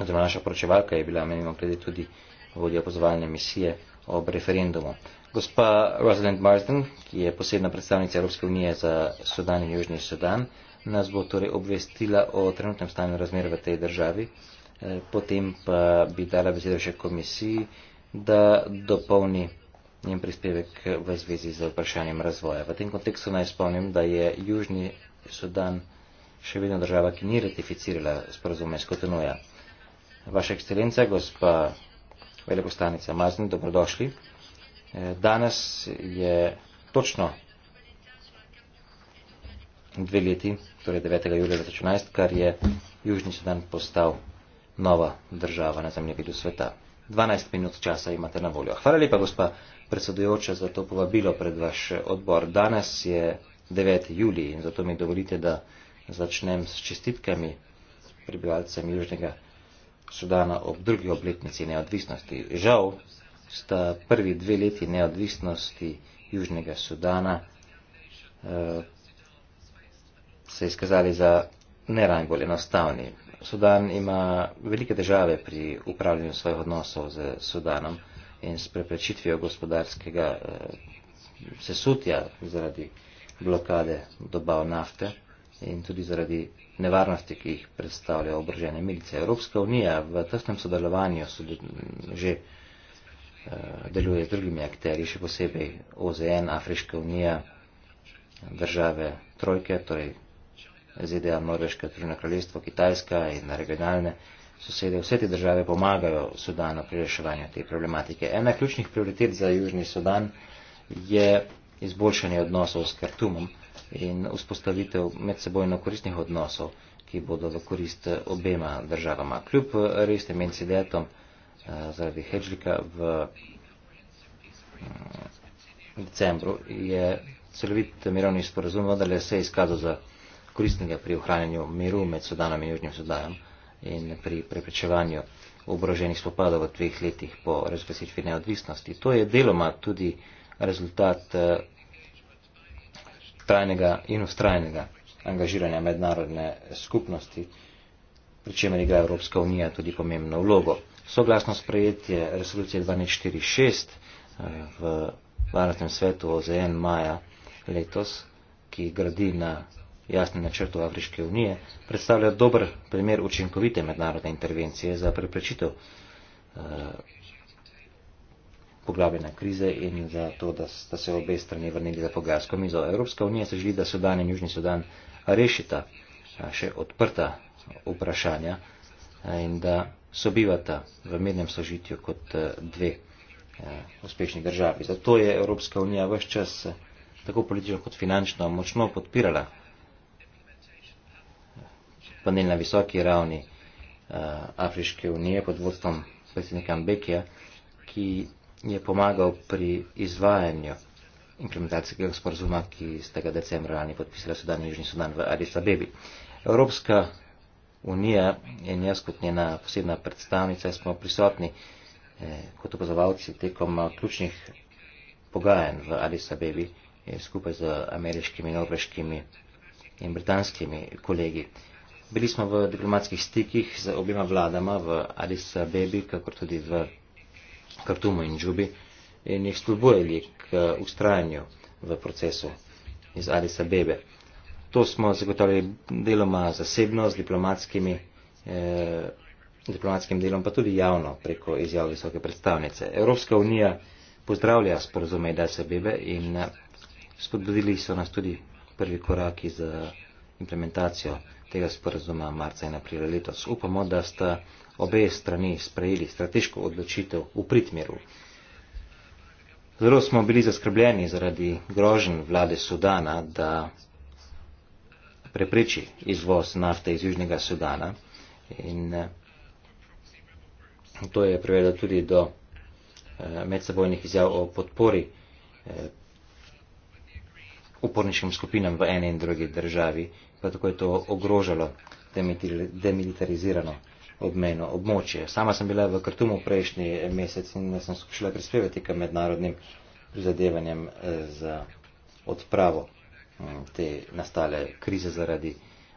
oziroma naša poročevalka je bila, menimo, glede tudi vodja pozvalne misije ob referendumu. Gospa Rosalind Marsden, ki je posebna predstavnica Evropske unije za Sudan in Južni Sudan, eh, nas bo torej obvestila o trenutnem stanju razmer v tej državi, eh, potem pa bi dala besedo še komisiji, da dopolni njen prispevek v zvezi z vprašanjem razvoja. V tem kontekstu naj spomnim, da je Južni Sudan še vedno država, ki ni ratificirala sporozume Skotonuja. Vaša ekscelenca, gospa veleposlanica Mazni, dobrodošli. Eh, danes je točno dve leti, torej 9. julija 2014, kar je Južni Sudan postal nova država na zemljevidu sveta. 12 minut časa imate na voljo. Hvala lepa, gospa predsedujoča, za to povabilo pred vaš odbor. Danes je 9. julij in zato mi dovolite, da začnem s čestitkami prebivalcem Južnega Sudana ob drugi obletnici neodvisnosti. Žal sta prvi dve leti neodvisnosti Južnega Sudana eh, se izkazali za ne najbolj enostavni. Sudan ima velike težave pri upravljanju svojih odnosov z Sudanom in s preprečitvijo gospodarskega eh, sesutja zaradi blokade dobav nafte in tudi zaradi nevarnosti, ki jih predstavlja obrožene milice. Evropska unija v tesnem sodelovanju že eh, deluje z drugimi akteri, še posebej OZN, Afriška unija, države trojke, torej ZDA, Norveška, Združeno kraljestvo, Kitajska in na regionalne sosede, vse te države pomagajo Sudanu pri reševanju te problematike. Ena ključnih prioritet za Južni Sudan je izboljšanje odnosov s Kartumom in vzpostavitev medsebojno koristnih odnosov, ki bodo v korist eh, obema državama. Kljub eh, resnim incidentom eh, zaradi Hedžlika v mm, decembru je celovit mirovni sporazum vendarle se izkazal za koristnega pri ohranjanju miru med Sudanom in Južnjim Sudanom in pri preprečevanju oboroženih spopadov v dveh letih po razglasitvi neodvisnosti. To je deloma tudi rezultat eh, trajnega in ustrajnega angažiranja mednarodne skupnosti, pri čemer igra Evropska unija tudi pomembno vlogo. Soglasno sprejetje resolucije 1246 eh, v Varnostnem svetu OZN maja letos, ki gradi na jasni načrtov Afriške unije, predstavlja dober primer učinkovite mednarodne intervencije za preprečitev eh, poglabljena krize in za to, da sta se obe strani vrnili za pogajalsko mizo. Evropska unija se želi, da Sudan in Južni Sudan rešita eh, še odprta vprašanja eh, in da sobivata v mednem sožitju kot dve uspešni državi. Zato je Evropska unija vse čas tako politično kot finančno močno podpirala panel na visoki ravni uh, Afriške unije pod vodstvom predsednika Mbekija, ki je pomagal pri izvajanju implementacijskega sporazuma, ki ste ga decembra lani podpisali Sudan in Južni Sudan v Addis Abebi. Evropska unija in jaz kot njena posebna predstavnica smo prisotni eh, kot opozovalci tekom eh, ključnih pogajanj v Addis Abebi eh, skupaj z ameriškimi, norveškimi in britanskimi kolegi. Eh, Bili smo v diplomatskih stikih z objema vladama v Addis Abebi, kakor tudi v Kartumu in Džubi in jih spodbujali k eh, ustrajanju v procesu iz Addis Abebe. To smo zagotavljali deloma zasebno z diplomatskimi, eh, diplomatskim delom, pa tudi javno preko izjav visoke predstavnice. Evropska unija pozdravlja sporozume Addis Abebe in eh, spodbudili so nas tudi prvi koraki za implementacijo tega sporazuma marca in aprila letos. Upamo, da sta obe strani sprejeli strateško odločitev v pritmeru. Zelo smo bili zaskrbljeni zaradi grožen vlade Sudana, da prepreči izvoz nafte iz Južnega Sudana. In eh, to je privedlo tudi do eh, medsebojnih izjav o podpori eh, uporniškim skupinam v eni in drugi državi pa tako je to ogrožalo demilitarizirano obmejno območje. Sama sem bila v Krtumu prejšnji mesec in sem skušala prispevati k mednarodnim prizadevanjem eh, za odpravo mm, te nastale krize zaradi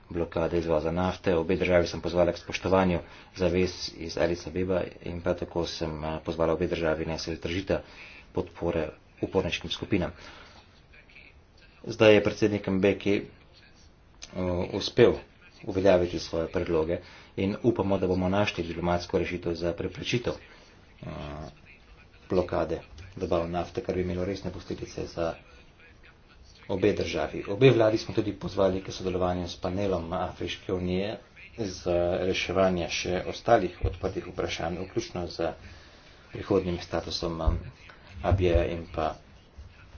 blokade izvoza nafte. Obe državi sem pozvala k spoštovanju zavez iz Alisa Beba in pa tako sem eh, pozvala obe državi naj se zdržita podpore uporniškim skupinam. Zdaj je predsednik Mbeki uh, uspel uveljaviti svoje predloge in upamo, da bomo našli diplomatsko rešitev za preprečitev uh, blokade dobav nafte, kar bi imelo resne posledice za obe državi. Obe vladi smo tudi pozvali k sodelovanju s panelom Afriške unije za reševanje še ostalih odprtih vprašanj, vključno z prihodnim statusom eh, Abija in pa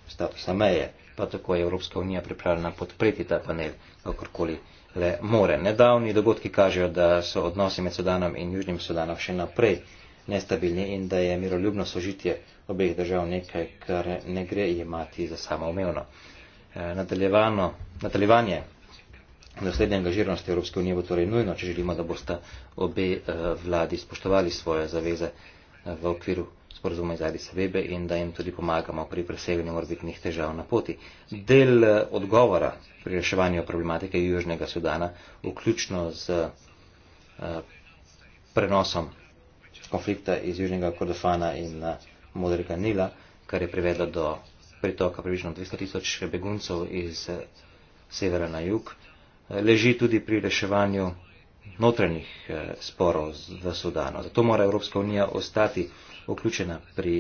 statusa meje pa tako je Evropska unija pripravljena podpreti ta panel, kakorkoli le more. Nedavni dogodki kažejo, da so odnosi med Sudanom in Južnim Sudanom še naprej nestabilni in da je miroljubno sožitje obeh držav nekaj, kar ne gre imati za samoumevno. Eh, nadaljevanje naslednje angažiranosti Evropske unije bo torej nujno, če želimo, da boste obe eh, vladi spoštovali svoje zaveze eh, v okviru sporozume iz Adisabebe in da jim tudi pomagamo pri preseganju morbitnih težav na poti. Del eh, odgovora pri reševanju problematike Južnega Sudana, vključno z eh, prenosom konflikta iz Južnega Kordofana in eh, Modrega Nila, kar je privedlo do pritoka približno 200 tisoč beguncev iz severa na jug, leži tudi pri reševanju notranjih sporov v Sudanu. Zato mora Evropska unija ostati vključena pri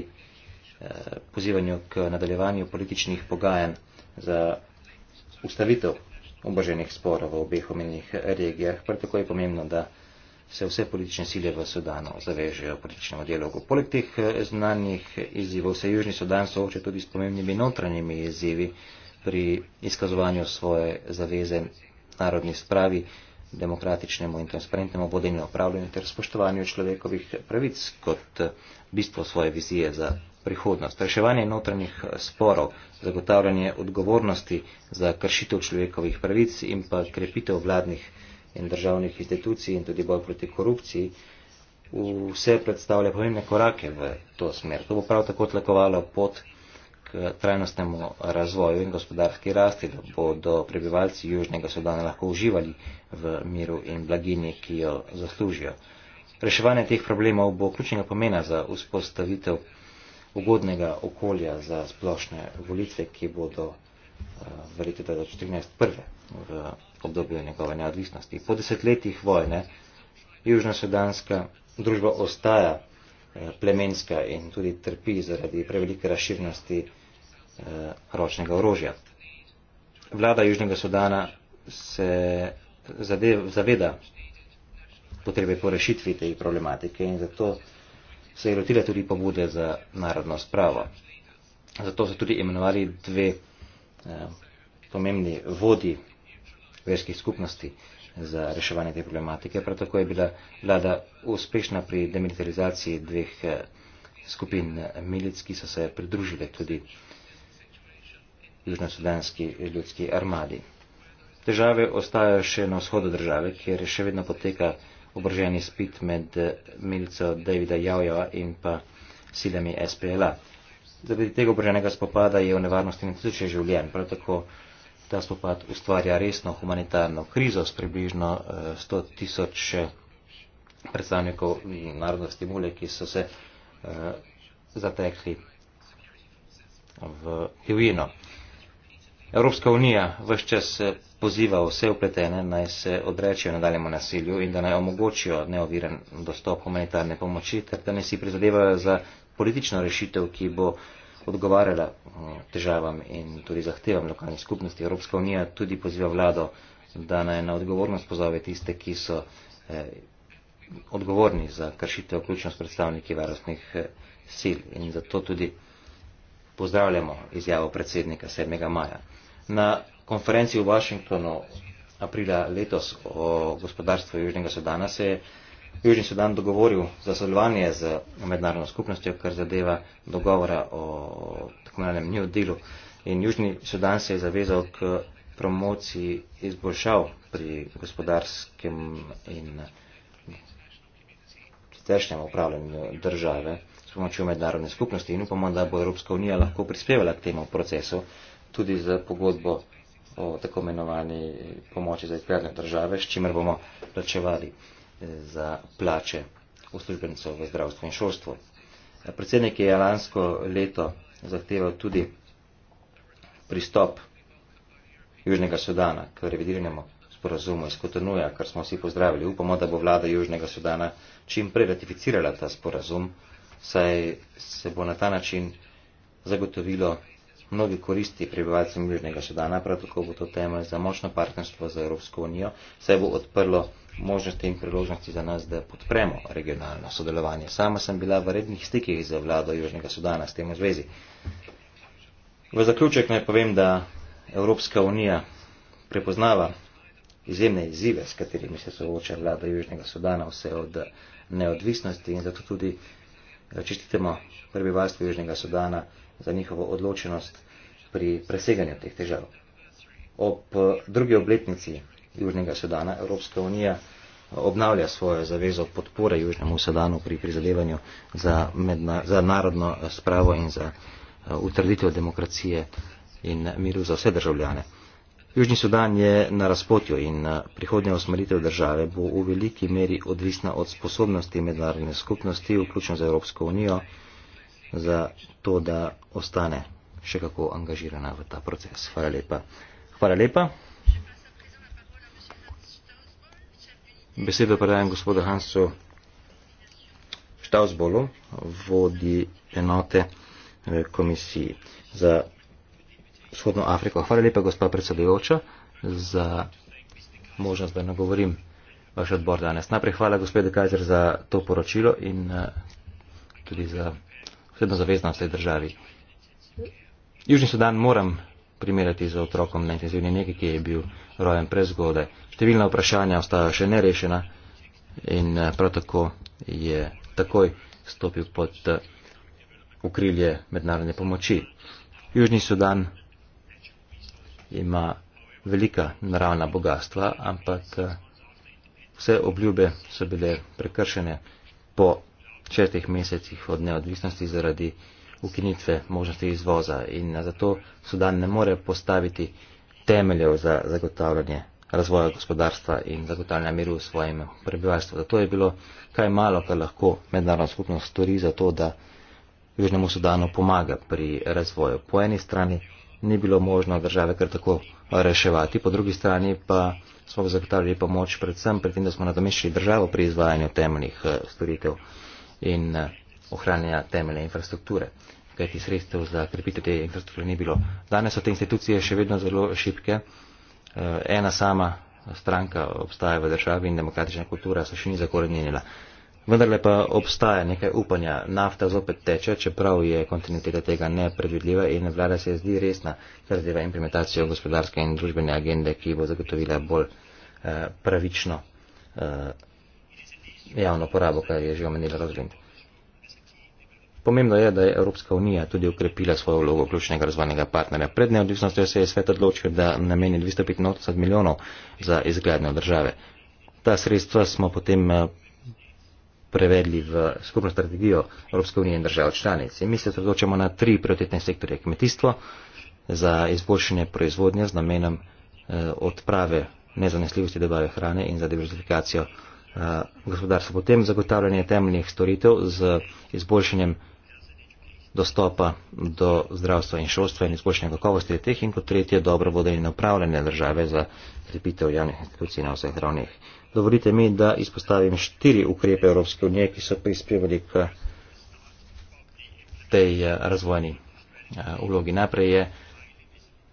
eh, pozivanju k nadaljevanju političnih pogajanj za ustavitev oboženih sporov v obeh omenjenih regijah. Prav tako je pomembno, da se vse politične sile v Sudanu zavežejo političnemu dialogu. Poleg teh eh, znanih izzivov se Južni Sudan sooča tudi s pomembnimi notranjimi izzivi pri izkazovanju svoje zaveze narodni spravi demokratičnemu in transparentnemu vodenju upravljanja ter spoštovanju človekovih pravic kot eh, bistvo svoje vizije za prihodnost. Reševanje notranjih eh, sporov, zagotavljanje odgovornosti za kršitev človekovih pravic in pa krepitev vladnih in državnih institucij in tudi boj proti korupciji vse predstavlja pomembne korake v to smer. To bo prav tako tlakovalo pot trajnostnemu razvoju in gospodarski rasti, da bodo prebivalci Južnega Sudana lahko uživali v miru in blaginji, ki jo zaslužijo. Reševanje teh problemov bo ključnega pomena za vzpostavitev ugodnega okolja za splošne volitve, ki bodo eh, v letu 2014 prve v obdobju njegove neodvisnosti. Po desetletjih vojne južno-sudanska družba ostaja eh, plemenska in tudi trpi zaradi prevelike razširnosti Eh, ročnega orožja. Vlada Južnega Sudana se zadev, zaveda potrebe po rešitvi tej problematike in zato se je rotila tudi pobude za narodno spravo. Zato so tudi imenovali dve eh, pomembni vodi verskih skupnosti za reševanje te problematike. Prav tako je bila vlada uspešna pri demilitarizaciji dveh eh, skupin milic, ki so se pridružile tudi eh, južnosudanski ljudski armadi. Države ostajajo še na vzhodu države, kjer še vedno poteka obroženi spit med eh, milico Davida Javjava in pa silami SPLA. Zaradi tega obroženega spopada je v nevarnosti na tisoče življenj. Prav tako ta spopad ustvarja resno humanitarno krizo s približno 100 eh, tisoč eh, predstavnikov narodnosti mule, ki so se uh, zatekli v divino. Uh, Evropska unija vse čas eh, poziva vse upletene naj se odrečijo nadaljemu nasilju in da naj omogočijo neoviren dostop humanitarne pomoči, ter da naj si prizadevajo za politično rešitev, ki bo odgovarjala eh, težavam in tudi zahtevam lokalnih skupnosti. Evropska unija tudi poziva vlado, da naj na odgovornost pozove tiste, ki so eh, odgovorni za kršitev vključnost predstavniki varnostnih eh, sil in zato tudi pozdravljamo izjavo predsednika 7. maja na konferenci v Washingtonu aprila letos o gospodarstvu Južnega Sudana se je Južni Sudan dogovoril za sodelovanje z mednarodno skupnostjo, kar zadeva dogovora o tako imenem New Dealu. In Južni Sudan se je zavezal k promociji izboljšav pri gospodarskem in siceršnjem upravljanju države s pomočjo mednarodne skupnosti in upamo, da bo Evropska unija lahko prispevala k temu procesu tudi z pogodbo o tako imenovani pomoči za izpeljanje države, s čimer bomo plačevali eh, za plače uslužbencev v zdravstvu in šolstvu. Predsednik je lansko leto zahteval tudi pristop Južnega Sudana k revidiranemu sporazumu iz Kotonuja, kar smo vsi pozdravili. Upamo, da bo vlada Južnega Sudana čim prej ratificirala ta sporazum, saj se bo na ta način zagotovilo mnoge koristi prebivalcem Južnega Sudana, prav tako bo to temelj za močno partnerstvo za Evropsko unijo, saj bo odprlo možnosti in priložnosti za nas, da podpremo regionalno sodelovanje. Sama sem bila v rednih stikih za vlado Južnega Sudana s tem v zvezi. V zaključek naj povem, da Evropska unija prepoznava izjemne izzive, s katerimi se sooča vlada Južnega Sudana, vse od neodvisnosti in zato tudi eh, čistitemo prebivalstvo Južnega Sudana za njihovo odločenost pri preseganju teh težav. Ob eh, drugi obletnici Južnega Sudana Evropska unija obnavlja svojo zavezo podpore Južnemu Sudanu pri prizadevanju za, medna, za narodno eh, spravo in za eh, utrditev demokracije in miru za vse državljane. Južni Sudan je na razpotju in prihodnja usmeritev države bo v veliki meri odvisna od sposobnosti mednarodne skupnosti, vključno z Evropsko unijo, za to, da ostane še kako angažirana v ta proces. Hvala lepa. Hvala lepa. Besedo predajam gospodu Hansu Štausbolu, vodi enote v eh, komisiji za vzhodno Afriko. Hvala lepa, gospod predsedujoča, za možnost, da nagovorim vaš odbor danes. Najprej hvala, gospod Kajzer, za to poročilo in eh, tudi za vse zavezno v tej državi. Južni Sudan moram primerjati z otrokom na intenzivni neki, ki je bil rojen prezgodaj. Številna vprašanja ostajajo še nerešena in eh, prav tako je takoj stopil pod ukrilje eh, mednarodne pomoči. Južni Sudan ima velika naravna bogatstva, ampak eh, vse obljube so bile prekršene po četih mesecih od neodvisnosti zaradi ukinitve možnosti izvoza in zato Sudan ne more postaviti temeljev za zagotavljanje razvoja gospodarstva in zagotavljanja miru v svojem prebivalstvu. Zato je bilo kaj malo, kar lahko mednarodna skupnost stori za to, da Južnemu Sudanu pomaga pri razvoju. Po eni strani ni bilo možno države kar tako reševati, po drugi strani pa smo zagotavljali pomoč predvsem pred tem, da smo nadomešili državo pri izvajanju temeljnih eh, storitev. In eh, ohranjanja temeljne infrastrukture, ker ti sredstev za krepitev te infrastrukture ni bilo. Danes so te institucije še vedno zelo šipke. Eh, ena sama stranka obstaja v državi in demokratična kultura se še ni zakorenjenila. Vendarle pa obstaja nekaj upanja. Nafta zopet teče, čeprav je kontinuiteta tega nepredvidljiva in vlada se zdi resna, kar zadeva implementacijo gospodarske in družbene agende, ki bo zagotovila bolj eh, pravično eh, javno porabo, kar je že omenila Rozvind. Pomembno je, da je Evropska unija tudi ukrepila svojo vlogo ključnega razvojnega partnerja. Pred neodvisnostjo se je svet odločil, da nameni 285 milijonov za izgradnjo države. Ta sredstva smo potem eh, prevedli v skupno strategijo Evropske unije in držav članic. In mi se sredočamo na tri prioritetne sektorje. Kmetijstvo za izboljšanje proizvodnje z namenom eh, odprave nezanesljivosti dobave hrane in za diversifikacijo eh, gospodarstva. Potem zagotavljanje temeljnih storitev z izboljšanjem proizvodnje dostopa do zdravstva in šolstva in izboljšanja kakovosti teh in kot tretje dobro vodenje upravljanje države za krepitev javnih institucij na vseh ravneh. Dovolite mi, da izpostavim štiri ukrepe Evropske unije, ki so prispevali k tej eh, razvojni eh, vlogi. Najprej je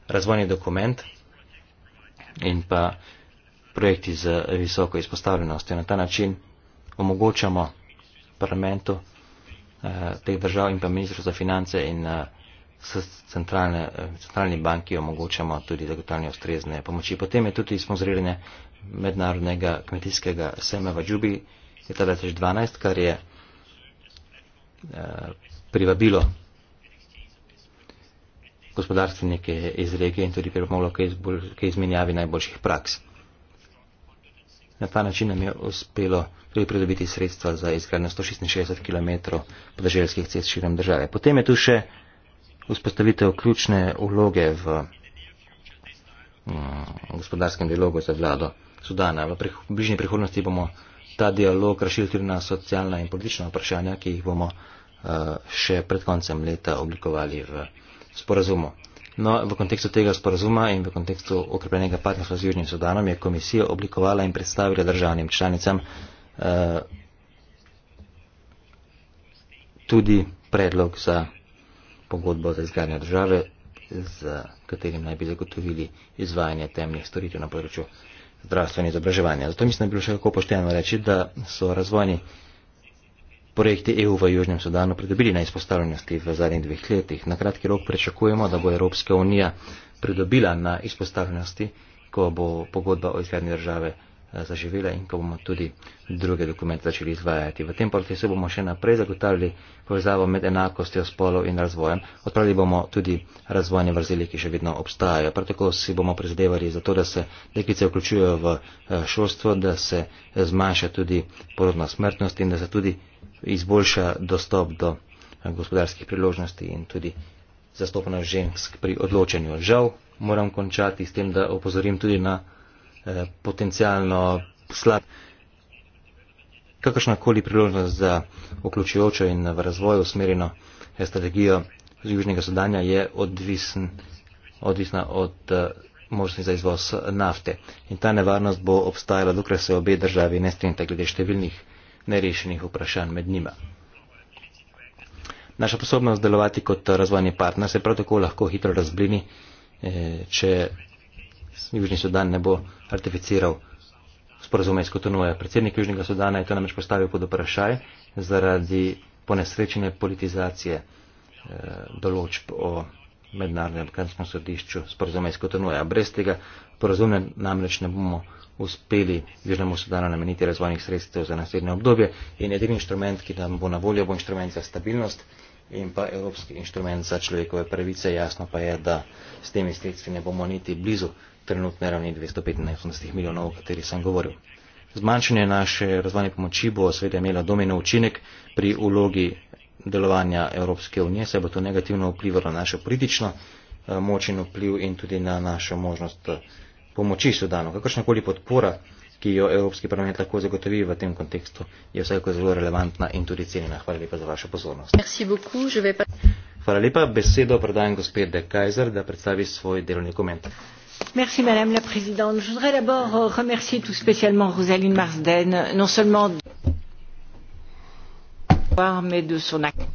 razvojni dokument in pa projekti z visoko izpostavljenostjo. Na ta način omogočamo parlamentu uh, teh držav in pa ministrstvo za finance in uh, s centralne, uh, centralni banki omogočamo tudi zagotavljanje ustrezne pomoči. Potem je tudi sponzoriranje mednarodnega kmetijskega seme v Džubi leta 2012, kar je uh, privabilo gospodarstvenike iz regije in tudi pripomoglo k izmenjavi najboljših praks. Na ta način nam je uspelo tudi pridobiti sredstva za izgradnjo 166 km podeželjskih cest širom države. Potem je tu še vzpostavitev ključne uloge v mm, gospodarskem dialogu za vlado Sudana. V bližnji prihodnosti bomo ta dialog razširili tudi na socialna in politična vprašanja, ki jih bomo eh, še pred koncem leta oblikovali v sporazumu. No, v kontekstu tega sporazuma in v kontekstu okrepljenega partnerstva z Južnim Sudanom je komisija oblikovala in predstavila državnim članicam Eh, tudi predlog za pogodbo za izgradnjo države, z katerim naj bi zagotovili izvajanje temnih storitev na področju zdravstva in izobraževanja. Zato mislim, da bi bilo še kako pošteno reči, da so razvojni projekti EU v Južnem Sudanu pridobili na izpostavljenosti v zadnjih dveh letih. Na kratki rok prečakujemo, da bo Evropska unija pridobila na izpostavljenosti, ko bo pogodba o izgradnji države Eh, zaživele in ko bomo tudi druge dokumente začeli izvajati. V tem procesu bomo še naprej zagotavljali povezavo med enakostjo spolov in razvojem. Odpravili bomo tudi razvojne vrzeli, ki še vedno obstajajo. Prav tako si bomo prizadevali za to, da se deklice vključujejo v eh, šolstvo, da se eh, zmanjša tudi porodna smrtnost in da se tudi izboljša dostop do gospodarskih priložnosti in tudi zastopanost žensk pri odločanju. Žal moram končati s tem, da opozorim tudi na Eh, potencialno slab. Kakršnakoli priložnost za vključujočo in v razvoj usmerjeno eh, strategijo z južnega sodanja je odvisen, odvisna od eh, možnosti za izvoz nafte. In ta nevarnost bo obstajala, dokler se obe državi ne strinjata glede številnih nerešenih vprašanj med njima. Naša sposobnost delovati kot razvojni partner se prav tako lahko hitro razblini, če Južni Sudan ne bo ratificiral sporazume iz Kotonuja. Predsednik Južnega Sudana je to namreč postavil pod vprašaj zaradi ponesrečene politizacije eh, določb o mednarodnem kanskem sodišču sporazume iz Kotonuja. Brez tega sporazume namreč ne bomo uspeli Južnemu Sudanu nameniti razvojnih sredstev za naslednje obdobje in edini inštrument, ki nam bo na voljo, bo inštrument za stabilnost in pa evropski inštrument za človekove pravice. Jasno pa je, da s temi sredstvi ne bomo niti blizu trenutne ravni 285 milijonov, o kateri sem govoril. Zmanjšanje naše razvojne pomoči bo seveda imelo domino učinek pri ulogi delovanja Evropske unije, saj bo to negativno vplivalo na našo politično eh, moč in vpliv in tudi na našo možnost eh, pomoči sodano. Kakršnakoli podpora, ki jo Evropski parlament lahko zagotovi v tem kontekstu, je vsekako zelo relevantna in tudi cenjena. Hvala lepa za vašo pozornost. Hvala lepa. Besedo predajam gospe De Kajzer, da predstavi svoj delovni komentar madame la présidente je voudrais d'abord euh, remercier tout spécialement rosalind marsden non seulement de son histoire mais de son action.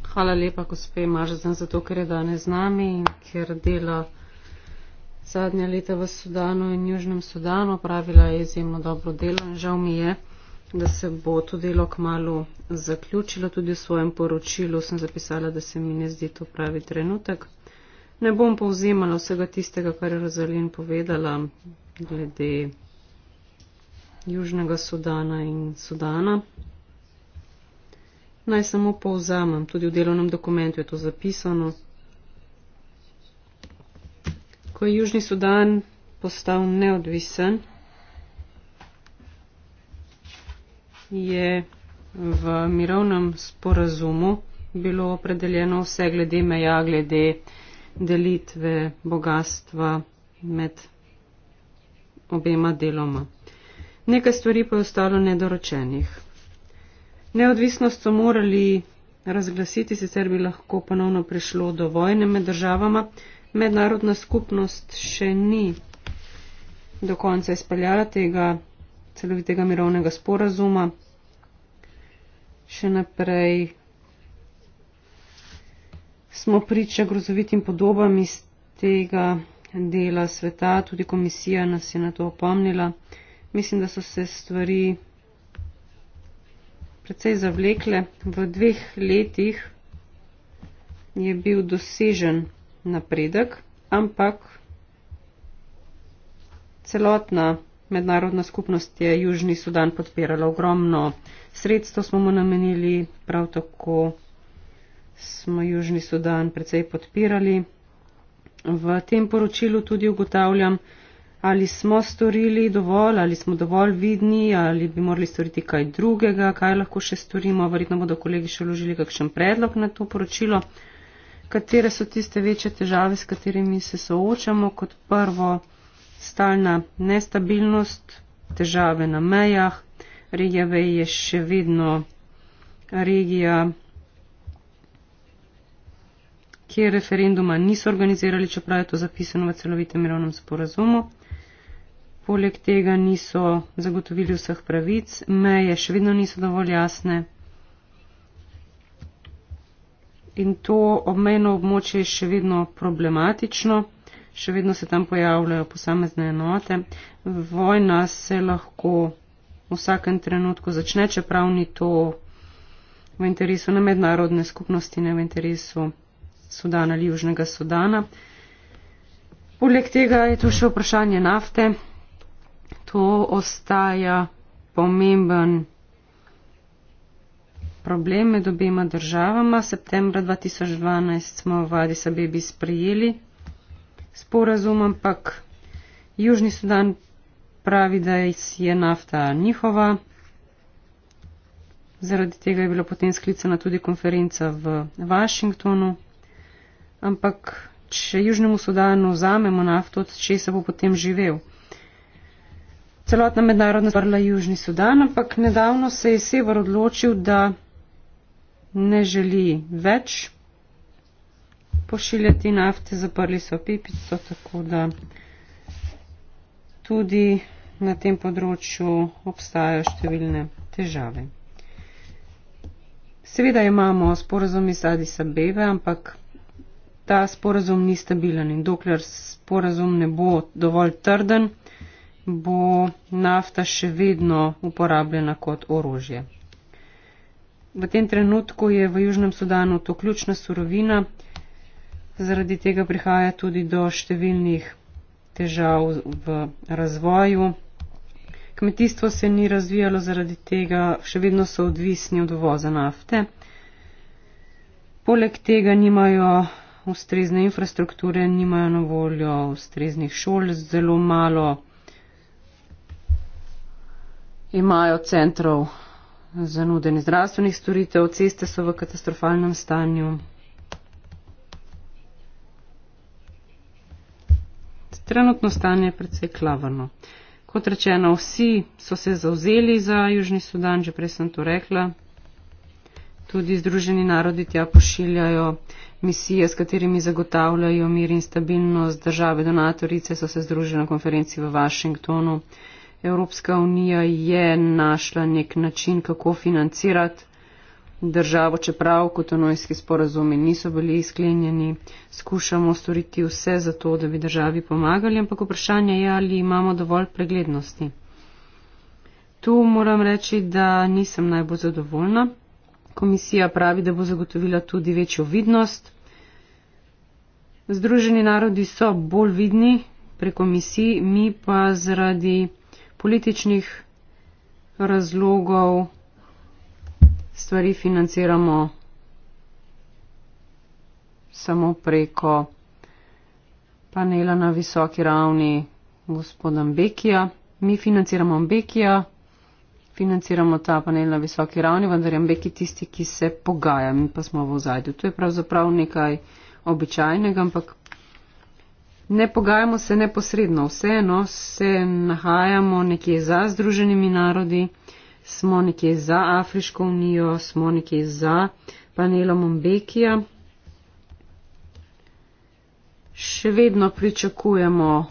zadnja leta v Sudanu in Južnem Sudanu opravila je izjemno dobro delo in žal mi je, da se bo to delo k malu zaključilo. Tudi v svojem poročilu sem zapisala, da se mi ne zdi to pravi trenutek ne bom povzemala vsega tistega, kar je Rozalin povedala glede Južnega Sudana in Sudana. Naj samo povzamem, tudi v delovnem dokumentu je to zapisano. Ko je Južni Sudan postal neodvisen, je v mirovnem sporazumu bilo opredeljeno vse glede meja, glede delitve bogatstva med obema deloma. Nekaj stvari pa je ostalo nedoročenih. Neodvisnost so morali razglasiti, sicer bi lahko ponovno prišlo do vojne med državama. Mednarodna skupnost še ni do konca izpeljala tega celovitega mirovnega sporazuma. Še naprej smo priča grozovitim podobam iz tega dela sveta, tudi komisija nas je na to opomnila. Mislim, da so se stvari precej zavlekle. V dveh letih je bil dosežen napredek, ampak celotna mednarodna skupnost je Južni Sudan podpirala. Ogromno sredstvo smo mu namenili, prav tako smo Južni Sudan precej podpirali. V tem poročilu tudi ugotavljam, ali smo storili dovolj, ali smo dovolj vidni, ali bi morali storiti kaj drugega, kaj lahko še storimo. Verjetno bodo kolegi še vložili kakšen predlog na to poročilo. Katere so tiste večje težave, s katerimi se soočamo? Kot prvo, stalna nestabilnost, težave na mejah. Regija Vej je še vedno regija kjer referenduma niso organizirali, čeprav je to zapisano v celovitem mirovnem sporazumu. Poleg tega niso zagotovili vseh pravic, meje še vedno niso dovolj jasne. In to obmejno območje je še vedno problematično, še vedno se tam pojavljajo posamezne enote. Vojna se lahko v vsakem trenutku začne, čeprav ni to v interesu na mednarodne skupnosti, ne v interesu Sudana, Južnega Sudana. Poleg tega je tu še vprašanje nafte. To ostaja pomemben problem med obema državama. Septembra 2012 smo v Adis Abebi sprejeli sporazum, ampak Južni Sudan pravi, da je nafta njihova. Zaradi tega je bila potem sklicana tudi konferenca v Vašingtonu ampak če Južnemu Sudanu vzamemo nafto, od česa bo potem živel. Celotna mednarodna zvrla Južni Sudan, ampak nedavno se je Sever odločil, da ne želi več pošiljati nafte, zaprli so pipico, tako da tudi na tem področju obstajajo številne težave. Seveda imamo sporazum iz Adisa Bebe, ampak ta sporazum ni stabilen in dokler sporazum ne bo dovolj trden, bo nafta še vedno uporabljena kot orožje. V tem trenutku je v Južnem Sudanu to ključna surovina, zaradi tega prihaja tudi do številnih težav v razvoju. Kmetijstvo se ni razvijalo zaradi tega, še vedno so odvisni od uvoza nafte. Poleg tega nimajo ustrezne infrastrukture, nimajo na voljo ustreznih šol, zelo malo imajo centrov za nudenje zdravstvenih storitev, ceste so v katastrofalnem stanju. Trenutno stanje je predvsej klavano. Kot rečeno, vsi so se zauzeli za Južni Sudan, že prej sem to rekla. Tudi Združeni narodi tja pošiljajo misije, s katerimi zagotavljajo mir in stabilnost države donatorice, so se združili na konferenci v Washingtonu. Evropska unija je našla nek način, kako financirati državo, čeprav kot onojski sporazumi niso bili sklenjeni, skušamo storiti vse za to, da bi državi pomagali, ampak vprašanje je, ali imamo dovolj preglednosti. Tu moram reči, da nisem najbolj zadovoljna. Komisija pravi, da bo zagotovila tudi večjo vidnost. Združeni narodi so bolj vidni pre komisiji, mi pa zaradi političnih razlogov stvari financiramo samo preko panela na visoki ravni gospodom Bekija. Mi financiramo Bekija, financiramo ta panel na visoki ravni, vendar je Mbeki tisti, ki se pogaja, mi pa smo v ozadju. To je pravzaprav nekaj običajnega, ampak ne pogajamo se neposredno, vseeno se nahajamo nekje za združenimi narodi, smo nekje za Afriško unijo, smo nekje za panelom Mbekija. Še vedno pričakujemo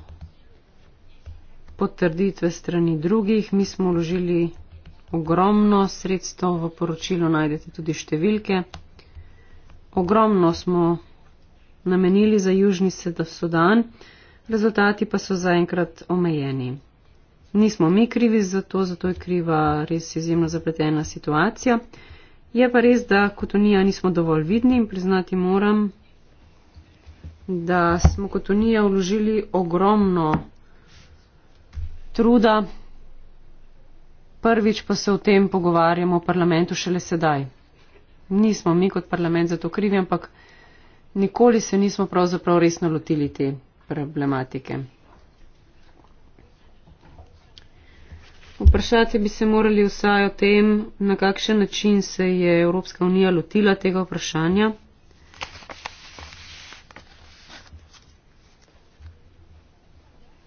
potrditve strani drugih. Mi smo vložili ogromno sredstev, v poročilu najdete tudi številke. Ogromno smo namenili za Južni Sedosodan, rezultati pa so zaenkrat omejeni. Nismo mi krivi za to, zato je kriva res izjemno zapletena situacija. Je pa res, da kot Unija nismo dovolj vidni in priznati moram, da smo kot Unija vložili ogromno truda prvič pa se o tem pogovarjamo v parlamentu šele sedaj. Nismo mi kot parlament za to krivi, ampak nikoli se nismo pravzaprav resno lotili te problematike. Vprašati bi se morali vsaj o tem, na kakšen način se je Evropska unija lotila tega vprašanja.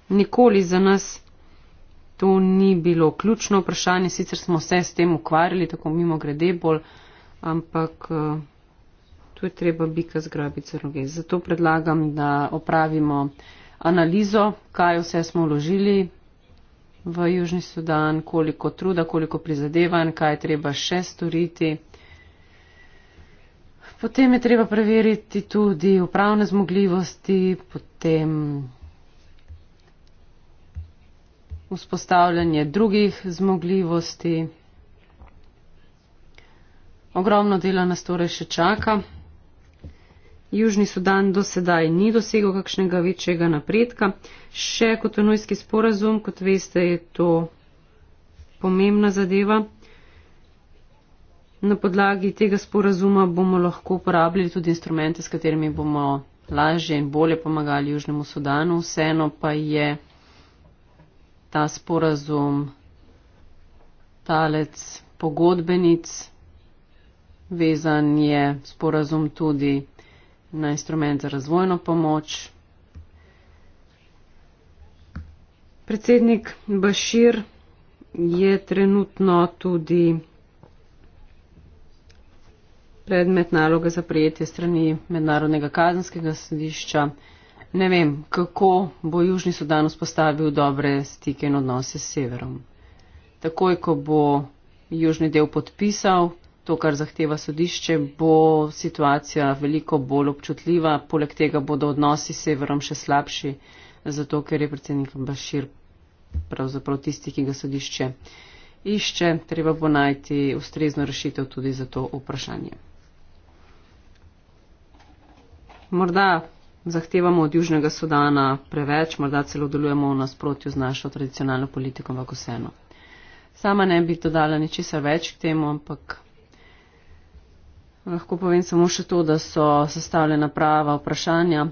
Nikoli za nas to ni bilo ključno vprašanje, sicer smo se s tem ukvarjali, tako mimo grede bolj, ampak eh, tu je treba bika zgrabiti crnoge. Zato predlagam, da opravimo analizo, kaj vse smo vložili v Južni Sudan, koliko truda, koliko prizadevanj, kaj je treba še storiti. Potem je treba preveriti tudi upravne zmogljivosti, potem vzpostavljanje drugih zmogljivosti. Ogromno dela nas torej še čaka. Južni Sudan do sedaj ni dosegel kakšnega večjega napredka. Še kot onojski sporazum, kot veste, je to pomembna zadeva. Na podlagi tega sporazuma bomo lahko uporabljali tudi instrumente, s katerimi bomo lažje in bolje pomagali Južnemu Sudanu. Vseeno pa je ta sporazum, talec pogodbenic, vezan je sporazum tudi na instrument za razvojno pomoč. Predsednik Bašir je trenutno tudi predmet naloga za prijetje strani Mednarodnega kazanskega sodišča ne vem, kako bo Južni Sudan vzpostavil dobre stike in odnose s severom. Takoj, ko bo Južni del podpisal to, kar zahteva sodišče, bo situacija veliko bolj občutljiva. Poleg tega bodo odnosi s severom še slabši, zato ker je predsednik Bašir pravzaprav tisti, ki ga sodišče išče. Treba bo najti ustrezno rešitev tudi za to vprašanje. Morda zahtevamo od Južnega Sudana preveč, morda celo delujemo v nasprotju z našo tradicionalno politiko, ampak vseeno. Sama ne bi dodala ničesar več k temu, ampak lahko povem samo še to, da so sestavljena prava vprašanja,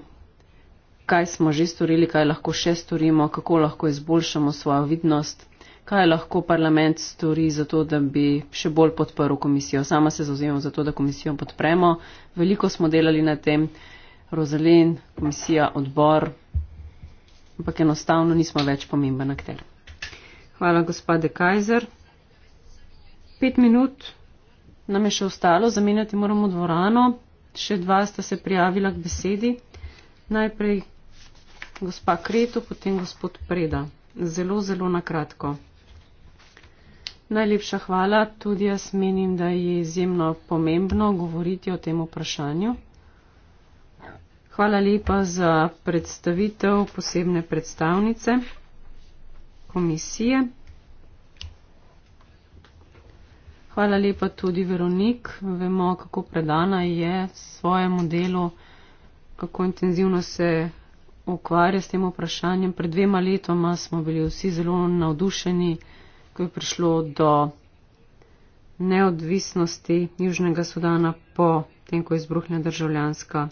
kaj smo že storili, kaj lahko še storimo, kako lahko izboljšamo svojo vidnost, kaj lahko parlament stori za to, da bi še bolj podprl komisijo. Sama se zauzemam za to, da komisijo podpremo. Veliko smo delali na tem. Rozalin, komisija, odbor, ampak enostavno nismo več pomemben akter. Hvala, gospode Kajzer. Pet minut nam je še ostalo, zamenjati moramo dvorano. Še dva sta se prijavila k besedi. Najprej gospa Kreto, potem gospod Preda. Zelo, zelo nakratko. Najlepša hvala. Tudi jaz menim, da je izjemno pomembno govoriti o tem vprašanju. Hvala lepa za predstavitev posebne predstavnice komisije. Hvala lepa tudi Veronik. Vemo, kako predana je svojemu delu, kako intenzivno se ukvarja s tem vprašanjem. Pred dvema letoma smo bili vsi zelo navdušeni, ko je prišlo do neodvisnosti Južnega Sudana po tem, ko je izbruhnila državljanska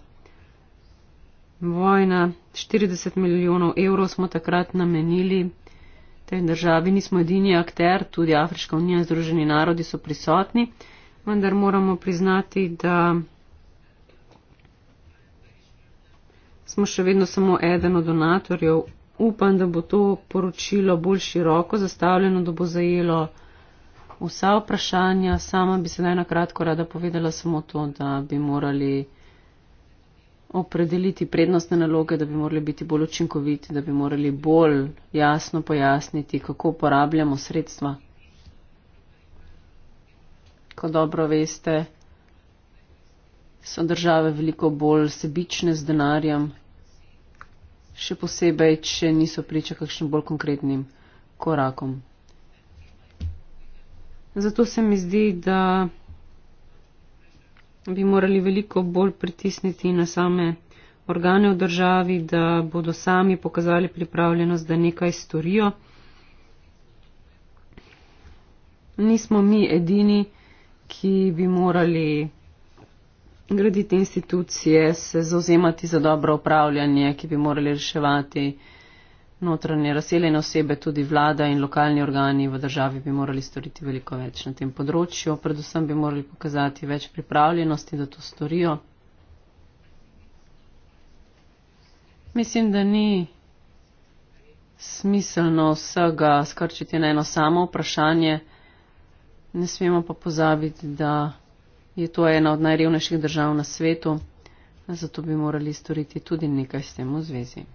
vojna, 40 milijonov evrov smo takrat namenili tej državi, nismo edini akter, tudi Afriška unija in Združeni narodi so prisotni, vendar moramo priznati, da smo še vedno samo eden od donatorjev. Upam, da bo to poročilo bolj široko zastavljeno, da bo zajelo vsa vprašanja. Sama bi se naj na kratko rada povedala samo to, da bi morali opredeliti prednostne naloge, da bi morali biti bolj učinkoviti, da bi morali bolj jasno pojasniti, kako uporabljamo sredstva. Ko dobro veste, so države veliko bolj sebične z denarjem, še posebej, če niso priča kakšnim bolj konkretnim korakom. Zato se mi zdi, da bi morali veliko bolj pritisniti na same organe v državi, da bodo sami pokazali pripravljenost, da nekaj storijo. Nismo mi edini, ki bi morali graditi institucije, se zauzemati za dobro upravljanje, ki bi morali reševati notranje razseljene osebe, tudi vlada in lokalni organi v državi bi morali storiti veliko več na tem področju. Predvsem bi morali pokazati več pripravljenosti, da to storijo. Mislim, da ni smiselno vsega skrčiti na eno samo vprašanje. Ne smemo pa pozabiti, da je to ena od najrevnejših držav na svetu, zato bi morali storiti tudi nekaj s tem v zvezi.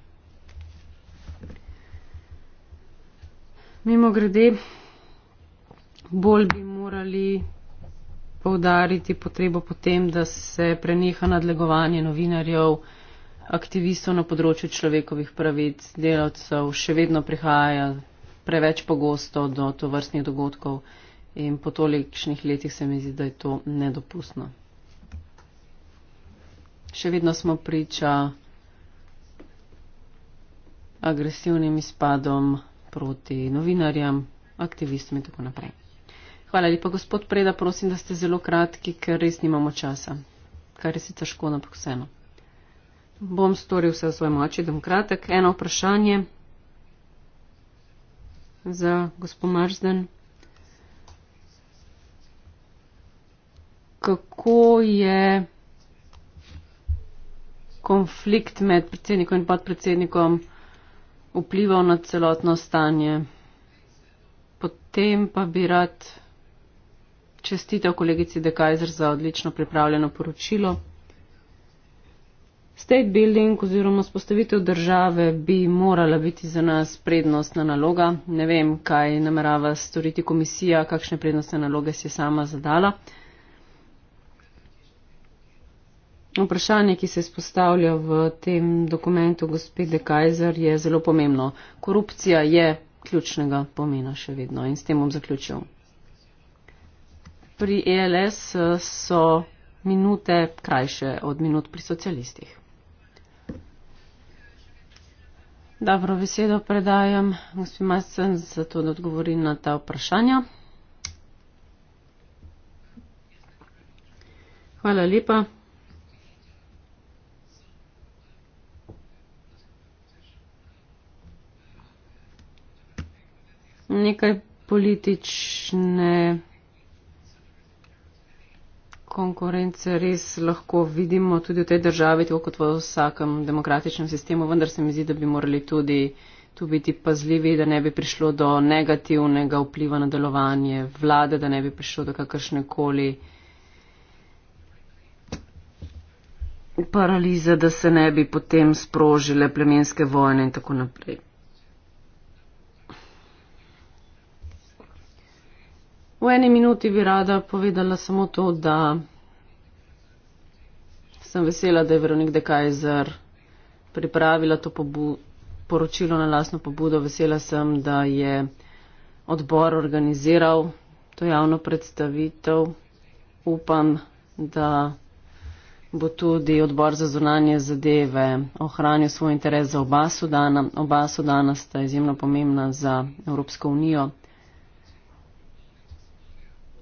Mimo grede, bolj bi morali povdariti potrebo potem, da se preneha nadlegovanje novinarjev, aktivistov na področju človekovih pravic, delavcev, še vedno prihaja preveč pogosto do tovrstnih dogodkov in po tolikšnih letih se mi zdi, da je to nedopustno. Še vedno smo priča agresivnim izpadom proti novinarjem, aktivistom in tako naprej. Hvala lepa, gospod Preda, prosim, da ste zelo kratki, ker res nimamo časa, kar je sicer škoda, ampak vseeno. Bom storil vse v svoji moči, da bom kratek. Eno vprašanje za gospod Marsden. Kako je konflikt med predsednikom in podpredsednikom? vplival na celotno stanje. Potem pa bi rad čestitev kolegici De Kaiser za odlično pripravljeno poročilo. State building oziroma spostavitev države bi morala biti za nas prednostna naloga. Ne vem, kaj namerava storiti komisija, kakšne prednostne naloge si je sama zadala. Vprašanje, ki se izpostavlja v tem dokumentu gospede Kajzer, je zelo pomembno. Korupcija je ključnega pomena še vedno in s tem bom zaključil. Pri ELS eh, so minute krajše od minut pri socialistih. Dobro besedo predajam gospod Masen, zato da odgovori na ta vprašanja. Hvala lepa. nekaj politične konkurence res lahko vidimo tudi v tej državi, tako kot v vsakem demokratičnem sistemu, vendar se mi zdi, da bi morali tudi tu biti pazljivi, da ne bi prišlo do negativnega vpliva na delovanje vlade, da ne bi prišlo do kakršne koli paralize, da se ne bi potem sprožile plemenske vojne in tako naprej. V eni minuti bi rada povedala samo to, da sem vesela, da je Veronik Dekajzer pripravila to poročilo na lasno pobudo. Vesela sem, da je odbor organiziral to javno predstavitev. Upam, da bo tudi odbor za zunanje zadeve ohranil svoj interes za oba sodana. Oba sodana sta izjemno pomembna za Evropsko unijo.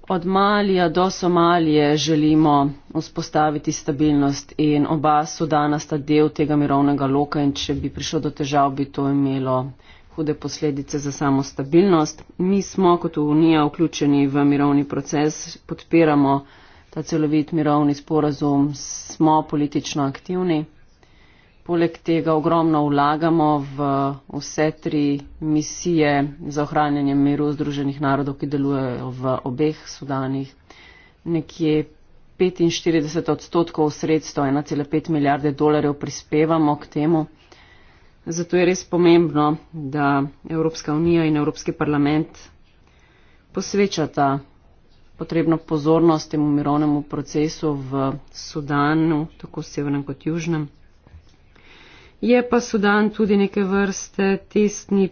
Od Malija do Somalije želimo vzpostaviti stabilnost in oba Sudana sta del tega mirovnega loka in če bi prišlo do težav, bi to imelo hude posledice za samo stabilnost. Mi smo kot Unija vključeni v mirovni proces, podpiramo ta celovit mirovni sporazum, smo politično aktivni. Poleg tega ogromno vlagamo v vse tri misije za ohranjanje miru Združenih narodov, ki delujejo v obeh Sudanih. Nekje 45 odstotkov sredstva, 1,5 milijarde dolarjev prispevamo k temu. Zato je res pomembno, da Evropska unija in Evropski parlament posvečata potrebno pozornost temu mirovnemu procesu v Sudanu, tako severnem kot južnem je pa Sudan tudi neke vrste testni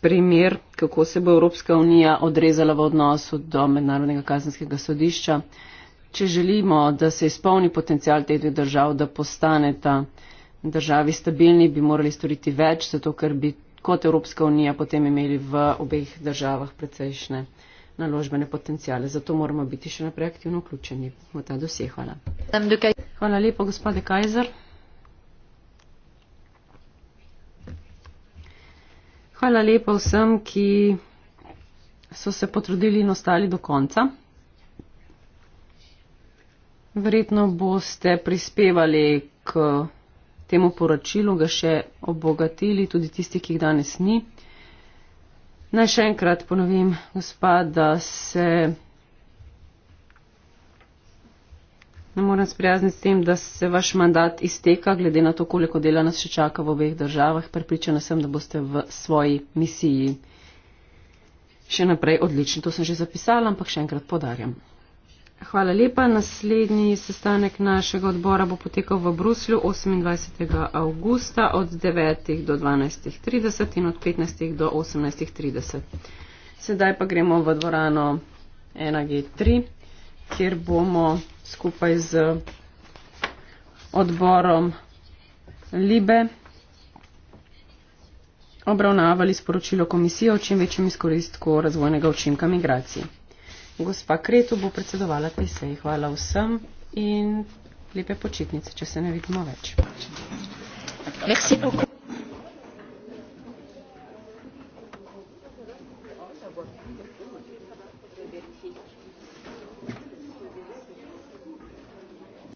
primer, kako se bo Evropska unija odrezala v odnosu do mednarodnega kazenskega sodišča, če želimo, da se izpolni potencial teh dveh držav, da postaneta državi stabilni, bi morali storiti več, zato ker bi kot Evropska unija potem imeli v obeh državah precejšnje naložbene potencijale. Zato moramo biti še naprej aktivno vključeni v ta dosje. Hvala. Hvala lepo, gospode Kajzer. Hvala lepa vsem, ki so se potrudili in ostali do konca. Verjetno boste prispevali k temu poročilu, ga še obogatili, tudi tisti, ki jih danes ni. Naj še enkrat ponovim, gospa, da se. Ne morem sprijazniti s tem, da se vaš mandat izteka, glede na to, koliko dela nas še čaka v obeh državah. Pripričana sem, da boste v svoji misiji še naprej odlični. To sem že zapisala, ampak še enkrat podarjam. Hvala lepa. Naslednji sestanek našega odbora bo potekal v Bruslju 28. augusta od 9. do 12.30 in od 15. do 18.30. Sedaj pa gremo v dvorano 1G3, kjer bomo skupaj z odborom Libe obravnavali sporočilo komisije o čim večjem izkoristku razvojnega učinka migracij. Gospa Kretu bo predsedovala tej seji. Hvala vsem in lepe počitnice, če se ne vidimo več. Merci beaucoup.